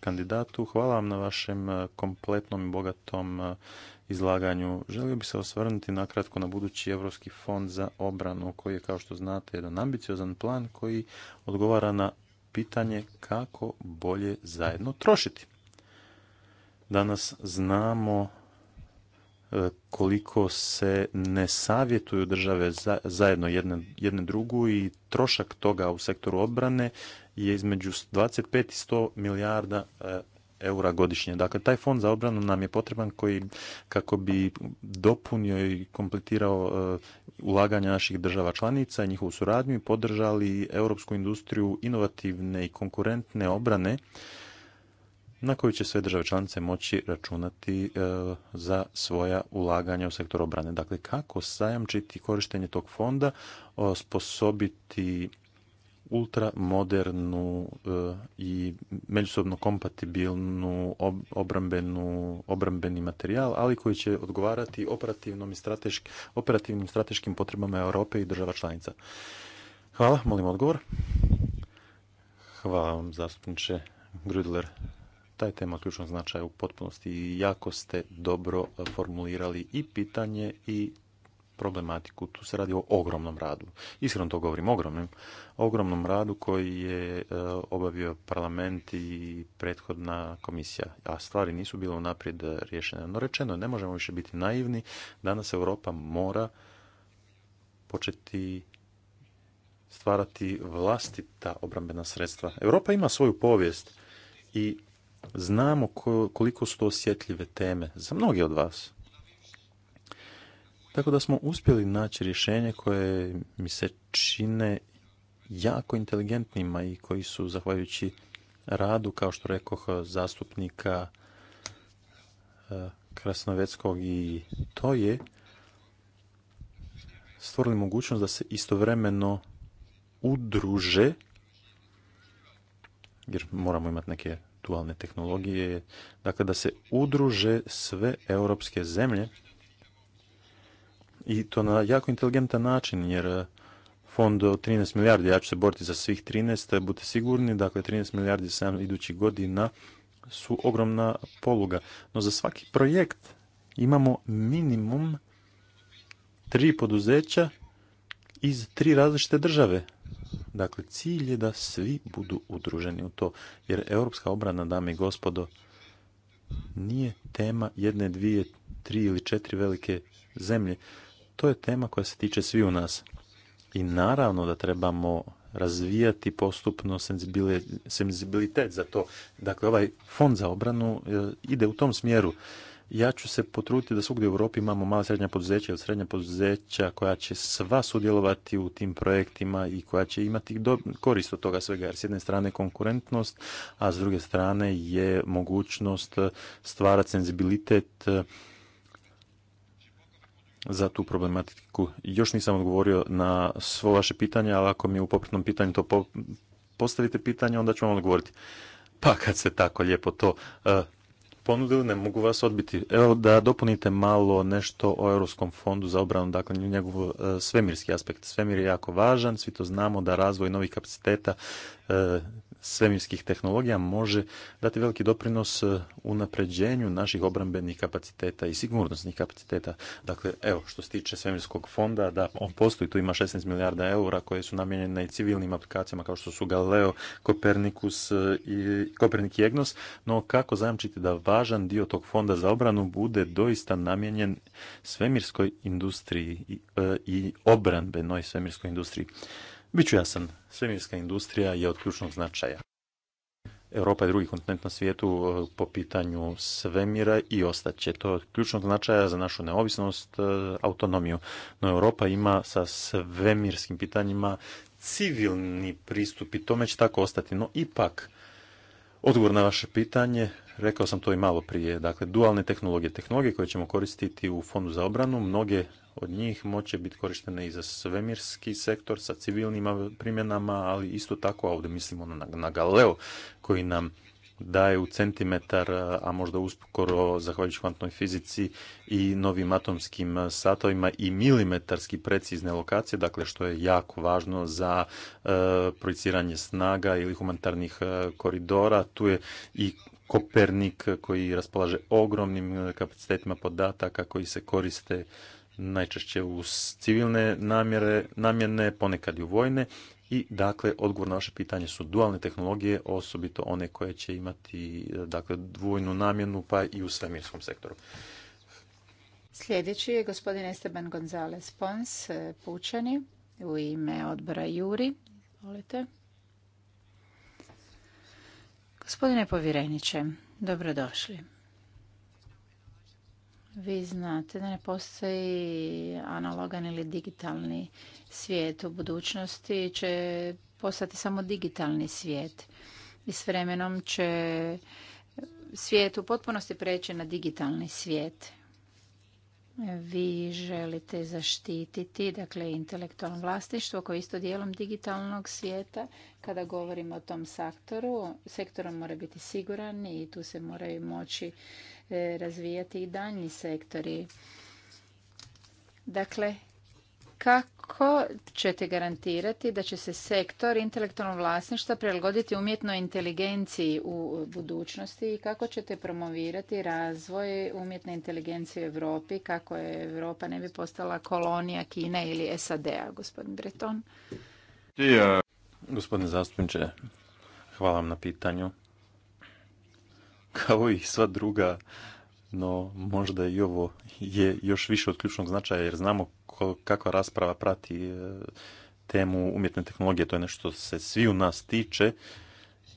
kandidatu. Hvala vam na vašem e, kompletnom i bogatom e, izlaganju. Želio bih se osvrnuti nakratko na budući Europski fond za obranu, koji je, kao što znate, jedan ambiciozan plan koji odgovara na pitanje kako bolje zajedno trošiti. Danas znamo e, koliko se ne savjetuju države zajedno jedne, jedne drugu i trošak toga u sektoru obrane je između 25 i 100 milijarda e, eura godišnje. Dakle, taj fond za obranu nam je potreban koji, kako bi dopunio i kompletirao e, ulaganja naših država članica i njihovu suradnju i podržali europsku industriju inovativne i konkurentne obrane na koju će sve države članice moći računati e, za svoja ulaganja u sektor obrane. Dakle, kako zajamčiti korištenje tog fonda, sposobiti ultramodernu e, i međusobno kompatibilnu obrambenu, obrambeni materijal, ali koji će odgovarati operativnom i operativnim strateškim potrebama Europe i država članica. Hvala, molim odgovor. Hvala vam, zastupniče Grudler. Ta je tema ključnog značaja u potpunosti i jako ste dobro formulirali i pitanje i problematiku. Tu se radi o ogromnom radu. Iskreno to govorim ogromnim. Ogromnom radu koji je e, obavio parlament i prethodna komisija. A stvari nisu bile unaprijed riješene. No rečeno, ne možemo više biti naivni. Danas Europa mora početi stvarati vlastita obrambena sredstva. Europa ima svoju povijest i znamo koliko su to osjetljive teme za mnogi od vas. Tako da smo uspjeli naći rješenje koje mi se čine jako inteligentnima i koji su, zahvaljujući radu, kao što rekoh, zastupnika e, Krasnoveckog i to je stvorili mogućnost da se istovremeno udruže, jer moramo imati neke dualne tehnologije, dakle da se udruže sve europske zemlje i to na jako inteligentan način, jer eh, fond od 13 milijardi, ja ću se boriti za svih 13, eh, budite sigurni, dakle 13 milijardi sedam idućih godina su ogromna poluga. No za svaki projekt imamo minimum tri poduzeća iz tri različite države. Dakle, cilj je da svi budu udruženi u to, jer europska obrana, dame i gospodo, nije tema jedne, dvije, tri ili četiri velike zemlje to je tema koja se tiče svi u nas. I naravno da trebamo razvijati postupno senzibilitet za to. Dakle, ovaj fond za obranu e, ide u tom smjeru. Ja ću se potruditi da svugdje u Europi imamo mala srednja poduzeća ili srednja poduzeća koja će sva sudjelovati u tim projektima i koja će imati korist od toga svega. Jer s jedne strane konkurentnost, a s druge strane je mogućnost e, stvarati senzibilitet e, za tu problematiku. Još nisam odgovorio na svo vaše pitanje, ali ako mi u popretnom pitanju to postavite pitanje, onda ću vam odgovoriti. Pa kad se tako lijepo to e, ponudili, ne mogu vas odbiti. Evo da dopunite malo nešto o Europskom fondu za obranu, dakle njegov e, svemirski aspekt. Svemir je jako važan, svi to znamo da razvoj novih kapaciteta e, svemirskih tehnologija može dati veliki doprinos e, unapređenju naših obrambenih kapaciteta i sigurnosnih kapaciteta. Dakle, evo, što se tiče svemirskog fonda, da on postoji, tu ima 16 milijarda eura koje su namijenjene i civilnim aplikacijama kao što su Galileo, Kopernikus e, i Kopernik i Egnos, no kako zajamčiti da važan dio tog fonda za obranu bude doista namijenjen svemirskoj industriji i, e, i obrambenoj svemirskoj industriji. Biću jasan, svemirska industrija je od ključnog značaja. Europa je drugi kontinent na svijetu e, po pitanju svemira i ostaće. To je od ključnog značaja za našu neovisnost, e, autonomiju. No Europa ima sa svemirskim pitanjima civilni pristup i tome će tako ostati. No ipak, odgovor na vaše pitanje, rekao sam to i malo prije, dakle dualne tehnologije, tehnologije koje ćemo koristiti u fondu za obranu, mnoge od njih moće biti korištene i za svemirski sektor sa civilnim primjenama, ali isto tako ovdje mislimo ono na, na Galileo koji nam daje u centimetar, a možda uskoro zahvaljujući kvantnoj fizici i novim atomskim satovima i milimetarski precizne lokacije, dakle što je jako važno za e, projiciranje snaga ili humanitarnih e, koridora. Tu je i Kopernik koji raspolaže ogromnim kapacitetima podataka koji se koriste najčešće u civilne namjere, namjene, ponekad i u vojne. I dakle, odgovor na vaše pitanje su dualne tehnologije, osobito one koje će imati dakle, dvojnu namjenu pa i u svemirskom sektoru. Sljedeći je gospodin Esteban González Pons, e, Pučani, u ime odbora Juri. Volite. Gospodine povjereniče, dobrodošli. Vi znate da ne postoji analogan ili digitalni svijet. U budućnosti će postati samo digitalni svijet. I s vremenom će svijet u potpunosti preći na digitalni svijet. Vi želite zaštititi dakle, intelektualno vlasništvo koje je isto dijelom digitalnog svijeta. Kada govorimo o tom sektoru, sektor mora biti siguran i tu se moraju moći E, razvijati i daljni sektori. Dakle, kako ćete garantirati da će se sektor intelektualnog vlasništva prilagoditi umjetnoj inteligenciji u budućnosti i kako ćete promovirati razvoj umjetne inteligencije u Europi kako je Europa ne bi postala kolonija Kine ili SAD-a, gospodin Breton? gospodine zastupniče, hvala vam na pitanju kao i sva druga, no možda i ovo je još više od ključnog značaja jer znamo kakva rasprava prati e, temu umjetne tehnologije, to je nešto što se svi u nas tiče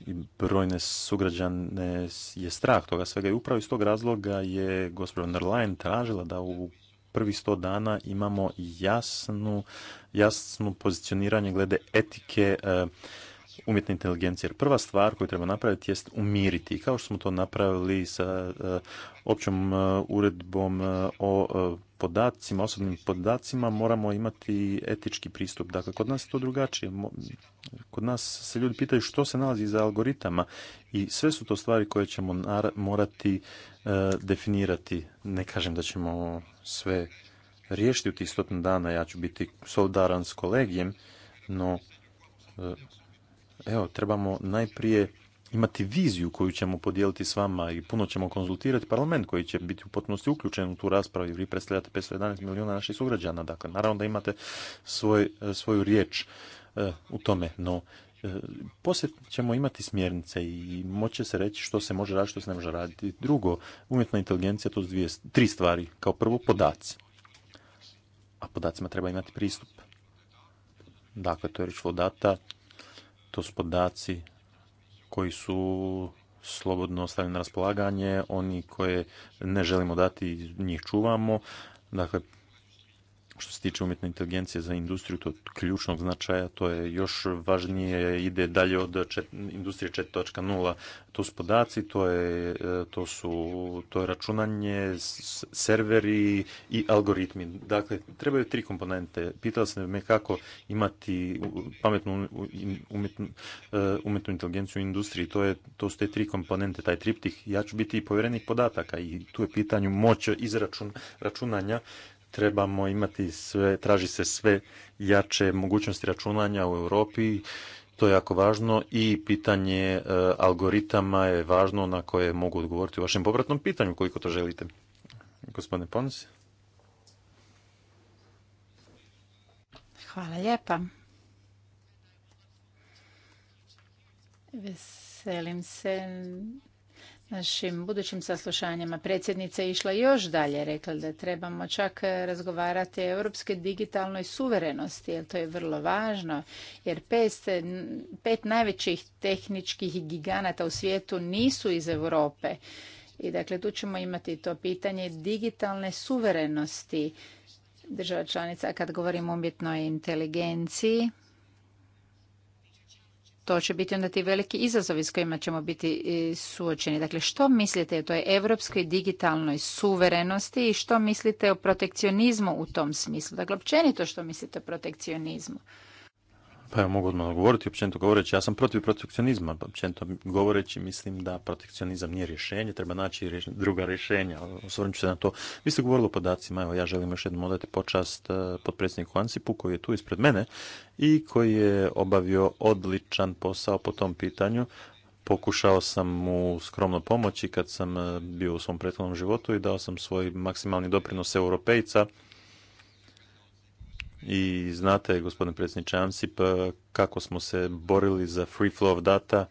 i brojne sugrađane je strah toga svega i upravo iz tog razloga je gospođa Underline tražila da u prvi sto dana imamo jasnu, jasnu pozicioniranje glede etike e, umjetne inteligencije. Jer prva stvar koju treba napraviti jest umiriti. Kao što smo to napravili sa eh, općom eh, uredbom eh, o podacima, osobnim podacima, moramo imati etički pristup. Dakle, kod nas je to drugačije. Kod nas se ljudi pitaju što se nalazi za algoritama i sve su to stvari koje ćemo morati definirati. Ne kažem da ćemo sve riješiti u tih stotinu dana, ja ću biti solidaran s kolegijem, no evo, trebamo najprije imati viziju koju ćemo podijeliti s vama i puno ćemo konzultirati parlament koji će biti u potpunosti uključen u tu raspravu i vi predstavljate 511 milijuna naših sugrađana. Dakle, naravno da imate svoj, e, svoju riječ e, u tome, no e, poslije ćemo imati smjernice i moće se reći što se može raditi, što se ne može raditi. Drugo, umjetna inteligencija, to su dvije, tri stvari. Kao prvo, podaci. A podacima treba imati pristup. Dakle, to je rič data to su podaci koji su slobodno ostavljeni na raspolaganje, oni koje ne želimo dati njih čuvamo. Dakle, što se tiče umjetne inteligencije za industriju, to je ključnog značaja, to je još važnije, ide dalje od čet, industrije 4.0. To su podaci, to je, e, to su, to je računanje, serveri i algoritmi. Dakle, trebaju tri komponente. Pitala sam me kako imati pametnu e, umjetnu, inteligenciju u industriji. To, je, to su te tri komponente, taj triptih. Ja ću biti i povjerenik podataka i tu je pitanju moć izračun računanja trebamo imati sve, traži se sve jače mogućnosti računanja u Europi, to je jako važno i pitanje e, algoritama je važno na koje mogu odgovoriti u vašem povratnom pitanju koliko to želite. Gospodine Ponis. Hvala lijepa. Veselim se našim budućim saslušanjima predsjednica je išla još dalje, rekla da trebamo čak razgovarati o europskoj digitalnoj suverenosti, jer to je vrlo važno, jer pet, pet najvećih tehničkih giganata u svijetu nisu iz Europe. I dakle, tu ćemo imati to pitanje digitalne suverenosti država članica kad govorimo o umjetnoj inteligenciji to će biti onda ti veliki izazovi s kojima ćemo biti e, suočeni. Dakle, što mislite o toj evropskoj digitalnoj suverenosti i što mislite o protekcionizmu u tom smislu? Dakle, općenito što mislite o protekcionizmu? Pa evo, mogu odmah govoriti, općenito govoreći, ja sam protiv protekcionizma, općenito govoreći mislim da protekcionizam nije rješenje, treba naći druga rješenja, osvrnut ću se na to. Vi ste govorili o podacima, evo ja želim još jednom odati počast e, potpredsjedniku Ansipu koji je tu ispred mene i koji je obavio odličan posao po tom pitanju. Pokušao sam mu skromno pomoći kad sam e, bio u svom prethodnom životu i dao sam svoj maksimalni doprinos europejca i znate, gospodine predsjedniče ANSIP, kako smo se borili za free flow of data,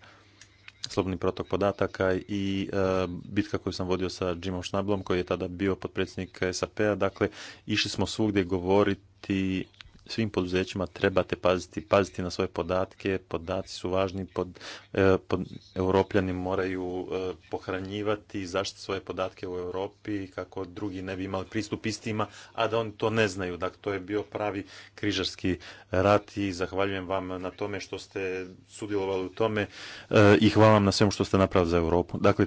slobodni protok podataka i e, bitka koju sam vodio sa Jimom Schnablom, koji je tada bio potpredsjednik SAP-a. Dakle, išli smo svugdje govoriti svim poduzećima trebate paziti, paziti na svoje podatke, podaci su važni, pod, e, pod europljani moraju e, pohranjivati pohranjivati, zaštiti svoje podatke u Europi kako drugi ne bi imali pristup istima, a da oni to ne znaju. Dakle, to je bio pravi križarski rat i zahvaljujem vam na tome što ste sudjelovali u tome e, i hvala vam na svemu što ste napravili za Europu. Dakle,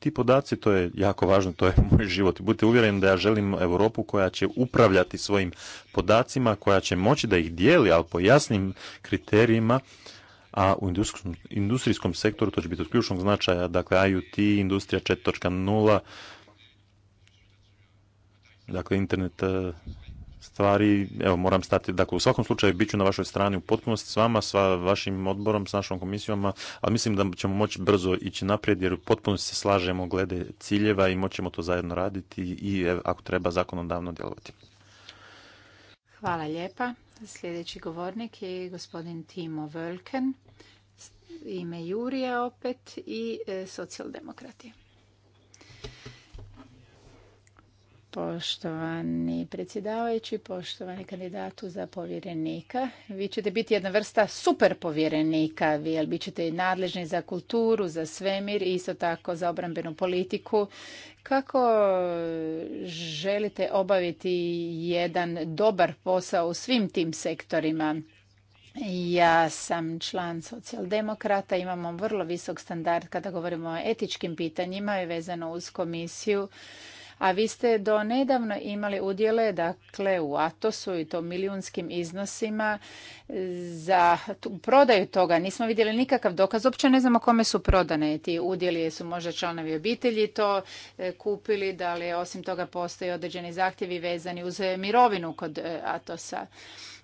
ti podaci, to je jako važno, to je moj život. Budite uvjereni da ja želim Europu koja će upravljati svojim podacima, koja će moći da ih dijeli, ali po jasnim kriterijima, a u industrijskom, industrijskom sektoru to će biti od ključnog značaja, dakle IoT, industrija 4.0, dakle internet eh, stvari, evo moram stati, dakle u svakom slučaju bit ću na vašoj strani u potpunosti s vama, sa vašim odborom, s našom komisijom ali mislim da ćemo moći brzo ići naprijed jer u potpunosti se slažemo glede ciljeva i moćemo to zajedno raditi i ako treba zakonodavno djelovati. Hvala lijepa. Sljedeći govornik je gospodin Timo Völken, ime Jurija opet i e, socijaldemokratija. Poštovani predsjedavajući, poštovani kandidatu za povjerenika, vi ćete biti jedna vrsta super povjerenika, vi jel, bit ćete i nadležni za kulturu, za svemir i isto tako za obrambenu politiku. Kako želite obaviti jedan dobar posao u svim tim sektorima? Ja sam član socijaldemokrata, imamo vrlo visok standard kada govorimo o etičkim pitanjima i vezano uz komisiju a vi ste do nedavno imali udjele dakle u Atosu i to milijunskim iznosima za prodaju toga. Nismo vidjeli nikakav dokaz, uopće ne znamo kome su prodane ti udjeli, su možda članovi obitelji to e, kupili, da li osim toga postoje određeni zahtjevi vezani uz mirovinu kod e, Atosa.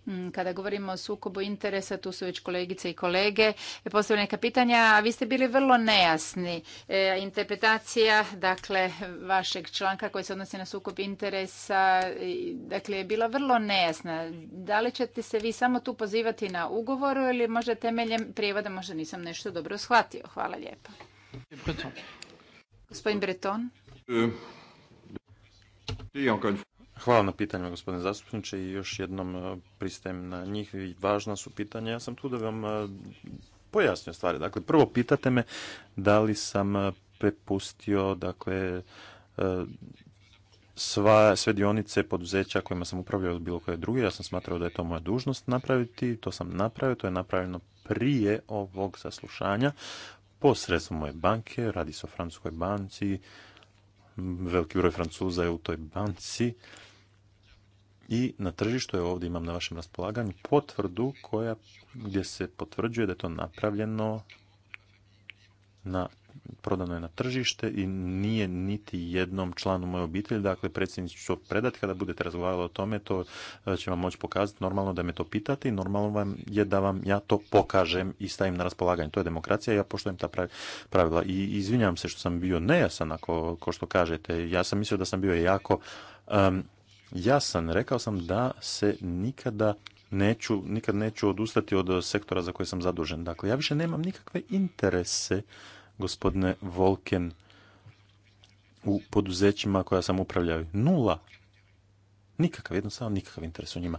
Mm, kada govorimo o sukobu interesa, tu su već kolegice i kolege postavili neka pitanja, a vi ste bili vrlo nejasni. E, interpretacija, dakle, vašeg članka koji se odnosi na sukob interesa, dakle, je bila vrlo nejasna. Da li ćete se vi samo tu pozivati na ugovoru ili možda temeljem prijevoda, možda nisam nešto dobro shvatio. Hvala lijepa. Breton. Gospodin Breton. E, Hvala na pitanjima, gospodine zastupniče, i još jednom e, pristajem na njih. Važna su pitanja. Ja sam tu da vam e, pojasnio stvari. Dakle, prvo pitate me da li sam e, prepustio, dakle, sva, sve dionice poduzeća kojima sam upravljao od bilo koje druge. Ja sam smatrao da je to moja dužnost napraviti, to sam napravio, to je napravljeno prije ovog saslušanja posredstvom moje banke, radi se o francuskoj banci, veliki broj francuza je u toj banci i na tržištu, je ovdje imam na vašem raspolaganju, potvrdu koja, gdje se potvrđuje da je to napravljeno na prodano je na tržište i nije niti jednom članu moje obitelji, dakle predsjednicu ću predati kada budete razgovarali o tome, to e, će vam moći pokazati, normalno da me to pitati, normalno vam je da vam ja to pokažem i stavim na raspolaganje, to je demokracija ja poštujem ta pravila i izvinjavam se što sam bio nejasan ako, ko što kažete, ja sam mislio da sam bio jako jasan. Rekao sam da se nikada neću, nikad neću odustati od sektora za koje sam zadužen. Dakle, ja više nemam nikakve interese, gospodine Volken, u poduzećima koja sam upravljaju. Nula. Nikakav, jednostavno nikakav interes u njima.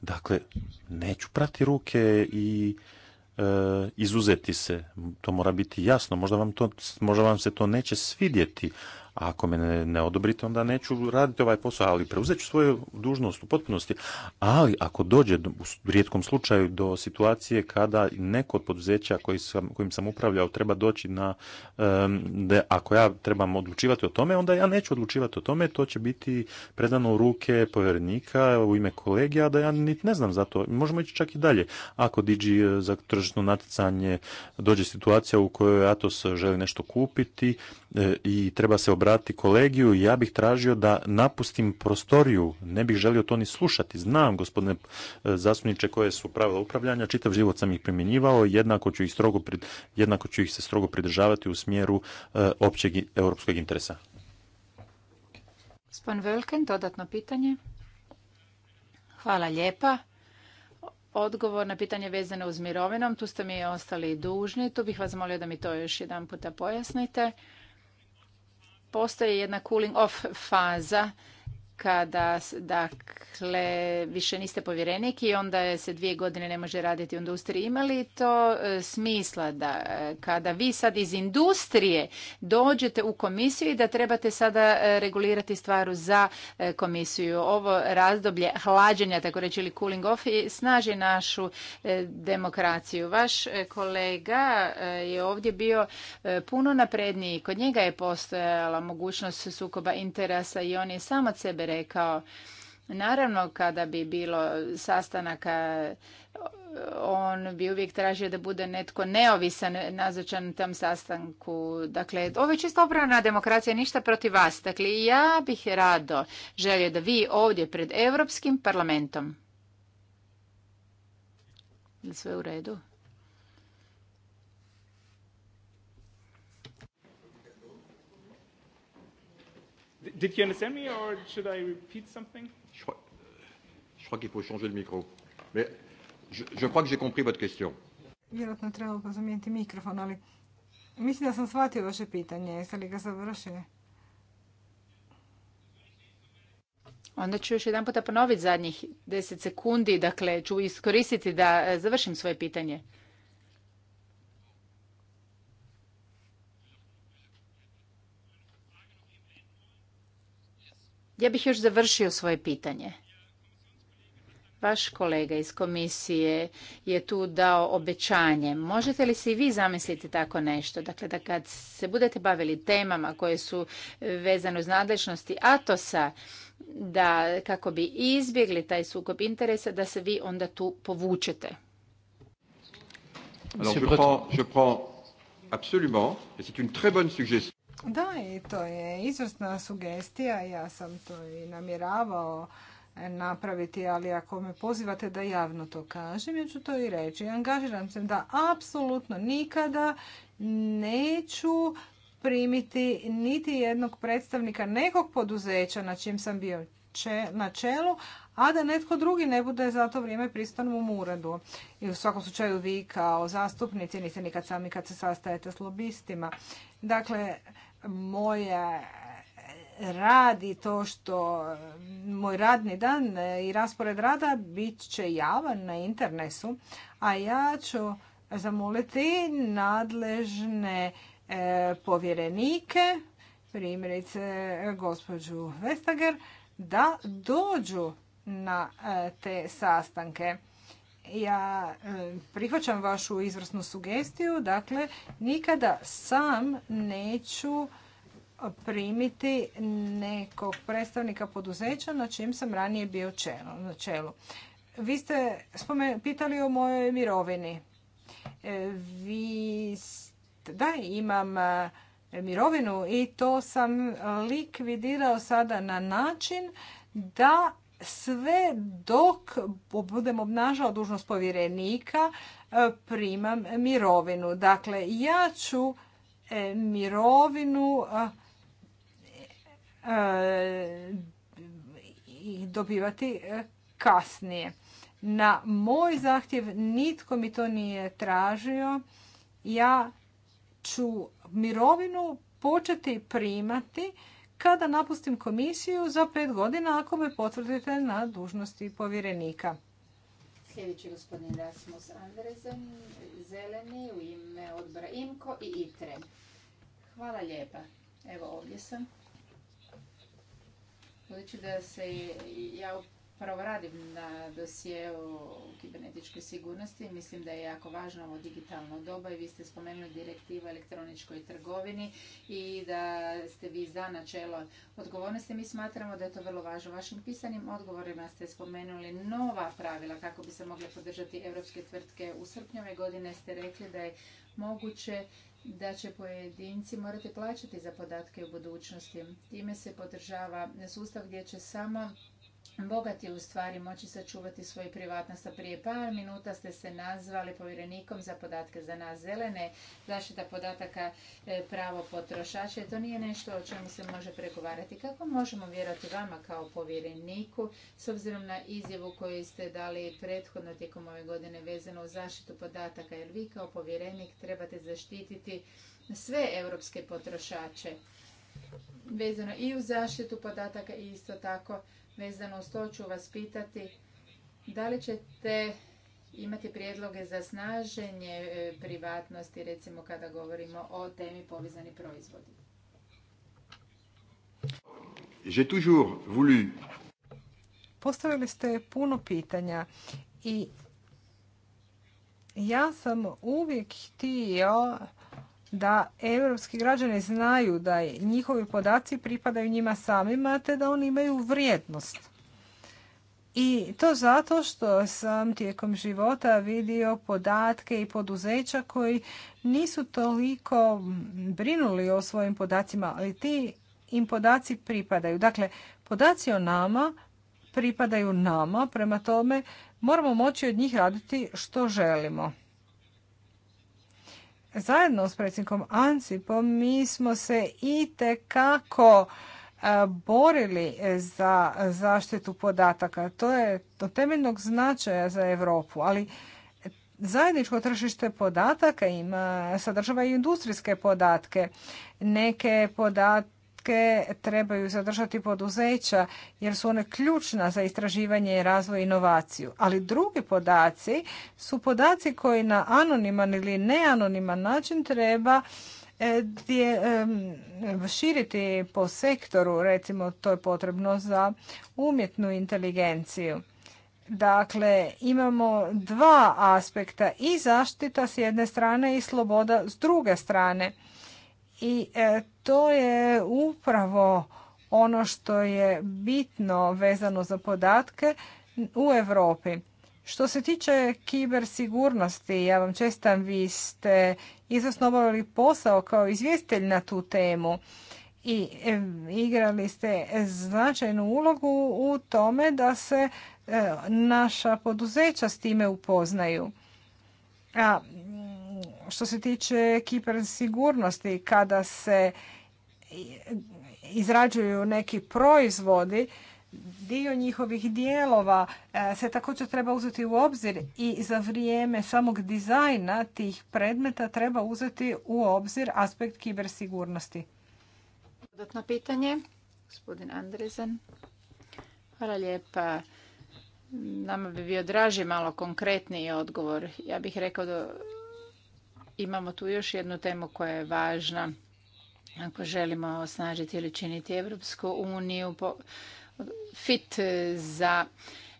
Dakle, neću prati ruke i e, izuzeti se. To mora biti jasno. Možda vam, to, možda vam se to neće svidjeti, a ako me ne, odobrite, onda neću raditi ovaj posao, ali preuzet ću svoju dužnost u potpunosti. Ali ako dođe u rijetkom slučaju do situacije kada neko od poduzeća koji kojim sam upravljao treba doći na, da ako ja trebam odlučivati o tome, onda ja neću odlučivati o tome, to će biti predano u ruke povjerenika u ime kolegija, da ja niti ne znam za to. Možemo ići čak i dalje. Ako diđi e, za tržišno natjecanje dođe situacija u kojoj Atos želi nešto kupiti, E, i treba se obratiti kolegiju, ja bih tražio da napustim prostoriju, ne bih želio to ni slušati. Znam, gospodine e, zastupniče, koje su pravila upravljanja, čitav život sam ih primjenjivao, jednako ću ih, strogo, jednako ću ih se strogo pridržavati u smjeru e, općeg europskog interesa. Gospodin Velken, dodatno pitanje. Hvala lijepa. Odgovor na pitanje vezano uz mirovinom, tu ste mi ostali dužni, tu bih vas molio da mi to još jedan puta pojasnite postoji jedna cooling off faza kada dakle više niste povjerenik i onda se dvije godine ne može raditi u industriji. Ima li to e, smisla da e, kada vi sad iz industrije dođete u komisiju i da trebate sada e, regulirati stvaru za komisiju? Ovo razdoblje hlađenja, tako reći, ili cooling off snaži našu demokraciju. Vaš kolega je ovdje bio puno napredniji. Kod njega je postojala mogućnost sukoba interesa i on je sam od sebe rekao. Naravno, kada bi bilo sastanaka, on bi uvijek tražio da bude netko neovisan nazočan tom sastanku. Dakle, ovo je čisto obrana demokracija, ništa protiv vas. Dakle, ja bih rado želio da vi ovdje pred Europskim parlamentom. sve u redu? Did you understand me or should I repeat something? Je crois, je crois qu'il faut changer le micro. Mais je, je crois que j'ai compris votre question. Vjerojatno trebalo pa zamijeniti mikrofon, ali mislim da sam shvatio vaše pitanje. Jeste li ga završili? Onda ću još jedan puta ponoviti zadnjih 10 sekundi, dakle ću iskoristiti da e, završim svoje pitanje. Ja bih još završio svoje pitanje. Vaš kolega iz komisije je tu dao obećanje. Možete li se i vi zamisliti tako nešto? Dakle, da kad se budete bavili temama koje su vezane uz nadležnosti Atosa, da kako bi izbjegli taj sukob interesa, da se vi onda tu povučete. Alors, je je prends absolument, et c'est une très bonne suggestion. Da, i to je izvrsna sugestija. Ja sam to i namjeravao napraviti, ali ako me pozivate da javno to kažem, ja ću to i reći. Angažiram se da apsolutno nikada neću primiti niti jednog predstavnika nekog poduzeća na čim sam bio na čelu, a da netko drugi ne bude za to vrijeme prisutan u uredu. I u svakom slučaju vi kao zastupnici niste nikad sami kad se sastajete s lobistima. Dakle, moja rad i to što moj radni dan i raspored rada bit će javan na internetu, a ja ću zamoliti nadležne e, povjerenike, primjerice gospođu Vestager, da dođu na e, te sastanke ja e, prihvaćam vašu izvrsnu sugestiju, dakle nikada sam neću primiti nekog predstavnika poduzeća na čim sam ranije bio na čelu. Vi ste pitali o mojoj mirovini. E, vi da, imam e, mirovinu i to sam likvidirao sada na način da sve dok budem obnažao dužnost povjerenika e, primam mirovinu. Dakle, ja ću e, mirovinu e, dobivati kasnije. Na moj zahtjev nitko mi to nije tražio. Ja ću mirovinu početi primati kada napustim komisiju za pet godina ako me potvrdite na dužnosti povjerenika. Sljedeći gospodin Rasmus Andrezen, zeleni u ime odbora IMKO i ITRE. Hvala lijepa. Evo ovdje sam. Budući da se ja upravo radim na o kibernetičkoj sigurnosti. Mislim da je jako važno ovo digitalno doba i vi ste spomenuli direktivu elektroničkoj trgovini i da ste vi za načelo odgovornosti. Mi smatramo da je to vrlo važno. Vašim pisanim odgovorima ste spomenuli nova pravila kako bi se mogle podržati europske tvrtke. U srpnju ove godine ste rekli da je moguće da će pojedinci morati plaćati za podatke u budućnosti. Time se podržava sustav gdje će samo bogati u stvari moći sačuvati svoju privatnost. A prije par minuta ste se nazvali povjerenikom za podatke za nas zelene, zaštita podataka, e, pravo potrošače. To nije nešto o čemu se može pregovarati. Kako možemo vjerati vama kao povjereniku s obzirom na izjavu koju ste dali prethodno tijekom ove godine vezano u zaštitu podataka? Jer vi kao povjerenik trebate zaštititi sve europske potrošače vezano i u zaštitu podataka i isto tako Vezano s to ću vas pitati da li ćete imati prijedloge za snaženje e, privatnosti, recimo kada govorimo o temi povezani proizvodi. J'ai toujours voulu. Postavili ste puno pitanja i ja sam uvijek htio da europski građani znaju da njihovi podaci pripadaju njima samima te da oni imaju vrijednost. I to zato što sam tijekom života vidio podatke i poduzeća koji nisu toliko brinuli o svojim podacima, ali ti im podaci pripadaju. Dakle, podaci o nama pripadaju nama, prema tome moramo moći od njih raditi što želimo zajedno s predsjednikom Ancipom mi smo se i kako e, borili za zaštitu podataka. To je od temeljnog značaja za Europu, ali zajedničko tržište podataka ima, sadržava i industrijske podatke. Neke podatke trebaju zadržati poduzeća jer su one ključna za istraživanje i razvoj inovaciju. Ali drugi podaci su podaci koji na anoniman ili neanoniman način treba e, širiti po sektoru, recimo to je potrebno za umjetnu inteligenciju. Dakle, imamo dva aspekta i zaštita s jedne strane i sloboda s druge strane. I e, to je upravo ono što je bitno vezano za podatke u Europi. Što se tiče kibersigurnosti, ja vam čestam, vi ste izvrsno obavili posao kao izvjestelj na tu temu i e, igrali ste značajnu ulogu u tome da se e, naša poduzeća s time upoznaju. A što se tiče kibersigurnosti, sigurnosti kada se izrađuju neki proizvodi dio njihovih dijelova e, se također treba uzeti u obzir i za vrijeme samog dizajna tih predmeta treba uzeti u obzir aspekt kibersigurnosti. Dodatno pitanje, gospodin Andrezen. Hvala lijepa. Nama bi bio draži malo konkretniji odgovor. Ja bih rekao da imamo tu još jednu temu koja je važna ako želimo osnažiti ili činiti Evropsku uniju fit za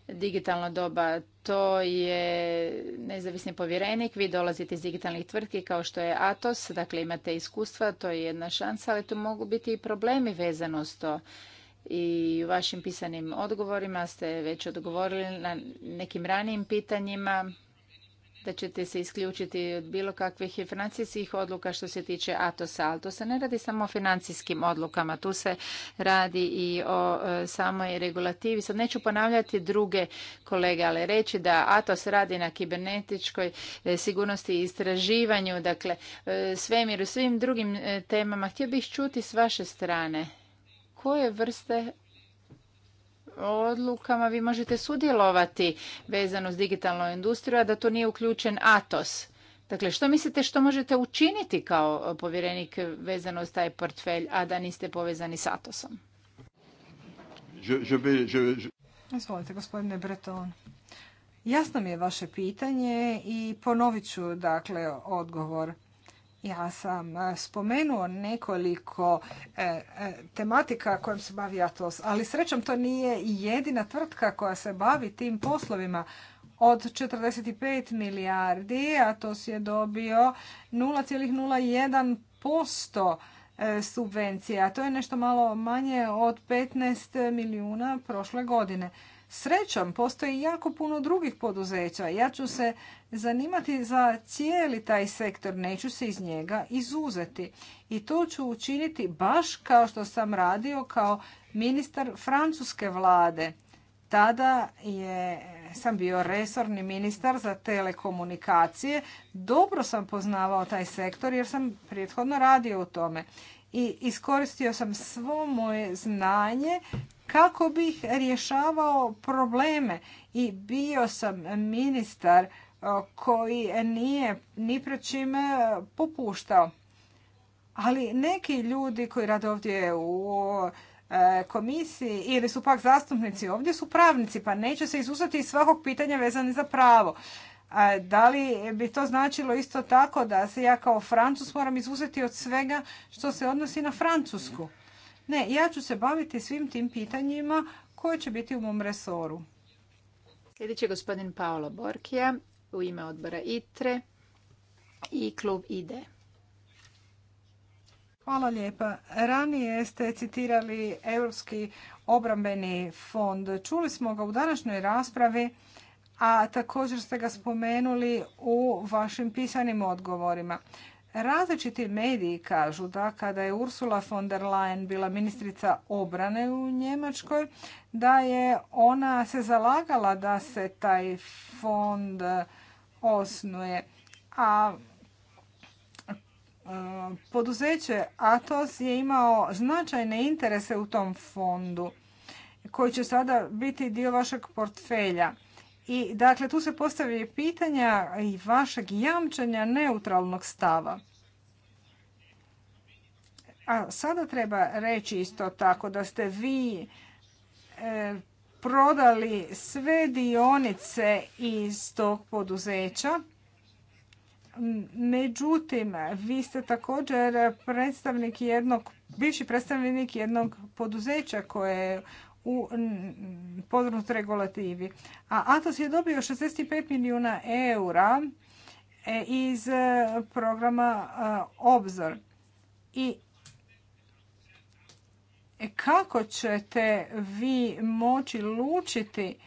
digitalno doba. To je nezavisni povjerenik. Vi dolazite iz digitalnih tvrtki kao što je Atos, dakle imate iskustva, to je jedna šansa, ali tu mogu biti i problemi vezano s to. I u vašim pisanim odgovorima ste već odgovorili na nekim ranijim pitanjima da ćete se isključiti od bilo kakvih i financijskih odluka što se tiče Atosa. Ali to se ne radi samo o financijskim odlukama, tu se radi i o e, samoj regulativi. Sad neću ponavljati druge kolege, ali reći da Atos radi na kibernetičkoj e, sigurnosti i istraživanju, dakle e, svemiru, svim drugim temama. Htio bih čuti s vaše strane koje vrste odlukama vi možete sudjelovati vezano s digitalnu industriju, a da to nije uključen ATOS. Dakle, što mislite što možete učiniti kao povjerenik vezano s taj portfelj, a da niste povezani s ATOSom? Izvolite, gospodine Breton. Jasno mi je vaše pitanje i ponovit ću dakle odgovor. Ja sam e, spomenuo nekoliko e, e, tematika kojim se bavi Atos, ali srećom to nije jedina tvrtka koja se bavi tim poslovima. Od 45 milijardi Atos je dobio 0,01% subvencija. To je nešto malo manje od 15 milijuna prošle godine. Srećom, postoji jako puno drugih poduzeća. Ja ću se zanimati za cijeli taj sektor, neću se iz njega izuzeti. I to ću učiniti baš kao što sam radio kao ministar francuske vlade. Tada je, sam bio resorni ministar za telekomunikacije. Dobro sam poznavao taj sektor jer sam prethodno radio u tome. I iskoristio sam svo moje znanje kako bih rješavao probleme i bio sam ministar e, koji nije ni pred čime e, popuštao. Ali neki ljudi koji rade ovdje u e, komisiji ili su pak zastupnici ovdje su pravnici pa neće se izuzeti iz svakog pitanja vezane za pravo. Da li bi to značilo isto tako da se ja kao Francus moram izuzeti od svega što se odnosi na Francusku? Ne, ja ću se baviti svim tim pitanjima koje će biti u mom resoru. Sljedeći je gospodin Paolo Borkija u ime odbora ITRE i klub IDE. Hvala lijepa. Ranije ste citirali Europski obrambeni fond. Čuli smo ga u današnjoj raspravi, a također ste ga spomenuli u vašim pisanim odgovorima. Različiti mediji kažu da kada je Ursula von der Leyen bila ministrica obrane u Njemačkoj, da je ona se zalagala da se taj fond osnuje. A e, poduzeće Atos je imao značajne interese u tom fondu koji će sada biti dio vašeg portfelja. I dakle, tu se postavljaju pitanja i vašeg jamčenja neutralnog stava. A sada treba reći isto tako da ste vi e, prodali sve dionice iz tog poduzeća. Međutim, vi ste također predstavnik jednog, bivši predstavnik jednog poduzeća koje je u regulativi. A Atos je dobio 65 milijuna eura e, iz e, programa e, Obzor. I kako ćete vi moći lučiti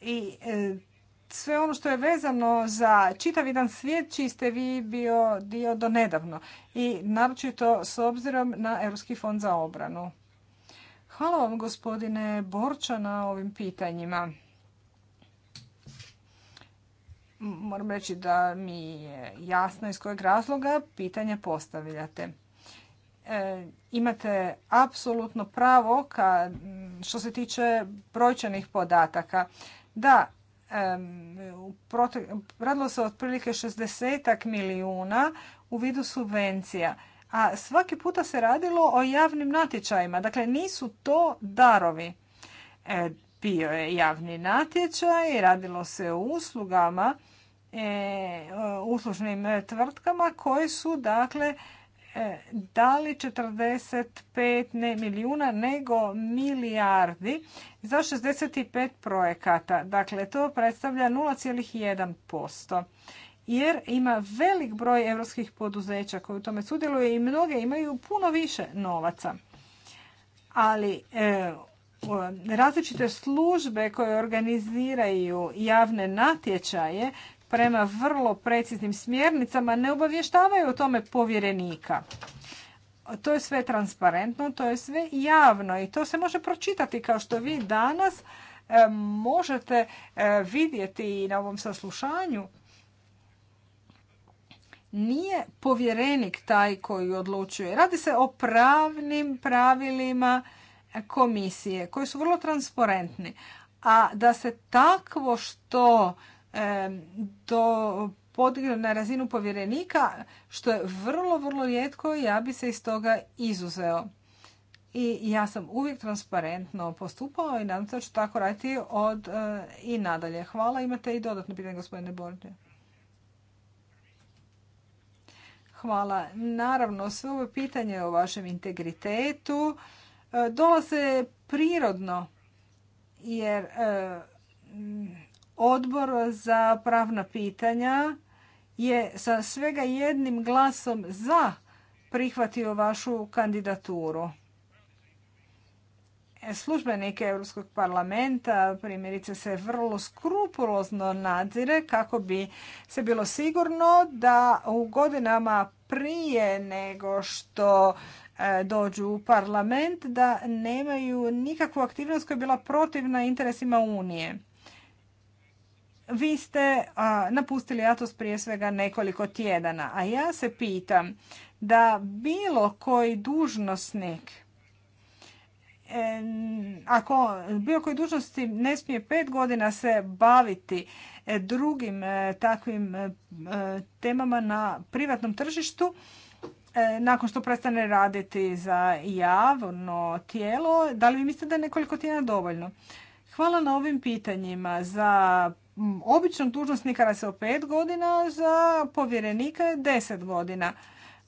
i sve ono što je vezano za čitav jedan svijet čiji ste vi bio dio do nedavno i naročito s obzirom na Europski fond za obranu. Hvala vam gospodine Borča na ovim pitanjima. Moram reći da mi je jasno iz kojeg razloga pitanja postavljate. E, imate apsolutno pravo ka, što se tiče brojčanih podataka. Da, radilo se otprilike 60 milijuna u vidu subvencija a svaki puta se radilo o javnim natječajima. Dakle, nisu to darovi. E, bio je javni natječaj, radilo se o uslugama, e, uslužnim tvrtkama koje su dakle e, dali 45 ne milijuna nego milijardi za 65 projekata. Dakle, to predstavlja 0,1% jer ima velik broj europskih poduzeća koji u tome sudjeluje i mnoge imaju puno više novaca. Ali e, različite službe koje organiziraju javne natječaje prema vrlo preciznim smjernicama ne obavještavaju o tome povjerenika. To je sve transparentno, to je sve javno i to se može pročitati kao što vi danas e, možete e, vidjeti i na ovom saslušanju nije povjerenik taj koji odlučuje. Radi se o pravnim pravilima komisije koji su vrlo transparentni. A da se takvo što e, do podigne na razinu povjerenika, što je vrlo, vrlo rijetko, ja bi se iz toga izuzeo. I ja sam uvijek transparentno postupao i nadam se da ću tako raditi od, eh, i nadalje. Hvala, imate i dodatno pitanje gospodine Borne. Hvala. Naravno, sve ovo pitanje o vašem integritetu e, dolaze prirodno, jer e, odbor za pravna pitanja je sa svega jednim glasom za prihvatio vašu kandidaturu službenike Europskog parlamenta primjerice se vrlo skrupulozno nadzire kako bi se bilo sigurno da u godinama prije nego što e, dođu u parlament da nemaju nikakvu aktivnost koja je bila protivna interesima Unije. Vi ste napustili Atos prije svega nekoliko tjedana, a ja se pitam da bilo koji dužnosnik ako bio koji dužnosti ne smije pet godina se baviti e, drugim e, takvim e, temama na privatnom tržištu, nakon što prestane raditi za javno tijelo, da li vi mislite da je nekoliko tjedana dovoljno? Hvala na ovim pitanjima. Za običnog dužnosnika da se o pet godina, za povjerenika je deset godina.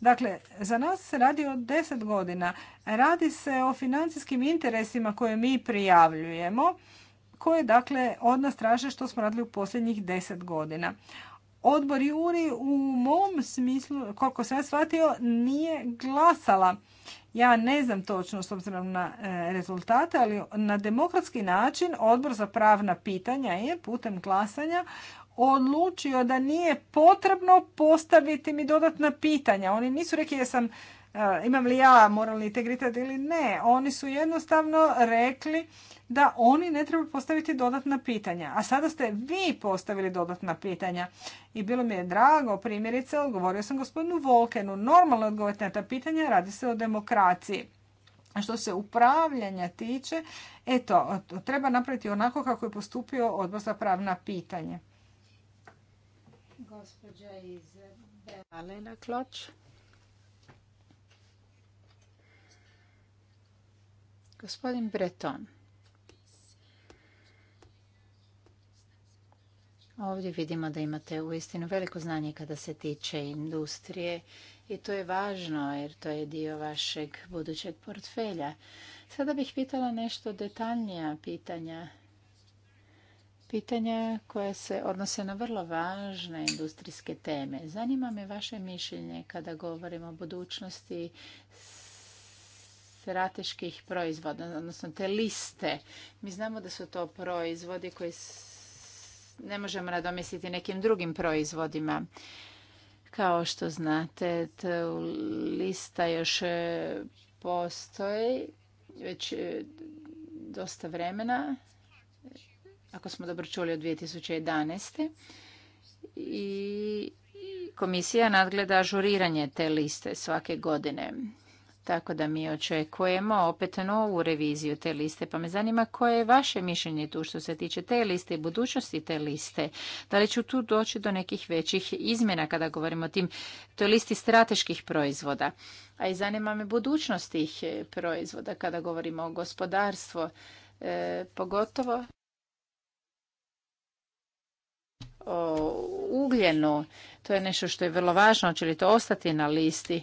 Dakle, za nas se radi o deset godina. Radi se o financijskim interesima koje mi prijavljujemo, koje dakle od nas traže što smo radili u posljednjih deset godina. Odbor Juri u mom smislu, koliko sam ja shvatio, nije glasala. Ja ne znam točno s obzirom na e, rezultate, ali na demokratski način odbor za pravna pitanja je putem glasanja odlučio da nije potrebno postaviti mi dodatna pitanja. Oni nisu rekli jesam e, imam li ja moralni integritet ili ne. Oni su jednostavno rekli da oni ne trebaju postaviti dodatna pitanja. A sada ste vi postavili dodatna pitanja. I bilo mi je drago, primjerice, odgovorio sam gospodinu Volkenu. Normalno odgovorite na ta pitanja, radi se o demokraciji. A što se upravljanja tiče, eto, treba napraviti onako kako je postupio odbor za pravna pitanja gospođa Gospodin Breton. Ovdje vidimo da imate uistinu veliko znanje kada se tiče industrije i to je važno jer to je dio vašeg budućeg portfelja. Sada bih pitala nešto detaljnija pitanja pitanja koja se odnose na vrlo važne industrijske teme. Zanima me vaše mišljenje kada govorimo o budućnosti strateških proizvoda, odnosno te liste. Mi znamo da su to proizvodi koji ne možemo nadomjestiti nekim drugim proizvodima. Kao što znate, lista još e, postoji već e, dosta vremena ako smo dobro čuli, od 2011. I komisija nadgleda ažuriranje te liste svake godine. Tako da mi očekujemo opet novu reviziju te liste. Pa me zanima koje je vaše mišljenje tu što se tiče te liste i budućnosti te liste. Da li ću tu doći do nekih većih izmjena kada govorimo o tim, toj listi strateških proizvoda. A i zanima me budućnost tih proizvoda kada govorimo o gospodarstvu. E, pogotovo ugljenu. To je nešto što je vrlo važno. Hoće li to ostati na listi?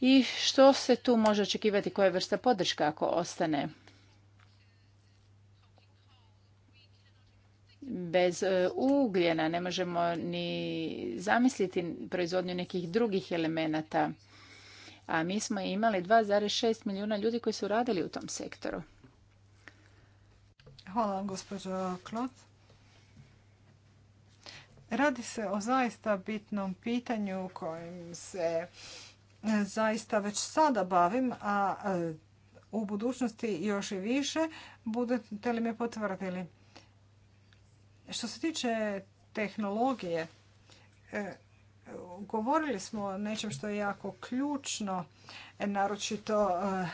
I što se tu može očekivati? Koja je vrsta podrška ako ostane? Bez e, ugljena ne možemo ni zamisliti proizvodnju nekih drugih elemenata. A mi smo imali 2,6 milijuna ljudi koji su radili u tom sektoru. Hvala, gospođo Klot. Radi se o zaista bitnom pitanju kojim se e, zaista već sada bavim, a u budućnosti još i više, budete li me potvrdili. Što se tiče tehnologije, e, govorili smo o nečem što je jako ključno, naročito e,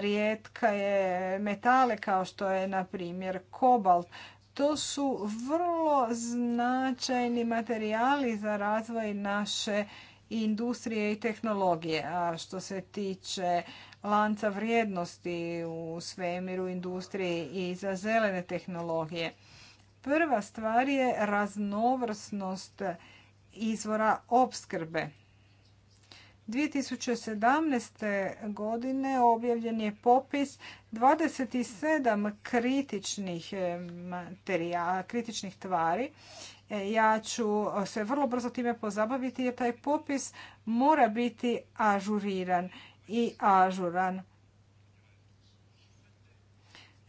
rijetka je metale kao što je, na primjer, kobalt. To su vrlo značajni materijali za razvoj naše industrije i tehnologije. A što se tiče lanca vrijednosti u svemiru, industriji i za zelene tehnologije, prva stvar je raznovrsnost izvora opskrbe. 2017. godine objavljen je popis 27 kritičnih, eh, materijala, kritičnih tvari. E, ja ću se vrlo brzo time pozabaviti jer taj popis mora biti ažuriran i ažuran.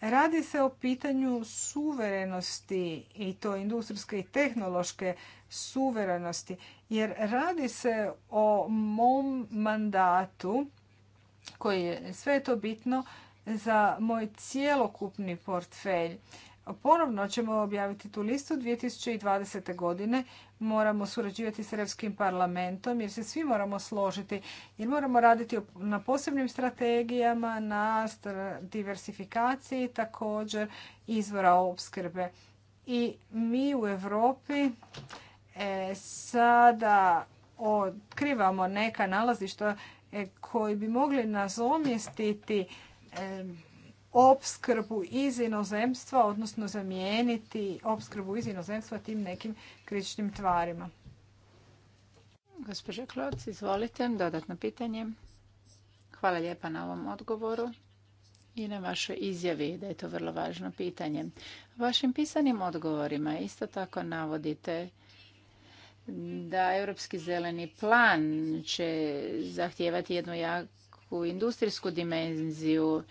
Radi se o pitanju suverenosti i to industrijske i tehnološke suverenosti. Jer radi se o mom mandatu koji je sve to bitno za moj cjelokupni portfelj. Ponovno ćemo objaviti tu listu 2020. godine. Moramo surađivati s Europskim parlamentom jer se svi moramo složiti. Jer moramo raditi na posebnim strategijama, na diversifikaciji također izvora opskrbe. I mi u Europi E, sada otkrivamo neka nalazišta e, koji bi mogli e, opskrbu iz inozemstva, odnosno zamijeniti opskrbu iz inozemstva tim nekim kritičnim tvarima. Gospođa Kloc, izvolite, dodatno pitanje. Hvala lijepa na ovom odgovoru i na vašoj izjavi da je to vrlo važno pitanje. Vašim pisanim odgovorima isto tako navodite da europski zeleni plan će zahtijevati jednu jaku industrijsku dimenziju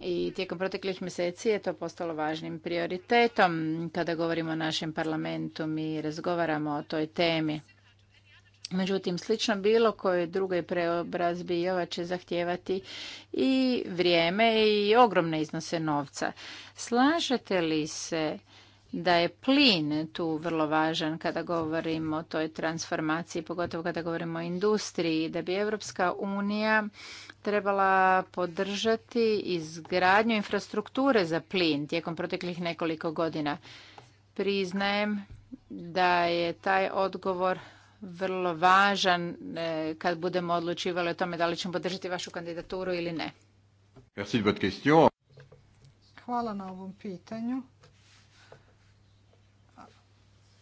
i tijekom proteklih mjeseci je to postalo važnim prioritetom kada govorimo o našem parlamentu i razgovaramo o toj temi. Međutim, slično bilo koje drugoj preobrazbi i ova će zahtijevati i vrijeme i ogromne iznose novca. Slažete li se da je plin tu vrlo važan kada govorimo o toj transformaciji, pogotovo kada govorimo o industriji, da bi Europska unija trebala podržati izgradnju infrastrukture za plin tijekom proteklih nekoliko godina. Priznajem da je taj odgovor vrlo važan e, kad budemo odlučivali o tome da li ćemo podržati vašu kandidaturu ili ne. Hvala na ovom pitanju.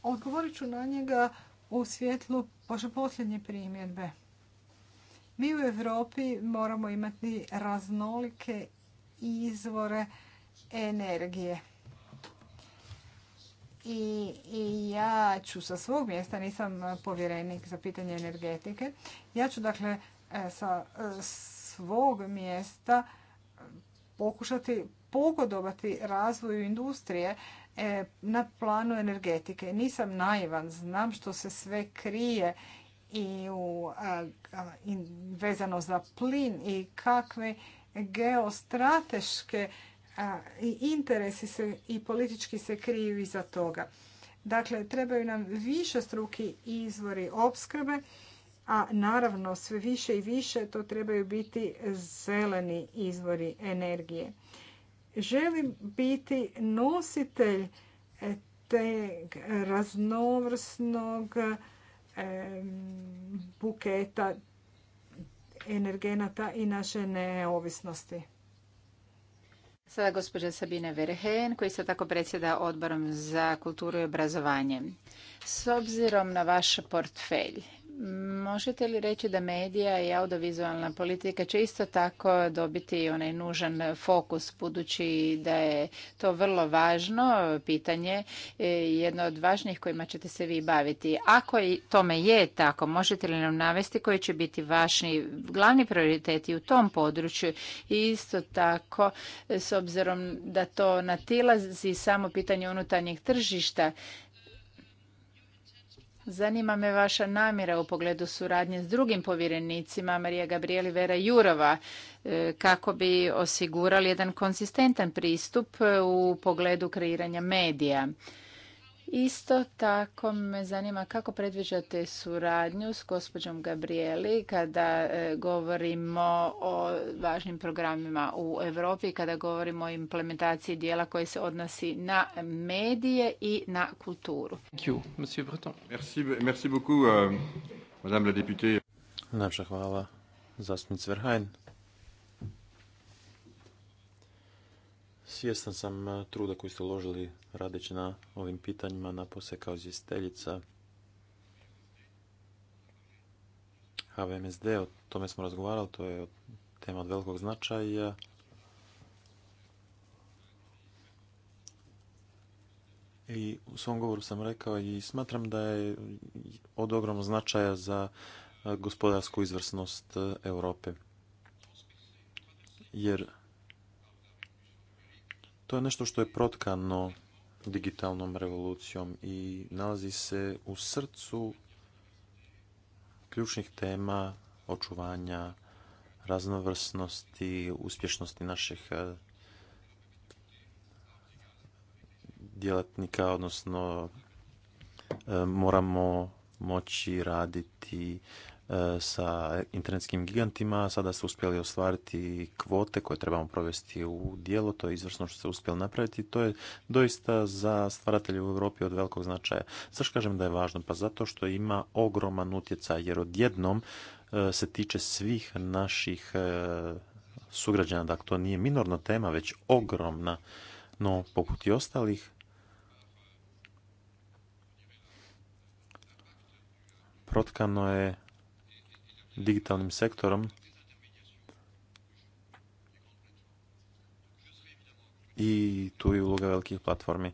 Odgovorit ću na njega u svjetlu vaše posljednje primjedbe. Mi u Europi moramo imati raznolike izvore energije. I, I ja ću sa svog mjesta, nisam povjerenik za pitanje energetike, ja ću dakle e, sa e, svog mjesta pokušati pogodovati razvoju industrije E, na planu energetike. Nisam naivan, znam što se sve krije i u, vezano za plin i kakve geostrateške i interesi se i politički se kriju iza toga. Dakle, trebaju nam više struki izvori opskrbe, a naravno sve više i više to trebaju biti zeleni izvori energije želim biti nositelj e, te raznovrsnog buketa energenata i naše neovisnosti. Sada gospođa Sabine Verhen koji se tako predsjeda odborom za kulturu i obrazovanje. S obzirom na vaš portfelj Možete li reći da medija i audiovizualna politika će isto tako dobiti onaj nužan fokus budući da je to vrlo važno pitanje, e, jedno od važnijih kojima ćete se vi baviti. Ako tome je tako, možete li nam navesti koji će biti vaši glavni prioriteti u tom području i isto tako s obzirom da to natilazi samo pitanje unutarnjeg tržišta, Zanima me vaša namjera u pogledu suradnje s drugim povjerenicima Marija Gabrieli Vera Jurova e, kako bi osigurali jedan konsistentan pristup e, u pogledu kreiranja medija. Isto tako me zanima kako predviđate suradnju s gospođom Gabrieli kada e, govorimo o važnim programima u Europi, kada govorimo o implementaciji dijela koji se odnosi na medije i na kulturu. Najpša hvala, zastupnic Verhajn. Svjestan sam e, truda koji ste uložili radeći na ovim pitanjima napose kao izvjestiteljica HVMSD, o tome smo razgovarali, to je tema od velikog značaja. I u svom govoru sam rekao i smatram da je od ogromnog značaja za gospodarsku izvrsnost Europe. Jer to je nešto što je protkano digitalnom revolucijom i nalazi se u srcu ključnih tema očuvanja raznovrsnosti, uspješnosti naših e, djelatnika, odnosno e, moramo moći raditi E, sa internetskim gigantima. Sada su uspjeli ostvariti kvote koje trebamo provesti u dijelo. To je izvrsno što ste uspjeli napraviti. To je doista za stvaratelje u Europi od velikog značaja. što kažem da je važno? Pa zato što ima ogroman utjecaj jer odjednom e, se tiče svih naših e, sugrađana. Dakle, to nije minorna tema, već ogromna. No, poput i ostalih, protkano je digitalnim sektorom i tu je uloga velikih platformi.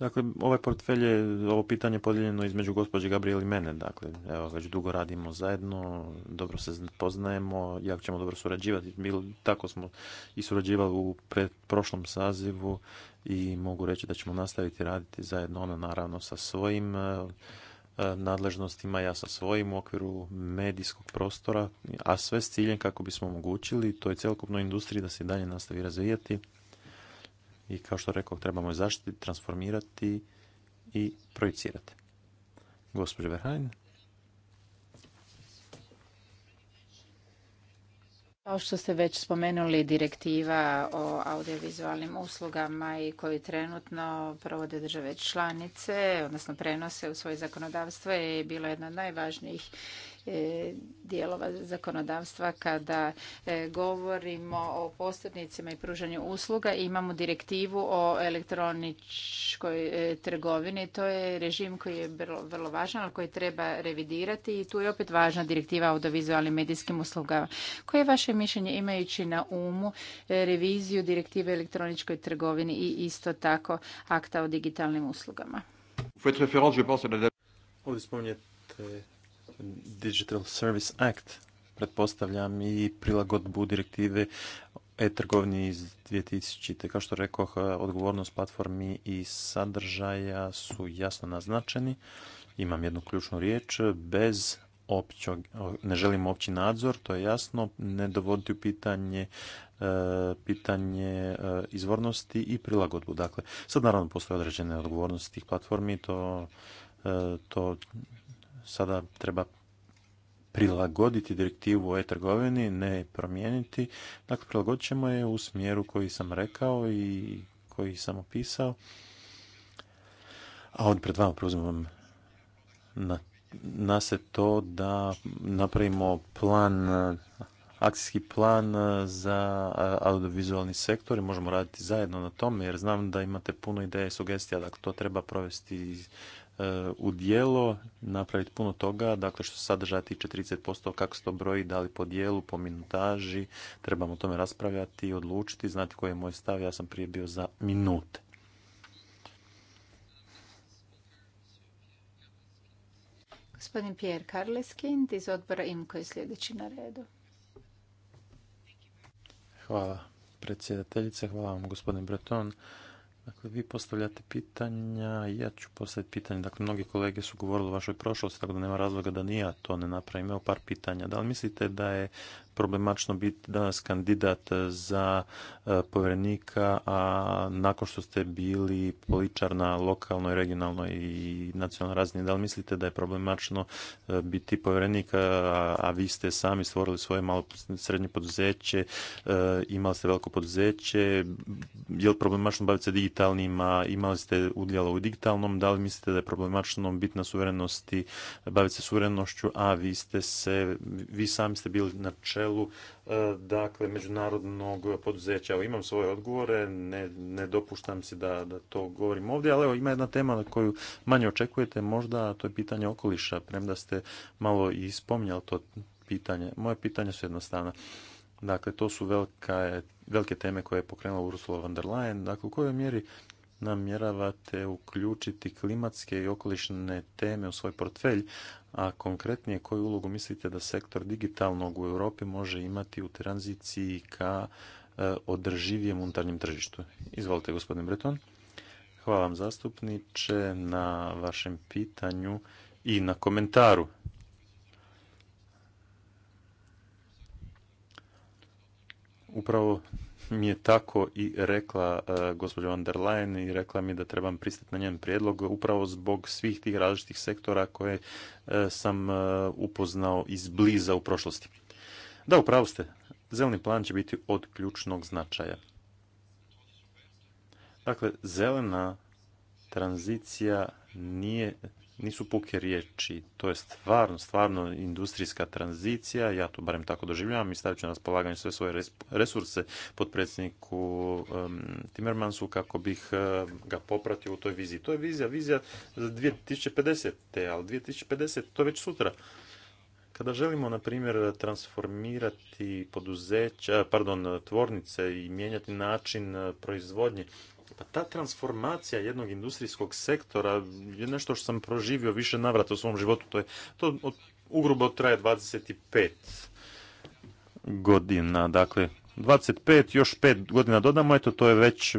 Dakle, ovaj portfelj je, ovo pitanje podijeljeno između gospođe Gabriel i mene. Dakle, evo, već dugo radimo zajedno, dobro se poznajemo, jako ćemo dobro surađivati. tako smo i surađivali u pred, prošlom sazivu i mogu reći da ćemo nastaviti raditi zajedno. Ona naravno sa svojim e, e, nadležnostima, ja sa svojim u okviru medijskog prostora, a sve s ciljem kako bismo omogućili toj cjelokupnoj industriji da se dalje nastavi razvijati i kao što rekao, trebamo je zaštiti, transformirati i projicirati. Gospođo Verhajn. Kao što ste već spomenuli, direktiva o audiovizualnim uslugama i koji trenutno provode države članice, odnosno prenose u svoje zakonodavstvo, je bilo jedna od najvažnijih E, dijelova zakonodavstva kada e, govorimo o posrednicima i pružanju usluga imamo direktivu o elektroničkoj e, trgovini. To je režim koji je vrlo, važan, ali koji treba revidirati i tu je opet važna direktiva o audiovizualnim medijskim uslugama. Koje je vaše mišljenje imajući na umu reviziju direktive o elektroničkoj trgovini i isto tako akta o digitalnim uslugama? Digital Service Act, pretpostavljam, i prilagodbu direktive e-trgovini iz 2000. Kao što rekoh, odgovornost platformi i sadržaja su jasno naznačeni. Imam jednu ključnu riječ, bez općog, ne želim opći nadzor, to je jasno, ne dovoditi u pitanje e, pitanje e, izvornosti i prilagodbu. Dakle, sad naravno postoje određene odgovornosti tih platformi, to, e, to sada treba prilagoditi direktivu o e-trgovini, ne promijeniti. Dakle, prilagodit ćemo je u smjeru koji sam rekao i koji sam opisao. A od pred vama preuzimam na, na se to da napravimo plan akcijski plan za audiovizualni sektor i možemo raditi zajedno na tome jer znam da imate puno ideje i sugestija, da to treba provesti E, u dijelo napraviti puno toga, dakle što se sadržaja tiče 30%, kako se to broji, da li po dijelu, po minutaži, trebamo o tome raspravljati, i odlučiti, znati koji je moj stav, ja sam prije bio za minute. Gospodin Pierre Karleskind iz odbora IMKO je sljedeći na redu. Hvala predsjedateljice, hvala vam gospodin Breton. Dakle, vi postavljate pitanja, ja ću postaviti pitanje. Dakle, mnogi kolege su govorili o vašoj prošlosti, tako da nema razloga da ni ja to ne napravim. Evo par pitanja. Da li mislite da je problematično biti danas kandidat za e, povjerenika, a nakon što ste bili političar na lokalnoj, regionalnoj i nacionalnoj razini, da li mislite da je problematično e, biti povjerenik, a vi ste sami stvorili svoje malo srednje poduzeće, e, imali ste veliko poduzeće, je li problematično baviti se digitalnima, imali ste udjela u digitalnom, da li mislite da je problematično biti na suverenosti, baviti se suverenošću, a vi ste se, vi sami ste bili na čelu čelu e, dakle međunarodnog poduzeća. Evo, imam svoje odgovore, ne, ne dopuštam si da, da to govorim ovdje, ali evo ima jedna tema na koju manje očekujete možda, to je pitanje okoliša, premda ste malo i spominjali to pitanje. Moje pitanje su jednostavna. Dakle, to su velika, velike teme koje je pokrenula Ursula von der Leyen. Dakle, u kojoj mjeri namjeravate uključiti klimatske i okolišne teme u svoj portfelj, a konkretnije koju ulogu mislite da sektor digitalnog u Europi može imati u tranziciji ka e, održivijem unutarnjem tržištu. Izvolite, gospodine Breton. Hvala vam zastupniče na vašem pitanju i na komentaru. Upravo mi je tako i rekla e, gospođa van der Leyen i rekla mi da trebam pristati na njen prijedlog upravo zbog svih tih različitih sektora koje e, sam e, upoznao izbliza u prošlosti. Da, upravo ste. Zeleni plan će biti od ključnog značaja. Dakle, zelena tranzicija nije nisu puke riječi, to je stvarno, stvarno industrijska tranzicija, ja to barem tako doživljavam i stavit ću na raspolaganje sve svoje resurse potpredsjedniku Timermansu Timmermansu kako bih ga popratio u toj viziji. To je vizija, vizija za 2050. ali 2050. to je već sutra. Kada želimo, na primjer, transformirati poduzeća, pardon, tvornice i mijenjati način proizvodnje, pa ta transformacija jednog industrijskog sektora je nešto što sam proživio više navrata u svom životu. To, je, to od, ugrubo traje 25 godina. Dakle, 25, još 5 godina dodamo, eto, to je već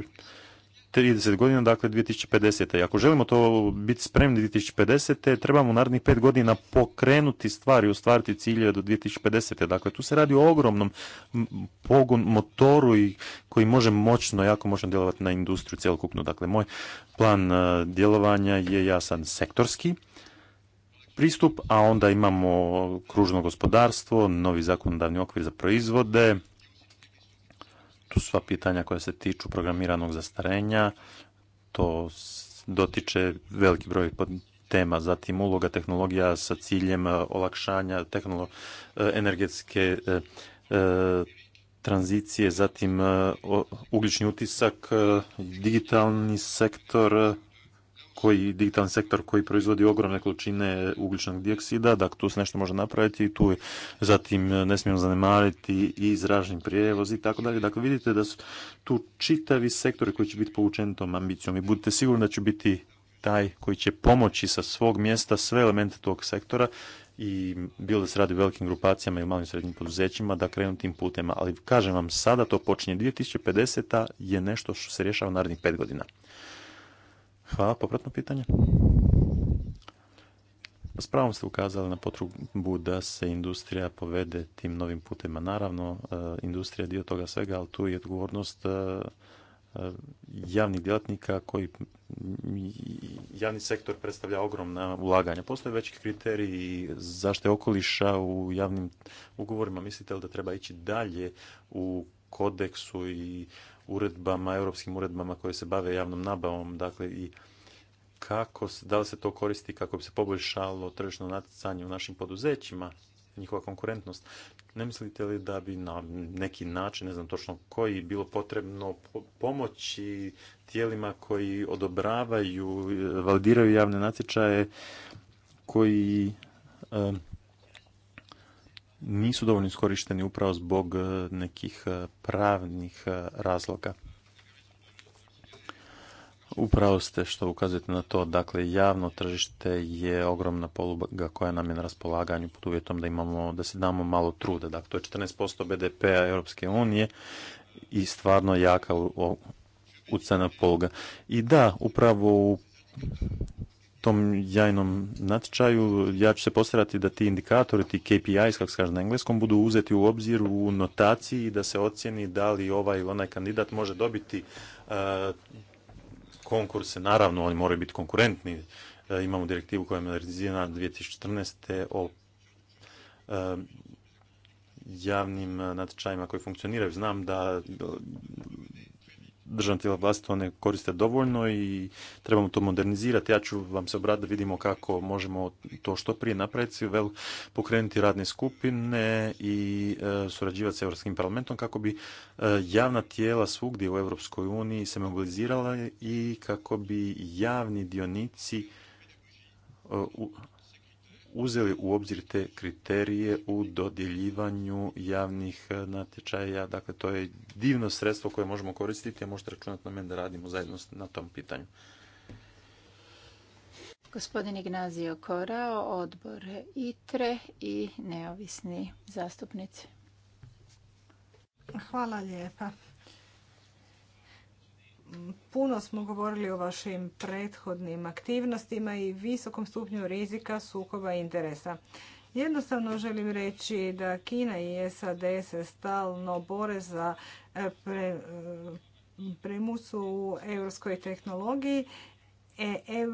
30 godina, dakle 2050. I ako želimo to biti spremni 2050. trebamo u narednih pet godina pokrenuti stvari, ostvariti cilje do 2050. Dakle, tu se radi o ogromnom pogon, motoru i koji može moćno, jako moćno djelovati na industriju cjelokupnu. Dakle, moj plan e, djelovanja je jasan sektorski pristup, a onda imamo kružno gospodarstvo, novi zakonodavni okvir za proizvode, tu sva pitanja koja se tiču programiranog zastarenja, to dotiče veliki broj tema, zatim uloga tehnologija sa ciljem e, olakšanja e, energetske e, tranzicije, zatim ugljični utisak, digitalni sektor, koji digitalni sektor koji proizvodi ogromne količine ugljičnog dioksida, dakle tu se nešto može napraviti i tu je zatim eh, ne smijemo zanemariti i zražni prijevoz i tako dalje. Dakle vidite da su tu čitavi sektori koji će biti povučeni tom ambicijom i budite sigurni da će biti taj koji će pomoći sa svog mjesta sve elemente tog sektora i bilo da se radi o velikim grupacijama i malim srednjim poduzećima da krenu tim putem. Ali kažem vam, sada to počinje. 2050. je nešto što se rješava narednih pet godina. Hvala, popratno pitanje. S pravom ste ukazali na potrubu da se industrija povede tim novim putima. Naravno, e, industrija je dio toga svega, ali tu je odgovornost e, e, javnih djelatnika koji javni sektor predstavlja ogromna ulaganja. Postoje veći kriteriji zaštite okoliša u javnim ugovorima. Mislite li da treba ići dalje u kodeksu i uredbama, europskim uredbama koje se bave javnom nabavom, dakle i kako, da li se to koristi kako bi se poboljšalo tržišno natjecanje u našim poduzećima, njihova konkurentnost. Ne mislite li da bi na neki način, ne znam točno koji, bilo potrebno pomoći tijelima koji odobravaju, validiraju javne natječaje, koji nisu dovoljno iskorišteni upravo zbog nekih pravnih razloga. Upravo ste što ukazujete na to, dakle javno tržište je ogromna poluga koja nam je na raspolaganju pod uvjetom da imamo, da se damo malo truda. Dakle, to je 14% BDP-a Europske unije i stvarno jaka ucena poluga. I da, upravo u tom jajnom natječaju. Ja ću se postarati da ti indikatori, ti KPIs, kako se kaže na engleskom, budu uzeti u obzir u notaciji da se ocjeni da li ovaj onaj kandidat može dobiti e, konkurse. Naravno, oni moraju biti konkurentni. E, imamo direktivu koja je realizirana 2014. o e, javnim natječajima koji funkcioniraju. Znam da državna tijela vlasti to ne koriste dovoljno i trebamo to modernizirati. Ja ću vam se obratiti da vidimo kako možemo to što prije napraviti, vel pokrenuti radne skupine i e, surađivati s Europskim parlamentom kako bi e, javna tijela svugdje u Europskoj uniji se mobilizirala i kako bi javni dionici e, uzeli u obzir te kriterije u dodjeljivanju javnih eh, natječaja. Dakle, to je divno sredstvo koje možemo koristiti, a možete računati na meni da radimo zajedno na tom pitanju. Gospodin Ignazio Korao, odbor ITRE i neovisni zastupnici. Hvala lijepa puno smo govorili o vašim prethodnim aktivnostima i visokom stupnju rizika sukoba interesa. Jednostavno želim reći da Kina i SAD se stalno bore za e, premusu e, u europskoj tehnologiji. E,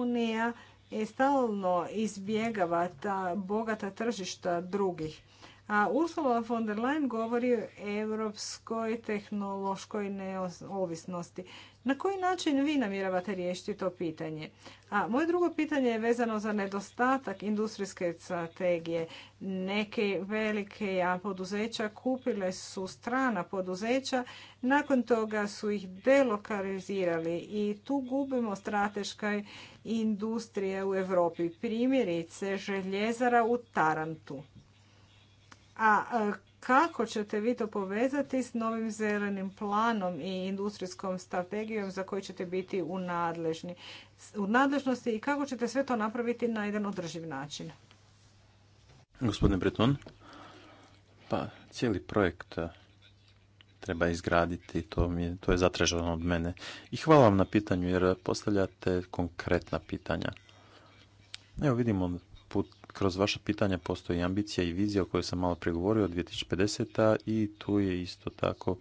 unija je stalno izbjegava ta bogata tržišta drugih. A Ursula von der Leyen govori o europskoj tehnološkoj neovisnosti. Na koji način vi namjeravate riješiti to pitanje? A moje drugo pitanje je vezano za nedostatak industrijske strategije. Neke velike poduzeća kupile su strana poduzeća, nakon toga su ih delokalizirali i tu gubimo strateška industrije u Europi. Primjerice željezara u Tarantu. A e, kako ćete vi to povezati s novim zelenim planom i industrijskom strategijom za koju ćete biti u, nadležni, u nadležnosti i kako ćete sve to napraviti na jedan održiv način? Gospodine Breton, pa cijeli projekt e, treba izgraditi, to, mi je, to je zatraženo od mene. I hvala vam na pitanju jer postavljate konkretna pitanja. Evo vidimo put kroz vaša pitanja postoji ambicija i vizija o kojoj sam malo pregovorio od 2050. i tu je isto tako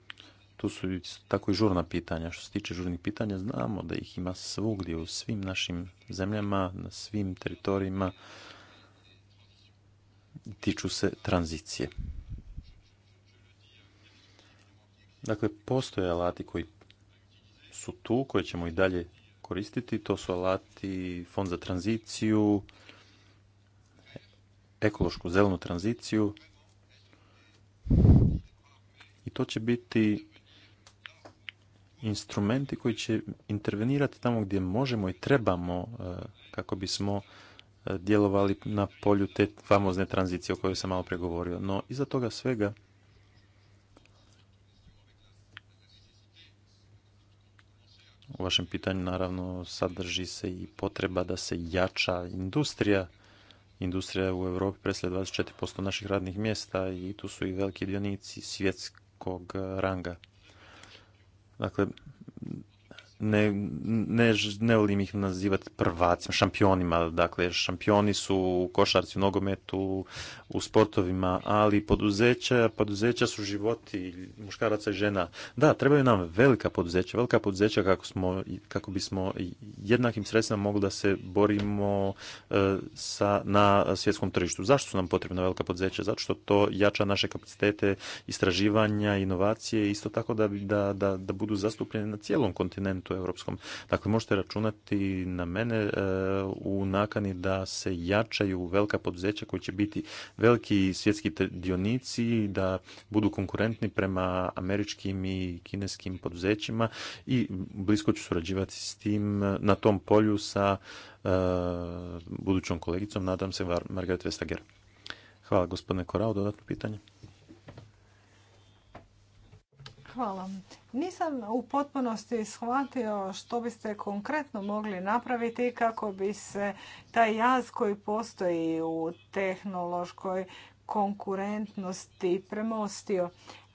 tu su isto tako i žurna pitanja. Što se tiče žurnih pitanja, znamo da ih ima svugdje u svim našim zemljama, na svim teritorijima. Tiču se tranzicije. Dakle, postoje alati koji su tu, koje ćemo i dalje koristiti. To su alati Fond za tranziciju, ekološku zelenu tranziciju i to će biti instrumenti koji će intervenirati tamo gdje možemo i trebamo e, kako bismo e, djelovali na polju te famozne tranzicije o kojoj sam malo pregovorio. No, iza toga svega u vašem pitanju naravno sadrži se i potreba da se jača industrija industrija u Europi predstavlja 24% naših radnih mjesta i tu su i veliki dionici svjetskog ranga. Dakle, ne, ne, ne volim ih nazivati prvacima, šampionima, dakle šampioni su u košarci, u nogometu, u sportovima, ali poduzeća, poduzeća su životi muškaraca i žena. Da, trebaju nam velika poduzeća, velika poduzeća kako, smo, kako bismo jednakim sredstvima mogli da se borimo e, sa, na svjetskom tržištu. Zašto su nam potrebna velika poduzeća? Zato što to jača naše kapacitete istraživanja, inovacije, isto tako da, da, da, da budu zastupljene na cijelom kontinentu u europskom. Dakle, možete računati na mene e, u nakani da se jačaju velika poduzeća koji će biti veliki svjetski dionici, da budu konkurentni prema američkim i kineskim poduzećima i blisko ću surađivati s tim e, na tom polju sa e, budućom kolegicom, nadam se, Margaret Vestager. Hvala, gospodine Korao, dodatno pitanje. Hvala. Nisam u potpunosti shvatio što biste konkretno mogli napraviti kako bi se taj jaz koji postoji u tehnološkoj konkurentnosti premostio.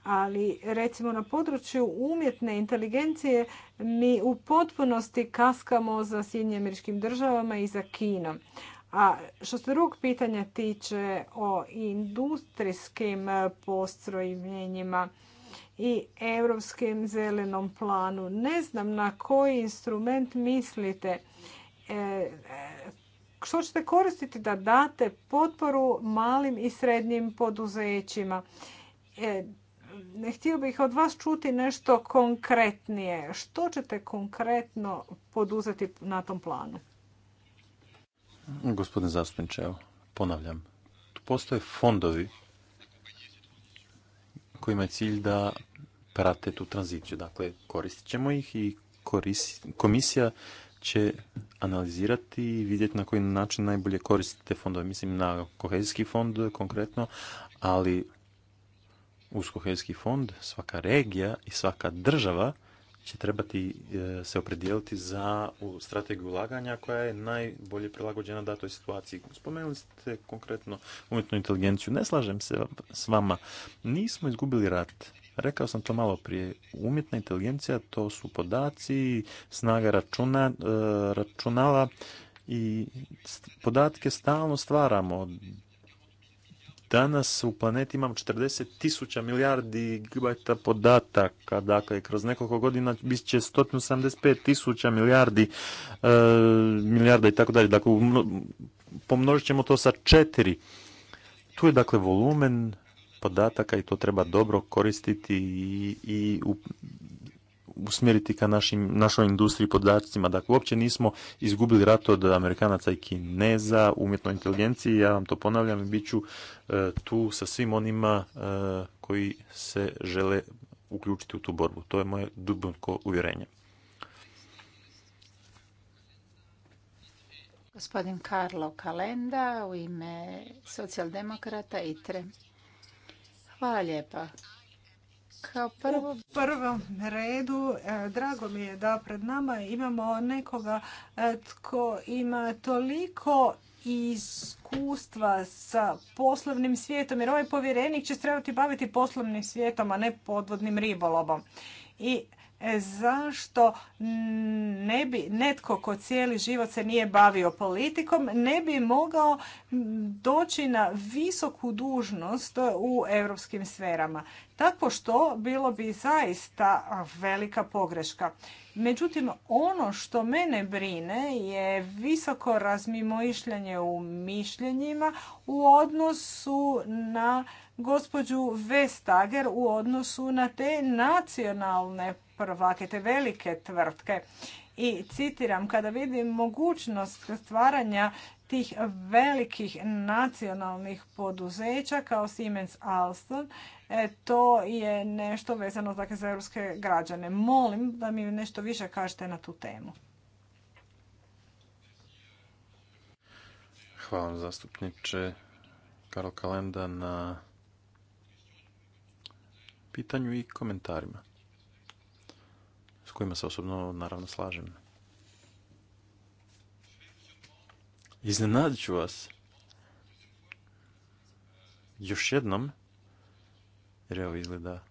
Ali recimo na području umjetne inteligencije mi u potpunosti kaskamo za Sjedinje američkim državama i za Kinom. A što se drugog pitanja tiče o industrijskim postrojenjima, i evropskim zelenom planu. Ne znam na koji instrument mislite. E, e, što ćete koristiti da date potporu malim i srednjim poduzećima? Ne htio bih od vas čuti nešto konkretnije. Što ćete konkretno poduzeti na tom planu? Gospodine zastupniče, ponavljam, tu postoje fondovi kojima je cilj da prate tu tranziciju. Dakle, koristit ćemo ih i komisija će analizirati i vidjeti na koji način najbolje koristite fondove. Mislim na kohezijski fond konkretno, ali uz kohezijski fond svaka regija i svaka država će trebati e, se opredijeliti za strategiju ulaganja koja je najbolje prilagođena datoj situaciji. Spomenuli ste konkretno umjetnu inteligenciju. Ne slažem se s vama. Nismo izgubili rat. Rekao sam to malo prije. Umjetna inteligencija to su podaci, snaga e, računala i podatke stalno stvaramo. Danas u planeti imam 40 tisuća milijardi gigabajta podataka, dakle kroz nekoliko godina bit će 175 tisuća milijardi, e, milijarda i tako dalje, dakle pomnožit ćemo to sa četiri. Tu je dakle volumen podataka i to treba dobro koristiti i, i usmjeriti ka našim, našoj industriji podacima. Dakle, uopće nismo izgubili rat od Amerikanaca i Kineza u umjetnoj inteligenciji. Ja vam to ponavljam i bit ću e, tu sa svim onima e, koji se žele uključiti u tu borbu. To je moje duboko uvjerenje. Gospodin Karlo Kalenda u ime socijaldemokrata ITRE. Hvala lijepa. Kao prvo... U prvom redu, e, drago mi je da pred nama imamo nekoga e, tko ima toliko iskustva sa poslovnim svijetom, jer ovaj povjerenik će se trebati baviti poslovnim svijetom, a ne podvodnim ribolobom. I E, zašto ne bi netko ko cijeli život se nije bavio politikom ne bi mogao doći na visoku dužnost u europskim sferama. Tako što bilo bi zaista velika pogreška. Međutim, ono što mene brine je visoko razmimoišljanje u mišljenjima u odnosu na gospođu Vestager u odnosu na te nacionalne prvake, te velike tvrtke. I citiram, kada vidim mogućnost stvaranja tih velikih nacionalnih poduzeća kao Siemens Alstom, e, to je nešto vezano dakle, za europske građane. Molim da mi nešto više kažete na tu temu. Hvala zastupniče Karol Kalenda na pitanju i komentarima kojima se osobno naravno slažem. Iznenadit ću vas još jednom, jer evo izgleda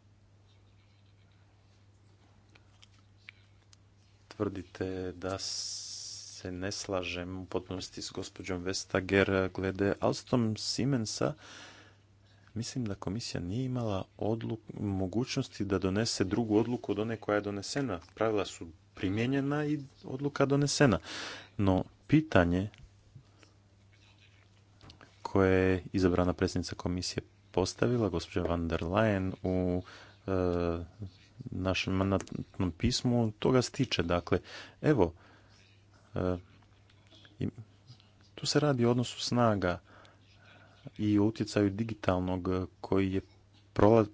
tvrdite da se ne slažem u potpunosti s gospođom Vestager glede Alstom Simensa mislim da komisija nije imala mogućnosti da donese drugu odluku od one koja je donesena. Pravila su primijenjena i odluka donesena. No, pitanje koje je izabrana predsjednica komisije postavila, gospođa van der Leyen, u e, našem mandatnom pismu, toga stiče. Dakle, evo, e, tu se radi o odnosu snaga i o utjecaju digitalnog e, koji je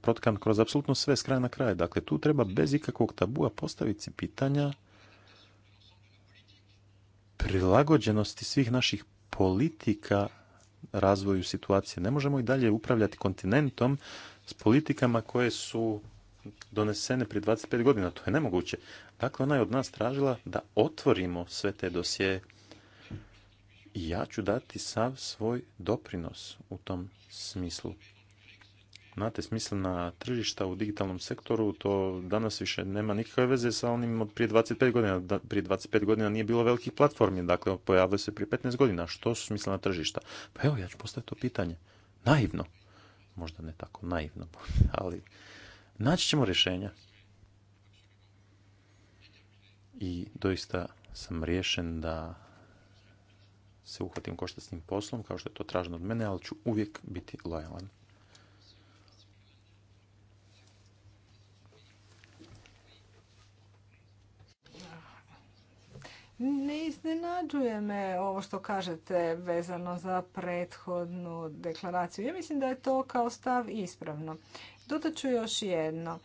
protkan kroz apsolutno sve s kraja na kraj. Dakle, tu treba bez ikakvog tabua postaviti si pitanja prilagođenosti svih naših politika razvoju situacije. Ne možemo i dalje upravljati kontinentom s politikama koje su donesene prije 25 godina. To je nemoguće. Dakle, ona je od nas tražila da otvorimo sve te dosije i ja ću dati sav svoj doprinos u tom smislu. Znate, na tržišta u digitalnom sektoru, to danas više nema nikakve veze sa onim od prije 25 godina. prije 25 godina nije bilo velikih platformi, dakle pojavile se prije 15 godina. Što su na tržišta? Pa evo, ja ću postaviti to pitanje. Naivno. Možda ne tako naivno, ali naći ćemo rješenja. I doista sam rješen da se uhvatim košta s tim poslom, kao što je to traženo od mene, ali ću uvijek biti lojalan. Ne iznenađuje me ovo što kažete vezano za prethodnu deklaraciju. Ja mislim da je to kao stav ispravno. Dodat ću još jedno.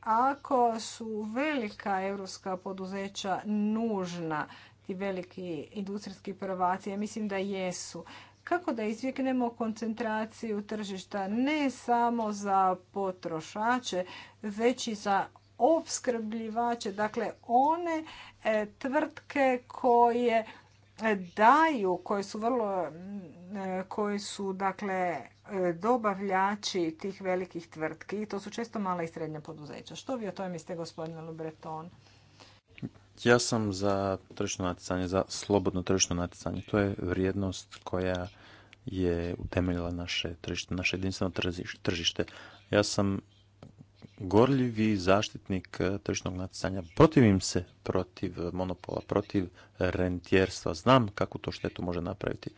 Ako su velika europska poduzeća nužna ti veliki industrijski provacije? Mislim da jesu. Kako da izvjeknemo koncentraciju tržišta ne samo za potrošače, već i za opskrbljivače, dakle one e, tvrtke koje e, daju, koje su vrlo, e, koje su dakle dobavljači tih velikih tvrtki i to su često mala i srednja poduzeća. Što vi o tome mislite gospodine Lubreton? Ja sam za tržišno natjecanje, za slobodno tržišno natjecanje. To je vrijednost koja je utemeljila naše tržište, naše jedinstveno tržište. Ja sam gorljivi zaštitnik eh, tržišnog natjecanja. Protivim se protiv monopola, protiv rentijerstva. Znam kako to štetu može napraviti.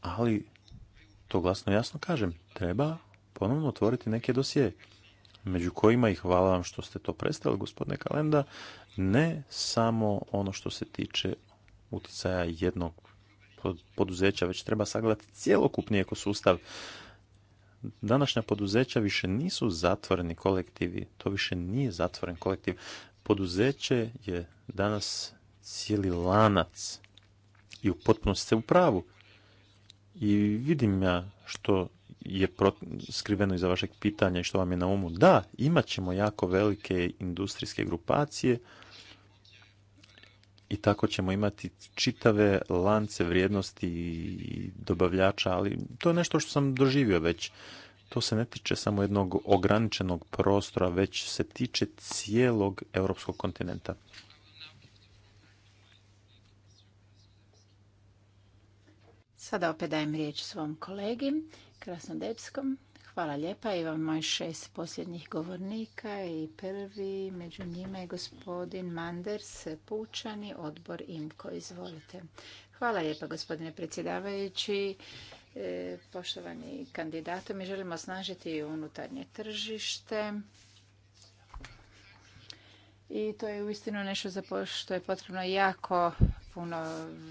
Ali to glasno jasno kažem, treba ponovno otvoriti neke dosije među kojima i hvala vam što ste to predstavili, gospodine Kalenda, ne samo ono što se tiče utjecaja jednog poduzeća, već treba sagledati cjelokupni ekosustav. Današnja poduzeća više nisu zatvoreni kolektivi, to više nije zatvoren kolektiv. Poduzeće je danas cijeli lanac i u potpunosti ste u pravu. I vidim ja što je skriveno iza vašeg pitanja i što vam je na umu. Da, imat ćemo jako velike industrijske grupacije i tako ćemo imati čitave lance vrijednosti i dobavljača, ali to je nešto što sam doživio već. To se ne tiče samo jednog ograničenog prostora, već se tiče cijelog europskog kontinenta. Sada opet dajem riječ svom kolegi Krasnodepskom. Hvala lijepa. Imamo šest posljednjih govornika i prvi među njima je gospodin Manders Pučani, odbor IMKO. Izvolite. Hvala lijepa gospodine predsjedavajući. E, poštovani kandidate, mi želimo snažiti unutarnje tržište. I to je uistinu nešto za što je potrebno jako puno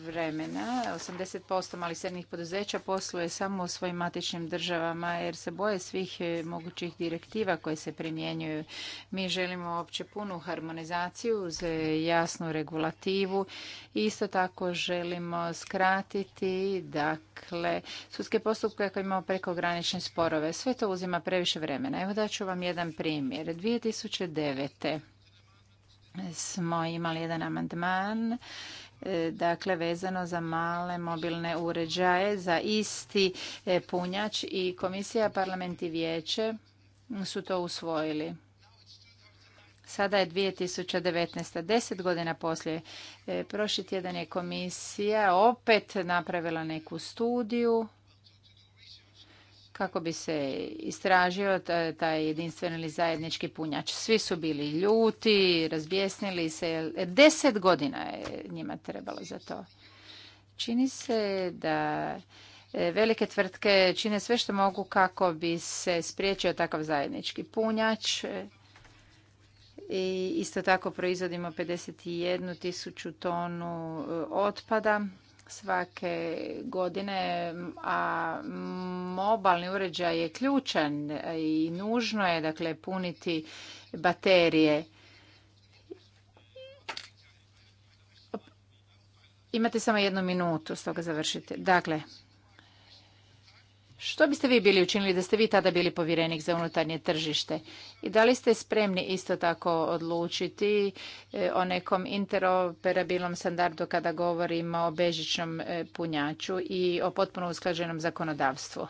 vremena. 80% malih srednjih poduzeća posluje samo u svojim matičnim državama jer se boje svih e, mogućih direktiva koje se primjenjuju. Mi želimo opće punu harmonizaciju uz e, jasnu regulativu. Isto tako želimo skratiti dakle, sudske postupke ako imamo prekogranične sporove. Sve to uzima previše vremena. Evo daću vam jedan primjer. 2009 smo imali jedan amandman E, dakle vezano za male mobilne uređaje za isti e, punjač i komisija, parlament i vijeće su to usvojili. Sada je 2019. deset godina poslije. E, prošli tjedan je komisija opet napravila neku studiju kako bi se istražio taj jedinstveni ili zajednički punjač. Svi su bili ljuti, razbjesnili se. Deset godina je njima trebalo za to. Čini se da e, velike tvrtke čine sve što mogu kako bi se spriječio takav zajednički punjač. E, I isto tako proizvodimo 51 tisuću tonu e, otpada svake godine, a mobilni uređaj je ključan i nužno je dakle puniti baterije. Imate samo jednu minutu, stoga završite. Dakle, što biste vi bili učinili da ste vi tada bili povjerenik za unutarnje tržište? I da li ste spremni isto tako odlučiti e, o nekom interoperabilnom standardu kada govorimo o bežičnom e, punjaču i o potpuno usklađenom zakonodavstvu?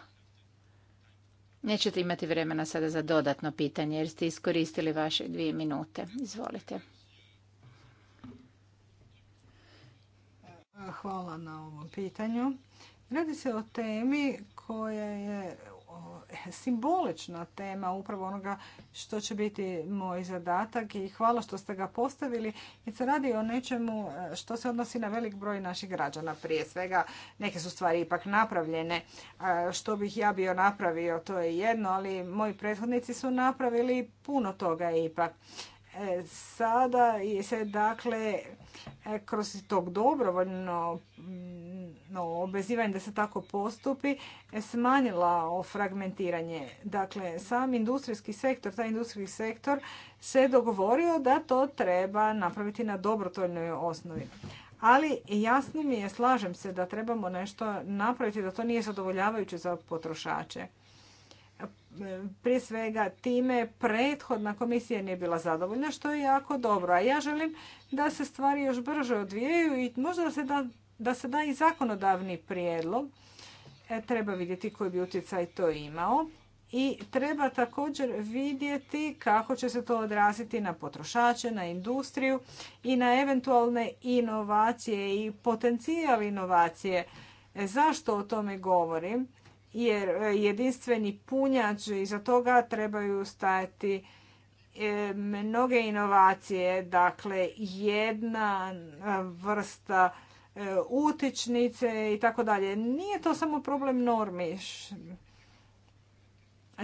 Nećete imati vremena sada za dodatno pitanje jer ste iskoristili vaše dvije minute. Izvolite. Hvala na ovom pitanju. Radi se o temi koja je simbolična tema upravo onoga što će biti moj zadatak i hvala što ste ga postavili jer se radi o nečemu e, što se odnosi na velik broj naših građana prije svega. Neke su stvari ipak napravljene. E, što bih ja bio napravio to je jedno, ali moji prethodnici su napravili puno toga ipak. E, sada se dakle e, kroz tog dobrovoljno mm, no, obezivanje da se tako postupi e, smanjila o fragmentiranje. Dakle, sam industrijski sektor, taj industrijski sektor se dogovorio da to treba napraviti na dobrotvoljnoj osnovi. Ali jasno mi je, slažem se da trebamo nešto napraviti, da to nije zadovoljavajuće za potrošače prije svega time prethodna komisija nije bila zadovoljna, što je jako dobro. A ja želim da se stvari još brže odvijaju i možda da se da, da, se da i zakonodavni prijedlog. E, treba vidjeti koji bi utjecaj to imao. I treba također vidjeti kako će se to odraziti na potrošače, na industriju i na eventualne inovacije i potencijal inovacije. E, zašto o tome govorim? jer e, jedinstveni punjač iza toga trebaju stajati e, mnoge inovacije, dakle jedna e, vrsta utičnice i tako dalje. Nije to samo problem normiš,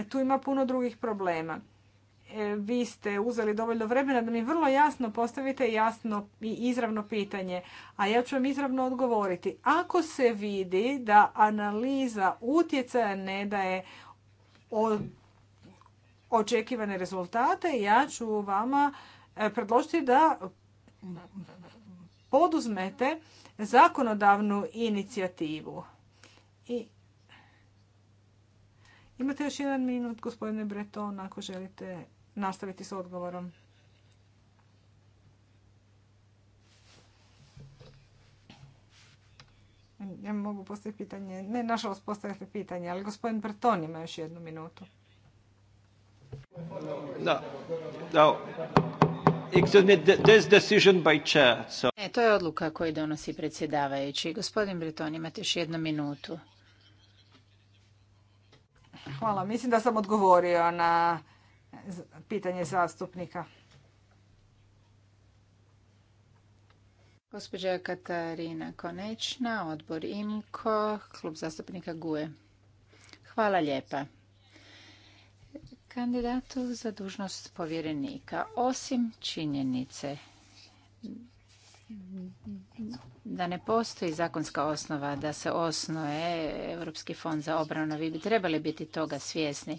Tu ima puno drugih problema. E, vi ste uzeli dovoljno vremena da mi vrlo jasno postavite jasno i izravno pitanje, a ja ću vam izravno odgovoriti. Ako se vidi da analiza utjecaja ne daje očekivane rezultate, ja ću vama e, predložiti da poduzmete zakonodavnu inicijativu. I Imate još jedan minut, gospodine Breton, ako želite nastaviti s odgovorom. Ja mogu postaviti pitanje. Ne, nažalost, postavite pitanje, ali gospodin Breton ima još jednu minutu. Ne, e, to je odluka koju donosi predsjedavajući. Gospodin Breton, imate još jednu minutu. Hvala. Mislim da sam odgovorio na pitanje zastupnika. Gospođa Katarina Konečna, odbor IMKO, klub zastupnika GUE. Hvala lijepa. Kandidatu za dužnost povjerenika, osim činjenice da ne postoji zakonska osnova da se osnoje Europski fond za obranu. Vi bi trebali biti toga svjesni.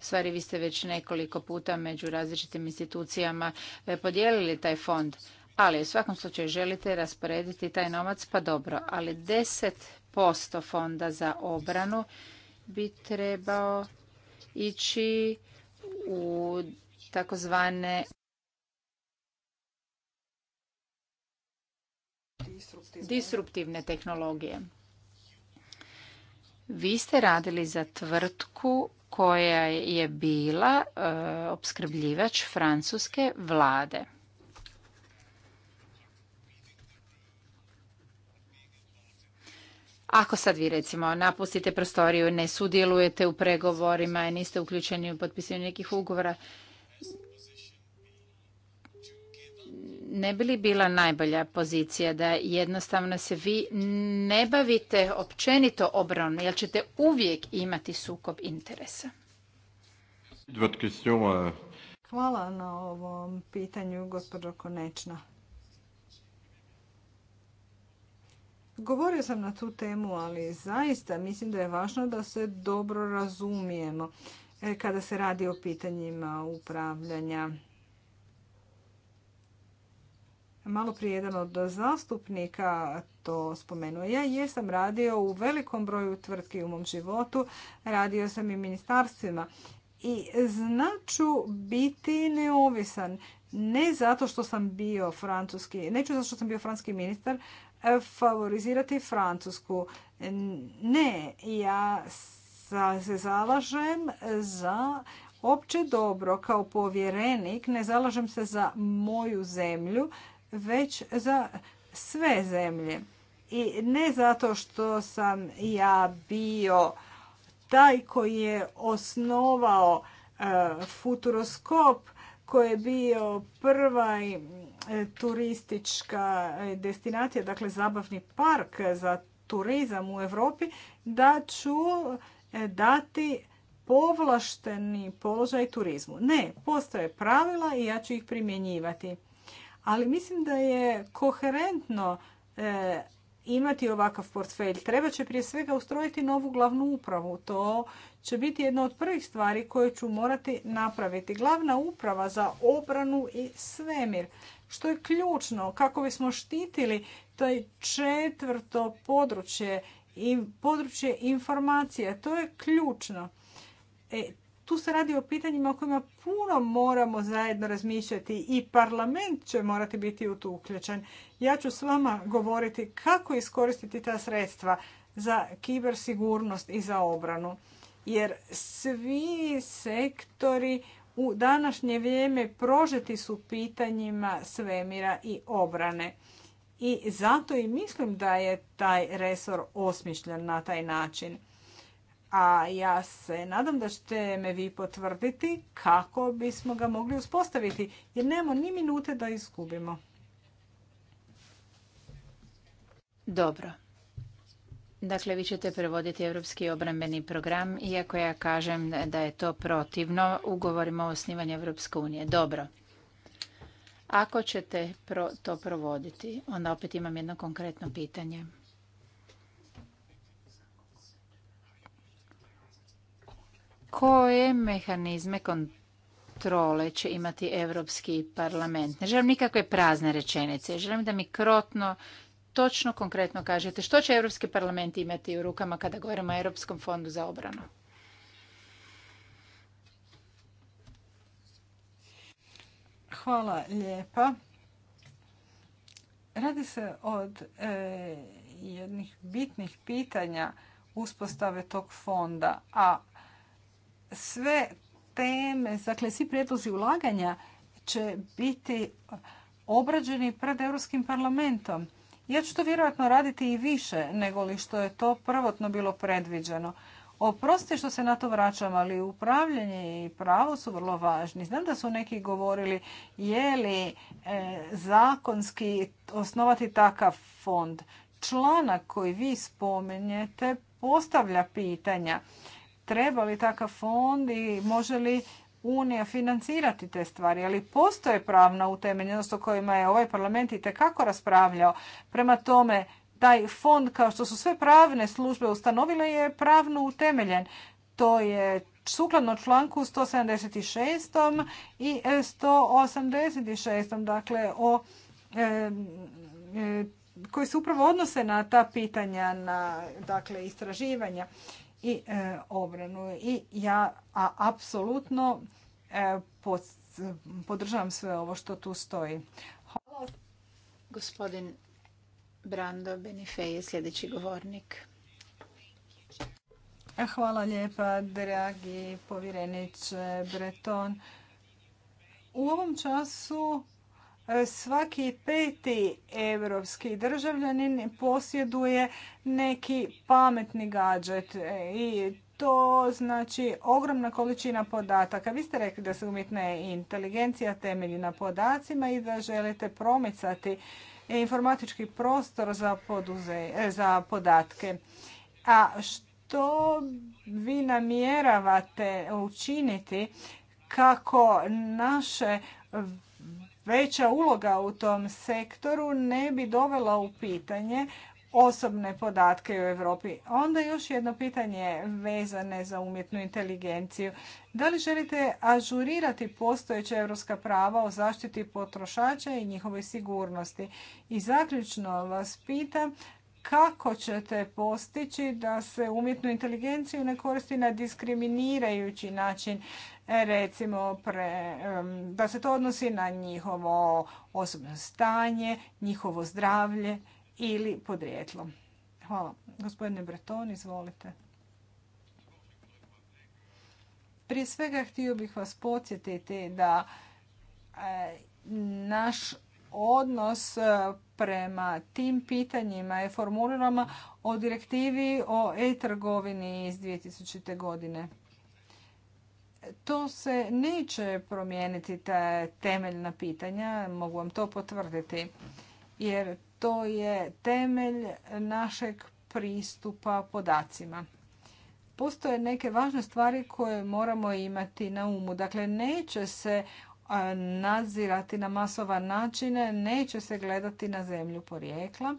U stvari, vi ste već nekoliko puta među različitim institucijama e, podijelili taj fond. Ali u svakom slučaju želite rasporediti taj novac, pa dobro. Ali 10% fonda za obranu bi trebao ići u takozvane disruptivne tehnologije. Vi ste radili za tvrtku koja je bila eh, opskrbljivač francuske vlade. Ako sad vi recimo napustite prostoriju, ne sudjelujete u pregovorima, i niste uključeni u potpisivanje nekih ugovora, ne bi li bila najbolja pozicija da jednostavno se vi ne bavite općenito obranom, jer ćete uvijek imati sukob interesa? Euh, Hvala na ovom pitanju, gospođo Konečna. Govorio sam na tu temu, ali zaista mislim da je važno da se dobro razumijemo e, kada se radi o pitanjima upravljanja Malo prije jedan od zastupnika to spomenuo. Ja jesam radio u velikom broju tvrtki u mom životu, radio sam i ministarstvima i značu biti neovisan. Ne zato što sam bio francuski, neću zato što sam bio francuski ministar, e, favorizirati Francusku. Ne, ja se zalažem za opće dobro kao povjerenik, ne zalažem se za moju zemlju, već za sve zemlje. I ne zato što sam ja bio taj koji je osnovao e, futuroskop, koji je bio prva e, turistička e, destinacija, dakle zabavni park za turizam u Europi, da ću dati povlašteni položaj turizmu. Ne, postoje pravila i ja ću ih primjenjivati ali mislim da je koherentno eh, imati ovakav portfelj. Treba će prije svega ustrojiti novu glavnu upravu. To će biti jedna od prvih stvari koje ću morati napraviti. Glavna uprava za obranu i svemir, što je ključno kako bismo štitili taj četvrto područje i područje informacija. To je ključno. E, tu se radi o pitanjima o kojima puno moramo zajedno razmišljati i parlament će morati biti u uključen. Ja ću s vama govoriti kako iskoristiti ta sredstva za kibersigurnost i za obranu. Jer svi sektori u današnje vrijeme prožeti su pitanjima svemira i obrane. I zato i mislim da je taj resor osmišljen na taj način a ja se nadam da ćete me vi potvrditi kako bismo ga mogli uspostaviti, jer nemamo ni minute da izgubimo. Dobro. Dakle, vi ćete prevoditi Europski obrambeni program, iako ja kažem da je to protivno ugovorimo o osnivanju Europske unije. Dobro. Ako ćete to provoditi, onda opet imam jedno konkretno pitanje. koje mehanizme kontrole će imati Europski parlament. Ne želim nikakve prazne rečenice. Želim da mi krotno, točno, konkretno kažete što će Europski parlament imati u rukama kada govorimo o Europskom fondu za obranu. Hvala lijepa. Radi se od e, jednih bitnih pitanja uspostave tog fonda, a sve teme, dakle svi prijedlozi ulaganja će biti obrađeni pred Europskim parlamentom. Ja ću to vjerojatno raditi i više nego li što je to prvotno bilo predviđeno. Oprosti što se na to vraćam, ali upravljanje i pravo su vrlo važni. Znam da su neki govorili je li e, zakonski osnovati takav fond. Članak koji vi spomenjete postavlja pitanja treba li takav fond i može li Unija financirati te stvari, ali postoje pravna utemeljenost o kojima je ovaj parlament i tekako raspravljao. Prema tome, taj fond, kao što su sve pravne službe ustanovile, je pravno utemeljen. To je sukladno članku 176. i 186. Dakle, o e, e, koji se upravo odnose na ta pitanja, na dakle, istraživanja i e, obranu. I ja a, apsolutno e, pod, podržavam sve ovo što tu stoji. Hvala. Gospodin Brando Benifej je sljedeći govornik. Hvala lijepa, dragi povjereniče Breton. U ovom času svaki peti europski državljanin posjeduje neki pametni gadžet i to znači ogromna količina podataka. Vi ste rekli da se umjetna inteligencija temelji na podacima i da želite promicati informatički prostor za, za podatke. A što vi namjeravate učiniti kako naše veća uloga u tom sektoru ne bi dovela u pitanje osobne podatke u Europi. Onda još jedno pitanje vezane za umjetnu inteligenciju. Da li želite ažurirati postojeća europska prava o zaštiti potrošača i njihovoj sigurnosti? I zaključno vas pitam kako ćete postići da se umjetnu inteligenciju ne koristi na diskriminirajući način, recimo pre, da se to odnosi na njihovo osobno stanje, njihovo zdravlje ili podrijetlo. Hvala. Gospodine Breton, izvolite. Prije svega htio bih vas podsjetiti da e, naš odnos prema tim pitanjima je formulirama o direktivi o e-trgovini iz 2000. godine. To se neće promijeniti ta temeljna pitanja, mogu vam to potvrditi, jer to je temelj našeg pristupa podacima. Postoje neke važne stvari koje moramo imati na umu. Dakle, neće se nadzirati na masovan način, neće se gledati na zemlju porijekla.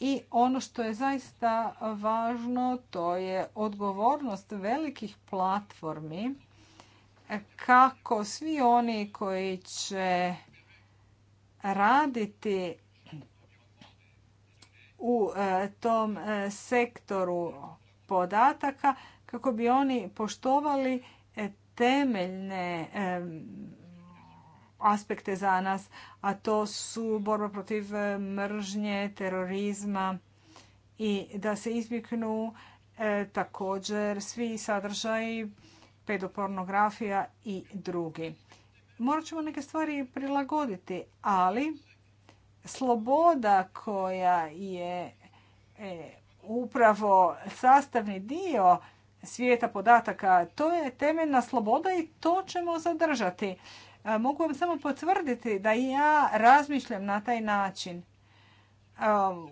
I ono što je zaista važno, to je odgovornost velikih platformi kako svi oni koji će raditi u e, tom e, sektoru podataka kako bi oni poštovali e, temeljne aspekte za nas, a to su borba protiv e, mržnje, terorizma i da se izbjegnu e, također svi sadržaji, pedopornografija i drugi. Morat ćemo neke stvari prilagoditi, ali sloboda koja je e, upravo sastavni dio svijeta podataka, to je temeljna sloboda i to ćemo zadržati. Mogu vam samo potvrditi da i ja razmišljam na taj način.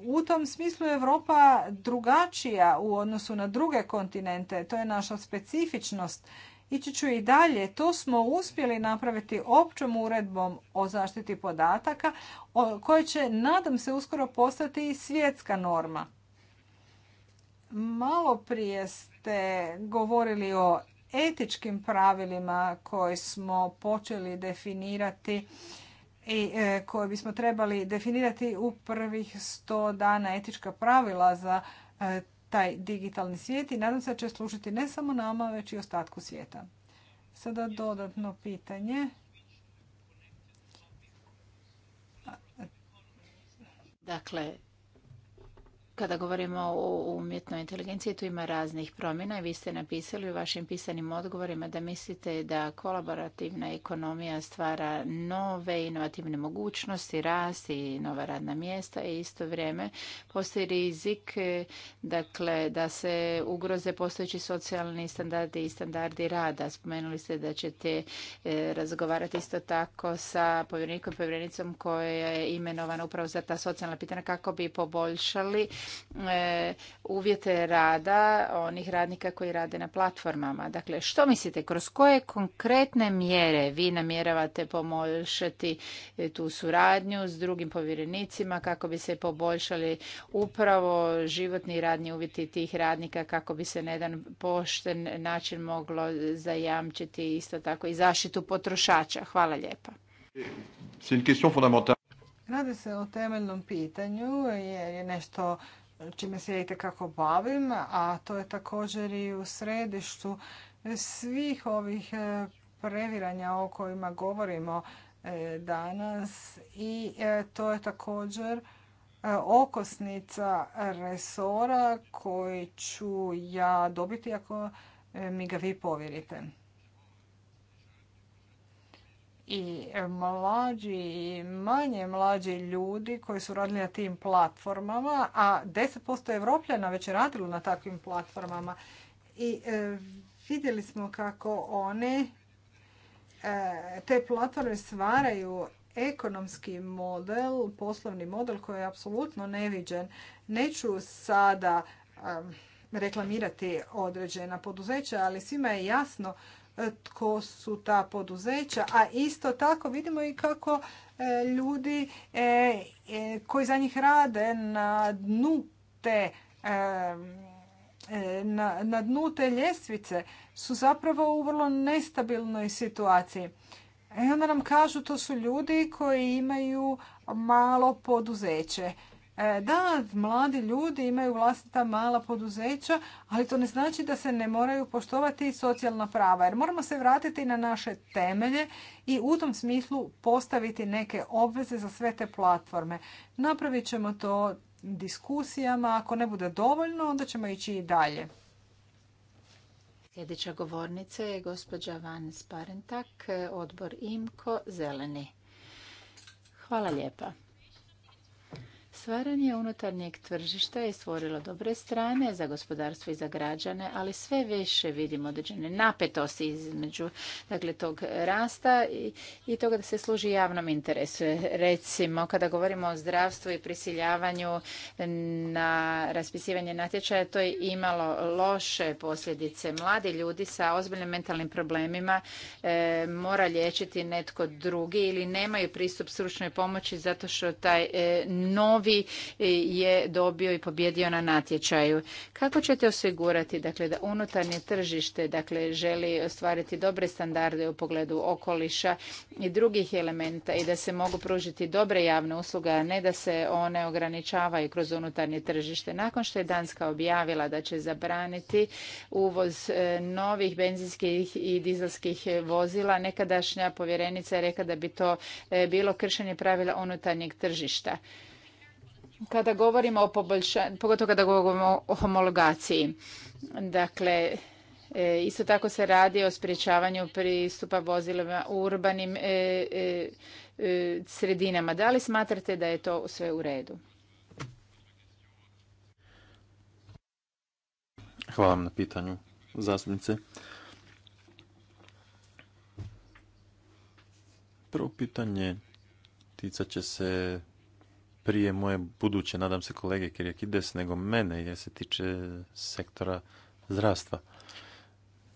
U tom smislu je Europa drugačija u odnosu na druge kontinente. To je naša specifičnost. Ići ću i dalje. To smo uspjeli napraviti općom uredbom o zaštiti podataka, koja će, nadam se, uskoro postati i svjetska norma. Malo prije ste govorili o etičkim pravilima koje smo počeli definirati i e, koje bismo trebali definirati u prvih sto dana etička pravila za e, taj digitalni svijet i nadam se da će služiti ne samo nama, već i ostatku svijeta. Sada dodatno pitanje. Dakle, kada govorimo o umjetnoj inteligenciji, tu ima raznih promjena i vi ste napisali u vašim pisanim odgovorima da mislite da kolaborativna ekonomija stvara nove inovativne mogućnosti, rast i nova radna mjesta i isto vrijeme postoji rizik dakle, da se ugroze postojeći socijalni standardi i standardi rada. Spomenuli ste da ćete e, razgovarati isto tako sa povjerenikom i povjerenicom koja je imenovana upravo za ta socijalna pitanja kako bi poboljšali E, uvjete rada onih radnika koji rade na platformama. Dakle, što mislite, kroz koje konkretne mjere vi namjeravate poboljšati e, tu suradnju s drugim povjerenicima kako bi se poboljšali upravo životni radni uvjeti tih radnika kako bi se na jedan pošten način moglo zajamčiti isto tako i zaštitu potrošača? Hvala lijepa. Radi se o temeljnom pitanju jer je nešto čime se ja tekako bavim, a to je također i u središtu svih ovih e, previranja o kojima govorimo e, danas i e, to je također okosnica resora koji ću ja dobiti ako mi ga vi povjerite i mlađi i manje mlađi ljudi koji su radili na tim platformama, a 10% Evropljana već je radilo na takvim platformama. I e, vidjeli smo kako one e, te platforme stvaraju ekonomski model, poslovni model koji je apsolutno neviđen. Neću sada e, reklamirati određena poduzeća, ali svima je jasno tko su ta poduzeća, a isto tako vidimo i kako e, ljudi e, e, koji za njih rade na dnu te na, dnu te ljestvice su zapravo u vrlo nestabilnoj situaciji. I onda nam kažu to su ljudi koji imaju malo poduzeće. E, da, mladi ljudi imaju vlastita mala poduzeća, ali to ne znači da se ne moraju poštovati socijalna prava. Jer moramo se vratiti na naše temelje i u tom smislu postaviti neke obveze za sve te platforme. Napravit ćemo to diskusijama. Ako ne bude dovoljno, onda ćemo ići i dalje. Sljedeća govornica je gospođa Van Sparentak, odbor IMKO, Zeleni. Hvala lijepa. Stvaranje unutarnjeg tržišta je stvorilo dobre strane za gospodarstvo i za građane, ali sve više vidimo određene napetosti između dakle, tog rasta i, i toga da se služi javnom interesu. Recimo, kada govorimo o zdravstvu i prisiljavanju na raspisivanje natječaja, to je imalo loše posljedice. Mladi ljudi sa ozbiljnim mentalnim problemima e, mora liječiti netko drugi ili nemaju pristup stručnoj pomoći zato što taj e, novi e, je dobio i pobjedio na natječaju. Kako ćete osigurati dakle, da unutarnje tržište dakle, želi ostvariti dobre standarde u pogledu okoliša i drugih elementa i da se mogu pružiti dobre javne usluge, a ne da se one ograničavaju kroz unutarnje tržište. Nakon što je Danska objavila da će zabraniti uvoz e, novih benzinskih i dizelskih vozila, nekadašnja povjerenica je rekla da bi to e, bilo kršenje pravila unutarnjeg tržišta kada govorimo o poboljšanju, pogotovo kada govorimo o homologaciji. Dakle, e, isto tako se radi o sprječavanju pristupa vozilima u urbanim e, e, sredinama. Da li smatrate da je to sve u redu? Hvala vam na pitanju, zastupnice. Prvo pitanje ticat će se prije moje buduće, nadam se kolege Kirjakides, nego mene, jer se tiče sektora zdravstva.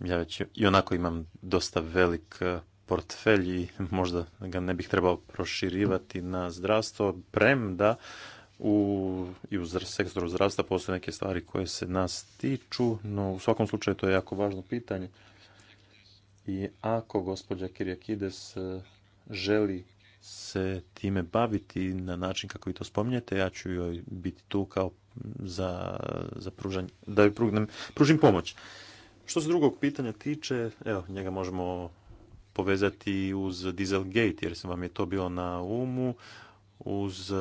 Ja već i onako imam dosta velik e, portfelj i možda ga ne bih trebao proširivati na zdravstvo, premda u, i u sektoru zdravstva postoje neke stvari koje se nas tiču, no u svakom slučaju to je jako važno pitanje. I ako gospođa Kirjakides e, želi se time baviti na način kako vi to spominjete. Ja ću joj biti tu kao za, za pružanje, da joj pružim pomoć. Što se drugog pitanja tiče, evo, njega možemo povezati uz Dieselgate, jer sam vam je to bilo na umu, uz e,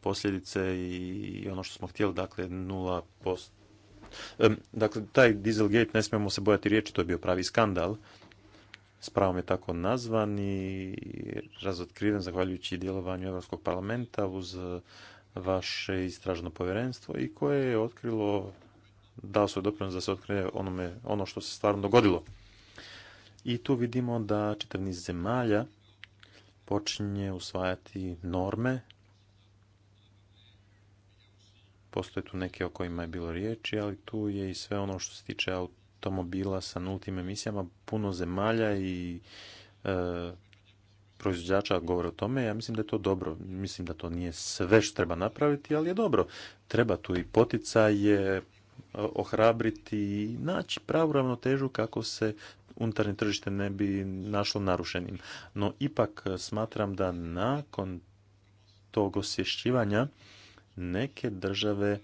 posljedice i ono što smo htjeli, dakle, nula post... E, dakle, taj Dieselgate, ne smijemo se bojati riječi, to je bio pravi skandal, s pravom je tako nazvan i razotkriven zahvaljujući djelovanju Europskog parlamenta uz vaše istražno povjerenstvo i koje je otkrilo, dao svoj doprinos da se otkrije ono što se stvarno dogodilo. I tu vidimo da čitav zemalja počinje usvajati norme. Postoje tu neke o kojima je bilo riječi, ali tu je i sve ono što se tiče automobila sa nultim emisijama. Puno zemalja i e, proizvođača govore o tome. Ja mislim da je to dobro. Mislim da to nije sve što treba napraviti, ali je dobro. Treba tu i poticaje, e, ohrabriti i naći pravu ravnotežu kako se unutarnje tržište ne bi našlo narušenim. No ipak e, smatram da nakon tog osvješćivanja neke države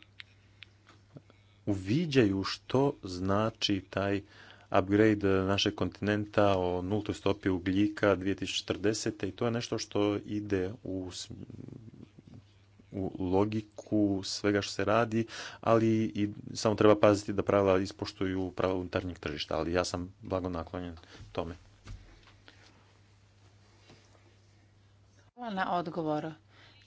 uviđaju što znači taj upgrade eh, našeg kontinenta o nultoj stopi ugljika 2040. i to je nešto što ide u, u logiku svega što se radi, ali i samo treba paziti da pravila ispoštuju pravila unutarnjeg tržišta, ali ja sam blago naklonjen tome. Hvala na odgovoru.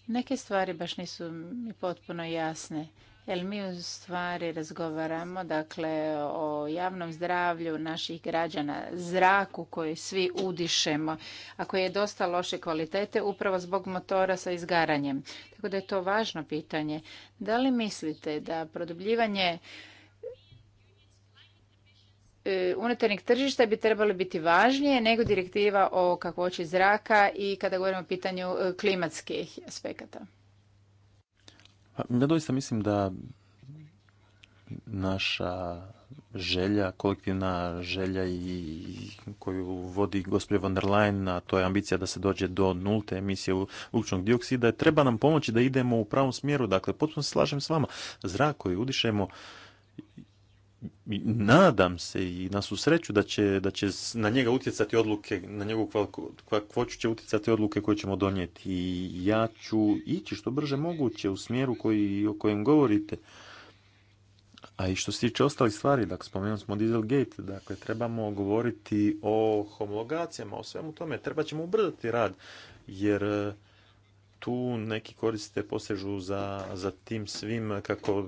Neke stvari baš nisu mi potpuno jasne jer mi u stvari razgovaramo dakle, o javnom zdravlju naših građana, zraku koji svi udišemo, a koji je dosta loše kvalitete upravo zbog motora sa izgaranjem. Tako da je to važno pitanje. Da li mislite da produbljivanje e, unutarnjeg tržišta bi trebalo biti važnije nego direktiva o kakvoći zraka i kada govorimo o pitanju e, klimatskih aspekata? Pa, ja doista mislim da naša želja, kolektivna želja i koju vodi gospođa von der Leyen, a to je ambicija da se dođe do nulte emisije ugljičnog dioksida, treba nam pomoći da idemo u pravom smjeru. Dakle, potpuno se slažem s vama. Zrak koji udišemo nadam se i na u sreću da će, da će na njega utjecati odluke, na njegovu kvakvoću će utjecati odluke koje ćemo donijeti. I ja ću ići što brže moguće u smjeru koji, o kojem govorite. A i što se tiče ostalih stvari, dakle, spomenuli smo Dieselgate, dakle, trebamo govoriti o homologacijama, o svemu tome, treba ćemo ubrzati rad, jer tu neki koriste, posežu za, za tim svim kako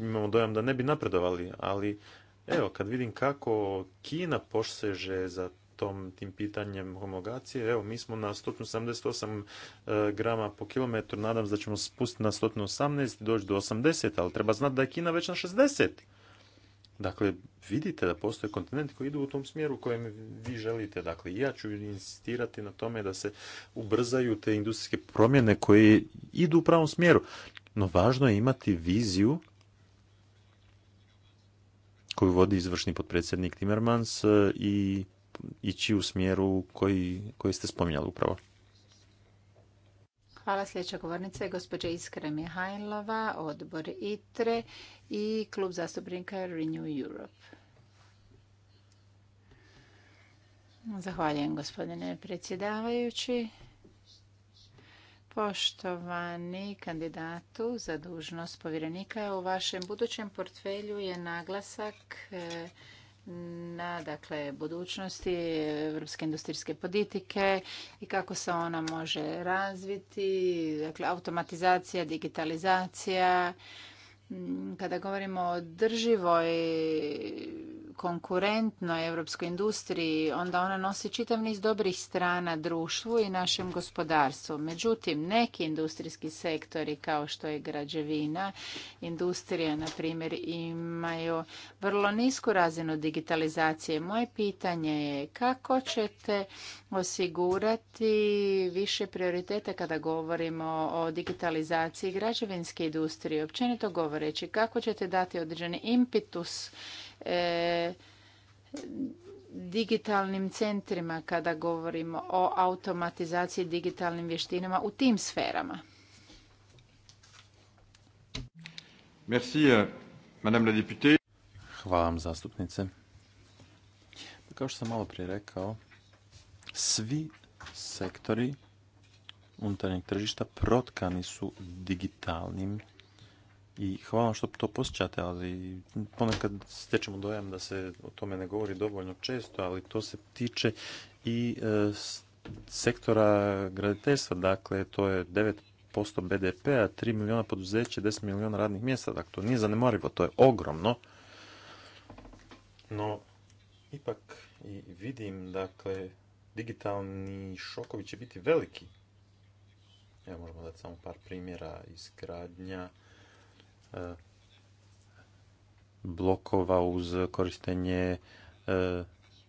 imamo dojam da ne bi napredovali, ali evo kad vidim kako Kina poseže za tom tim pitanjem homologacije. Evo, mi smo na 178 e, grama po kilometru, nadam se da ćemo spustiti na 118 i doći do 80, ali treba znati da je Kina već na 60. Dakle, vidite da postoje kontinenti koji idu u tom smjeru u kojem vi želite. Dakle, ja ću insistirati na tome da se ubrzaju te industrijske promjene koje idu u pravom smjeru. No, važno je imati viziju koju vodi izvršni potpredsjednik Timmermans e, i ići u smjeru koji, koji ste spominjali upravo. Hvala sljedeća govornica je gospođa Iskra Mihajlova, odbor ITRE i klub zastupnika Renew Europe. Zahvaljujem gospodine predsjedavajući. Poštovani kandidatu za dužnost povjerenika, u vašem budućem portfelju je naglasak eh, na dakle, budućnosti europske industrijske politike i kako se ona može razviti, dakle, automatizacija, digitalizacija. Mm, kada govorimo o drživoj konkurentno europskoj industriji, onda ona nosi čitav niz dobrih strana društvu i našem gospodarstvu. Međutim, neki industrijski sektori kao što je građevina, industrija na primjer imaju vrlo nisku razinu digitalizacije. Moje pitanje je kako ćete osigurati više prioriteta kada govorimo o digitalizaciji građevinske industrije, općenito govoreći kako ćete dati određeni impetus E, digitalnim centrima kada govorimo o automatizaciji digitalnim vještinama u tim sferama. Euh, Hvala vam, zastupnice. Kao što sam malo prije rekao, svi sektori unutarnjeg tržišta protkani su digitalnim i hvala što to posjećate, ali ponekad stečemo dojam da se o tome ne govori dovoljno često, ali to se tiče i e, sektora graditeljstva, dakle to je 9% BDP-a, 3 milijuna poduzeća, 10 milijuna radnih mjesta, dakle to nije zanemarivo, to je ogromno. No, ipak i vidim, dakle, digitalni šokovi će biti veliki. Evo možemo dati samo par primjera izgradnja E, blokova uz korištenje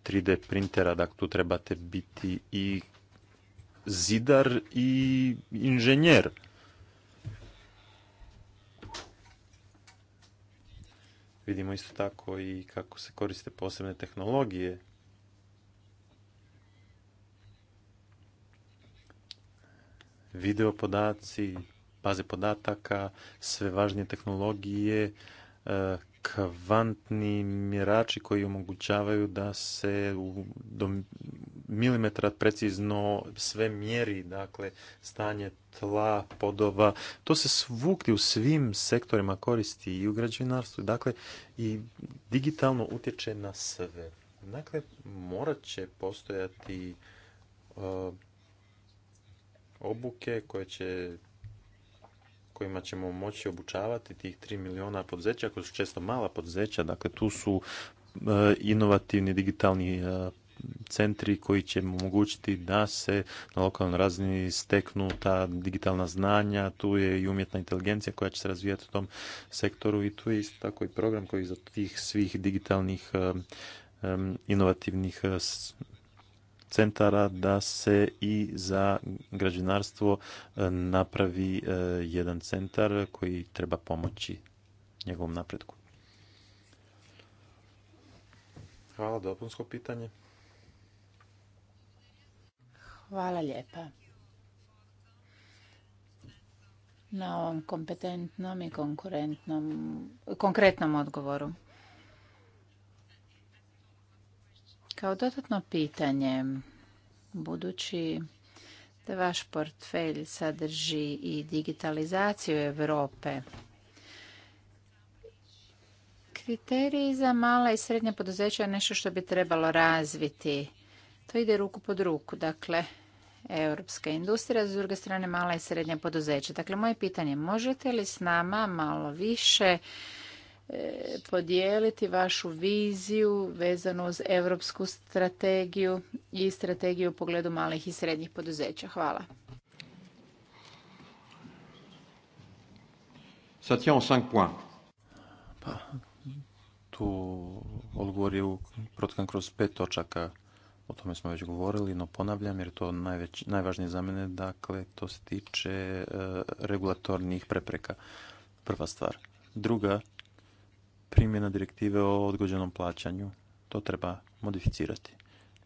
3D e, printera, dakle tu trebate biti i zidar i inženjer. Vidimo isto tako i kako se koriste posebne tehnologije. Video podaci, baze podataka, sve važnije tehnologije, e, kvantni mjerači koji omogućavaju da se do milimetra precizno sve mjeri, dakle stanje tla, podova. To se svukli u svim sektorima koristi i u građevinarstvu, dakle i digitalno utječe na sve. Dakle, morat će postojati e, obuke koje će kojima ćemo moći obučavati tih 3 miliona poduzeća, koji su često mala poduzeća, dakle tu su e, inovativni digitalni e, centri koji će omogućiti da se na lokalnom razini steknu ta digitalna znanja, tu je i umjetna inteligencija koja će se razvijati u tom sektoru i tu je isto tako i program koji za tih svih digitalnih e, inovativnih centara da se i za građevinarstvo e, napravi e, jedan centar koji treba pomoći njegovom napretku. Hvala, dopunsko pitanje. Hvala lijepa. Na ovom kompetentnom i konkurentnom, konkretnom odgovoru. Kao dodatno pitanje, budući da vaš portfelj sadrži i digitalizaciju Europe, kriteriji za mala i srednja poduzeća je nešto što bi trebalo razviti. To ide ruku pod ruku, dakle, europska industrija, s druge strane mala i srednja poduzeća. Dakle, moje pitanje, možete li s nama malo više podijeliti vašu viziju vezanu uz europsku strategiju i strategiju u pogledu malih i srednjih poduzeća. Hvala. Ça Pa, tu odgovor je protkan kroz pet točaka. O tome smo već govorili, no ponavljam jer to najveć, najvažnije za mene. Dakle, to se tiče e, regulatornih prepreka. Prva stvar. Druga primjena direktive o odgođenom plaćanju. To treba modificirati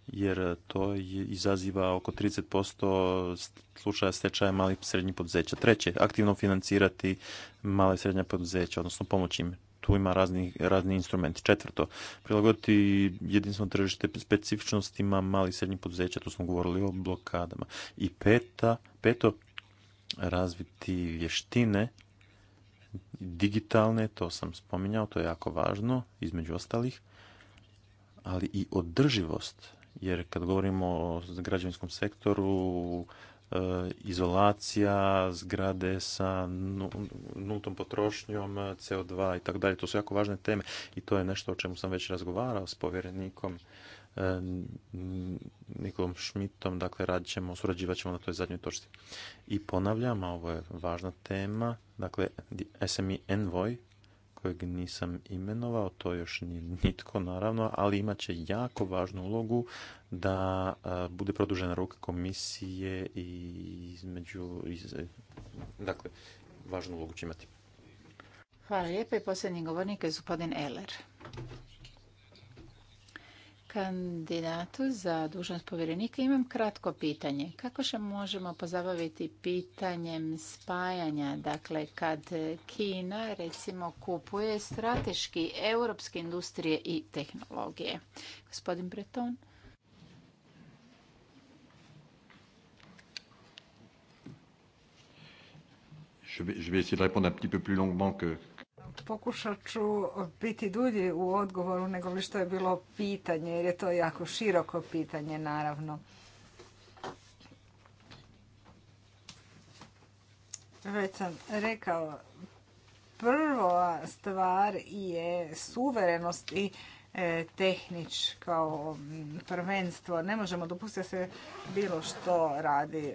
jer to izaziva oko 30% slučaja stečaja malih i srednjih poduzeća. Treće, aktivno financirati male i srednja poduzeća, odnosno pomoći im. Tu ima razni, razni instrumenti. Četvrto, prilagoditi jedinstveno tržište specifičnostima malih i srednjih poduzeća, tu smo govorili o blokadama. I peta, peto, razviti vještine digitalne, to sam spominjao, to je jako važno, između ostalih, ali i održivost, jer kad govorimo o građevinskom sektoru, e, izolacija, zgrade sa nultom potrošnjom, CO2 i tako dalje, to su jako važne teme i to je nešto o čemu sam već razgovarao s povjerenikom E, Nikolom Šmitom, dakle radit ćemo, surađivat ćemo na toj zadnjoj točci. I ponavljam, a ovo je važna tema, dakle SMI Envoy, kojeg nisam imenovao, to još ni nitko naravno, ali imat će jako važnu ulogu da e, bude produžena ruka komisije i između, e, dakle, važnu ulogu će imati. Hvala lijepo i posljednji govornik je gospodin Eler kandidatu za dužnost povjerenika imam kratko pitanje. Kako se možemo pozabaviti pitanjem spajanja, dakle kad Kina recimo kupuje strateški europske industrije i tehnologije? Gospodin Breton. Je vais essayer de répondre un petit peu plus longuement que Pokušat ću biti dulji u odgovoru nego li što je bilo pitanje, jer je to jako široko pitanje, naravno. Već sam rekao, prva stvar je suverenost i e, tehnič kao prvenstvo. Ne možemo dopustiti da se bilo što radi.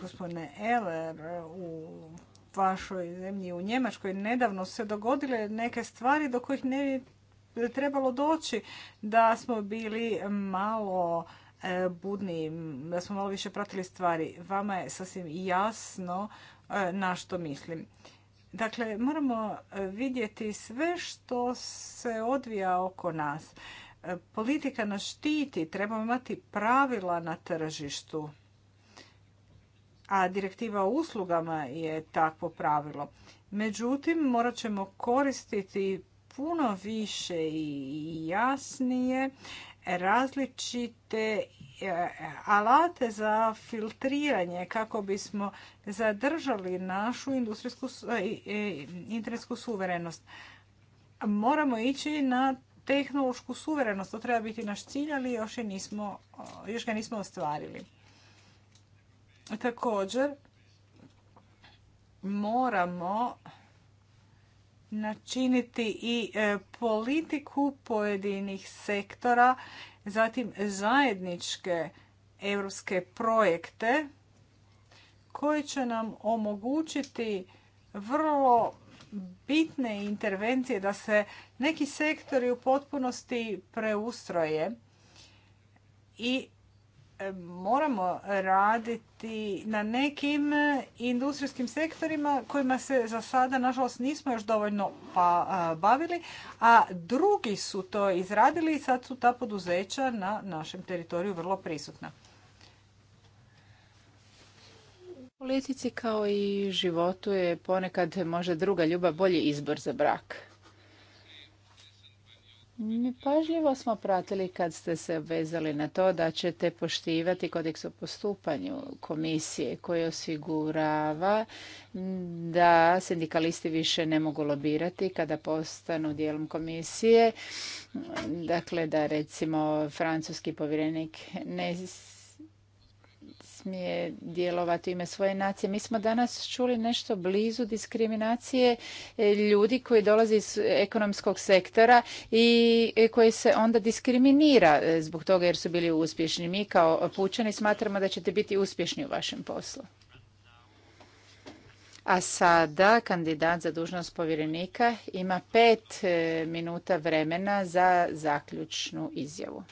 Gospodine Eller u vašoj zemlji u Njemačkoj nedavno se dogodile neke stvari do kojih ne bi trebalo doći da smo bili malo e, budni, da smo malo više pratili stvari. Vama je sasvim jasno e, na što mislim. Dakle, moramo e, vidjeti sve što se odvija oko nas. Politika nas štiti, trebamo imati pravila na tržištu a direktiva o uslugama je takvo pravilo. Međutim, morat ćemo koristiti puno više i jasnije različite eh, alate za filtriranje kako bismo zadržali našu industrijsku eh, eh, internetsku suverenost. Moramo ići na tehnološku suverenost, to treba biti naš cilj, ali još ga nismo ostvarili. Također, moramo načiniti i e, politiku pojedinih sektora, zatim zajedničke europske projekte koji će nam omogućiti vrlo bitne intervencije da se neki sektori u potpunosti preustroje i moramo raditi na nekim industrijskim sektorima kojima se za sada, nažalost, nismo još dovoljno pa bavili, a drugi su to izradili i sad su ta poduzeća na našem teritoriju vrlo prisutna. U politici kao i životu je ponekad možda druga ljubav bolji izbor za brak. Pažljivo smo pratili kad ste se obvezali na to da ćete poštivati kodeks o postupanju komisije koji osigurava da sindikalisti više ne mogu lobirati kada postanu dijelom komisije. Dakle, da recimo francuski povjerenik ne smije djelovati u ime svoje nacije. Mi smo danas čuli nešto blizu diskriminacije e, ljudi koji dolaze iz ekonomskog sektora i e, koji se onda diskriminira e, zbog toga jer su bili uspješni. Mi kao pučani smatramo da ćete biti uspješni u vašem poslu. A sada kandidat za dužnost povjerenika ima pet minuta vremena za zaključnu izjavu.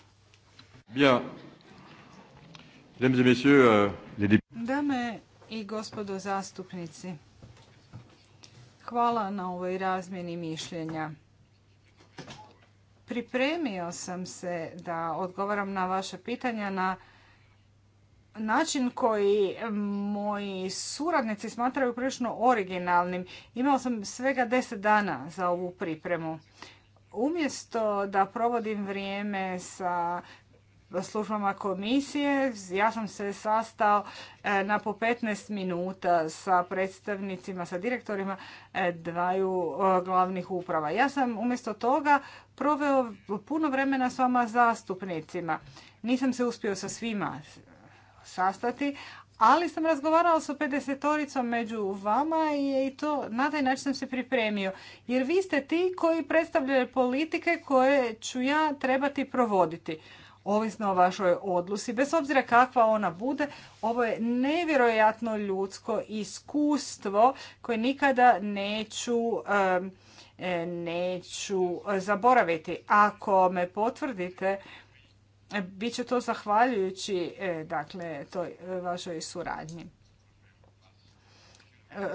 Euh, Dame i gospodo zastupnici, hvala na ovoj razmjeni mišljenja. Pripremio sam se da odgovaram na vaše pitanja na način koji moji suradnici smatraju prilično originalnim. Imao sam svega deset dana za ovu pripremu. Umjesto da provodim vrijeme sa službama komisije. Ja sam se sastao e, na po 15 minuta sa predstavnicima, sa direktorima e, dvaju e, glavnih uprava. Ja sam umjesto toga proveo puno vremena s vama zastupnicima. Nisam se uspio sa svima sastati, ali sam razgovarala sa pedesetoricom među vama i to na taj način sam se pripremio. Jer vi ste ti koji predstavljaju politike koje ću ja trebati provoditi ovisno o vašoj odlusi. Bez obzira kakva ona bude, ovo je nevjerojatno ljudsko iskustvo koje nikada neću e, neću zaboraviti. Ako me potvrdite, bit će to zahvaljujući e, dakle, toj e, vašoj suradnji.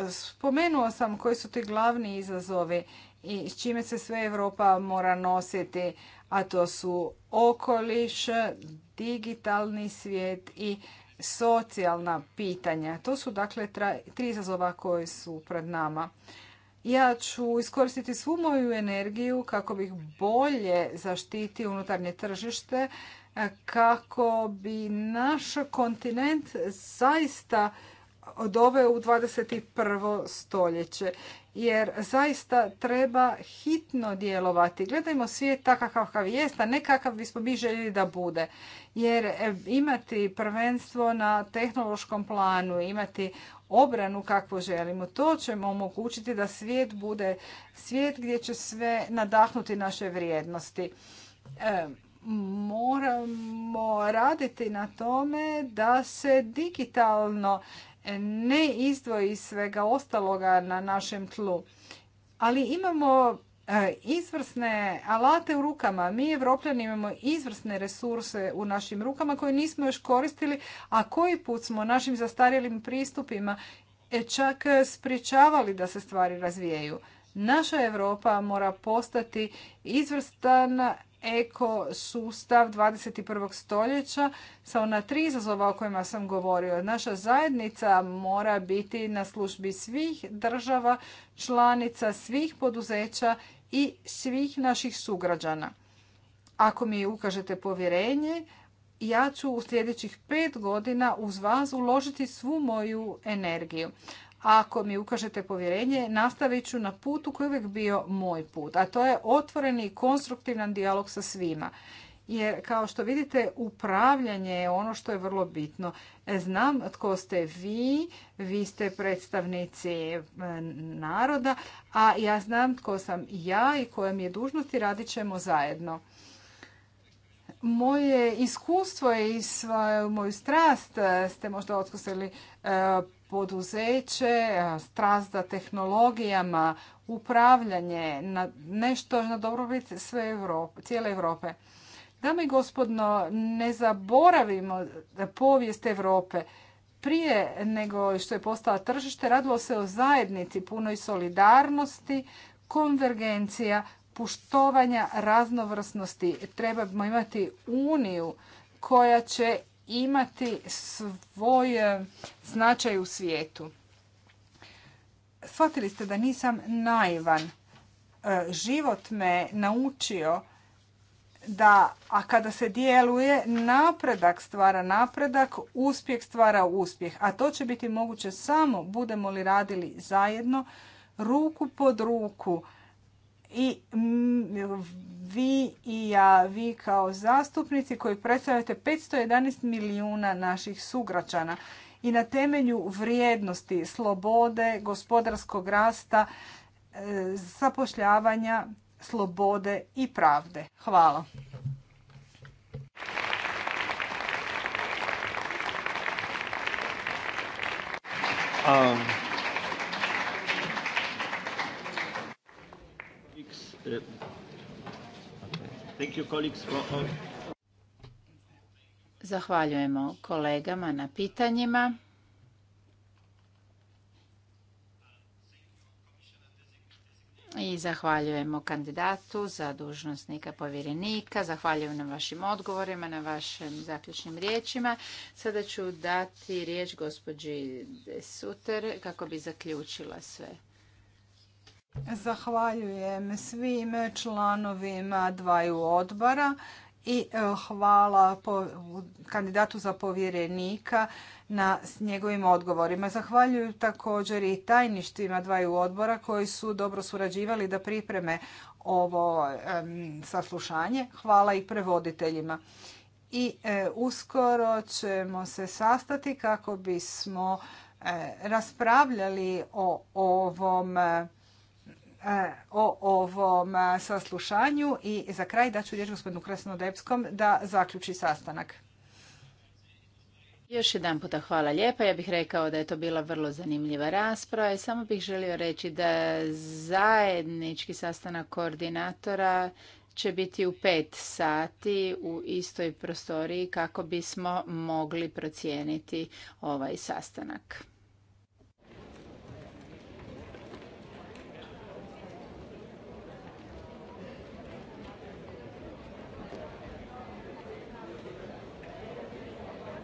Spomenuo sam koji su ti glavni izazovi i s čime se sve Europa mora nositi, a to su okoliš, digitalni svijet i socijalna pitanja. To su dakle tri izazova koji su pred nama. Ja ću iskoristiti svu moju energiju kako bih bolje zaštiti unutarnje tržište, eh, kako bi naš kontinent zaista ove u 21. stoljeće. Jer zaista treba hitno djelovati. Gledajmo svijet takav kakav jest, a ne kakav bismo mi željeli da bude. Jer e, imati prvenstvo na tehnološkom planu, imati obranu kakvu želimo, to ćemo omogućiti da svijet bude svijet gdje će sve nadahnuti naše vrijednosti. E, moramo raditi na tome da se digitalno ne izdvoji svega ostaloga na našem tlu. Ali imamo e, izvrsne alate u rukama. Mi Evropljani imamo izvrsne resurse u našim rukama koje nismo još koristili, a koji put smo našim zastarjelim pristupima e, čak spriječavali da se stvari razvijaju. Naša Europa mora postati izvrstan Eko sustav 21. stoljeća sa ona tri izazova o kojima sam govorio. Naša zajednica mora biti na službi svih država, članica, svih poduzeća i svih naših sugrađana. Ako mi ukažete povjerenje, ja ću u sljedećih pet godina uz vas uložiti svu moju energiju. Ako mi ukažete povjerenje, nastavit ću na putu koji je uvijek bio moj put, a to je otvoreni i konstruktivan dijalog sa svima. Jer, kao što vidite, upravljanje je ono što je vrlo bitno. Znam tko ste vi, vi ste predstavnici e, naroda, a ja znam tko sam ja i koja mi je dužnost i radit ćemo zajedno. Moje iskustvo i moju strast e, ste možda otkusili e, poduzeće, strazda tehnologijama, upravljanje, na nešto na dobrobit sve Evrope, cijele Europe. Dame i gospodno, ne zaboravimo povijest Europe. Prije nego što je postala tržište, radilo se o zajednici punoj solidarnosti, konvergencija, puštovanja raznovrsnosti. Trebamo imati uniju koja će imati svoj e, značaj u svijetu. Svatili ste da nisam naivan. E, život me naučio da, a kada se djeluje, napredak stvara napredak, uspjeh stvara uspjeh. A to će biti moguće samo budemo li radili zajedno, ruku pod ruku, i mm, vi i ja, vi kao zastupnici koji predstavljate 511 milijuna naših sugrađana i na temelju vrijednosti, slobode, gospodarskog rasta, e, zapošljavanja, slobode i pravde. Hvala. Um. Zahvaljujemo kolegama na pitanjima. I zahvaljujemo kandidatu za dužnostnika povjerenika. Zahvaljujem na vašim odgovorima, na vašim zaključnim riječima. Sada ću dati riječ gospođi Suter kako bi zaključila sve. Zahvaljujem svim članovima dvaju odbora i e, hvala kandidatu za povjerenika na njegovim odgovorima. Zahvaljuju također i tajništvima dvaju odbora koji su dobro surađivali da pripreme ovo saslušanje. Hvala i prevoditeljima. I e, uskoro ćemo se sastati kako bismo e, raspravljali o ovom E, o ovom e, saslušanju i za kraj daću riječ gospodinu Krasnodepskom da zaključi sastanak. Još jedan puta hvala lijepa. Ja bih rekao da je to bila vrlo zanimljiva rasprava i samo bih želio reći da zajednički sastanak koordinatora će biti u pet sati u istoj prostoriji kako bismo mogli procijeniti ovaj sastanak.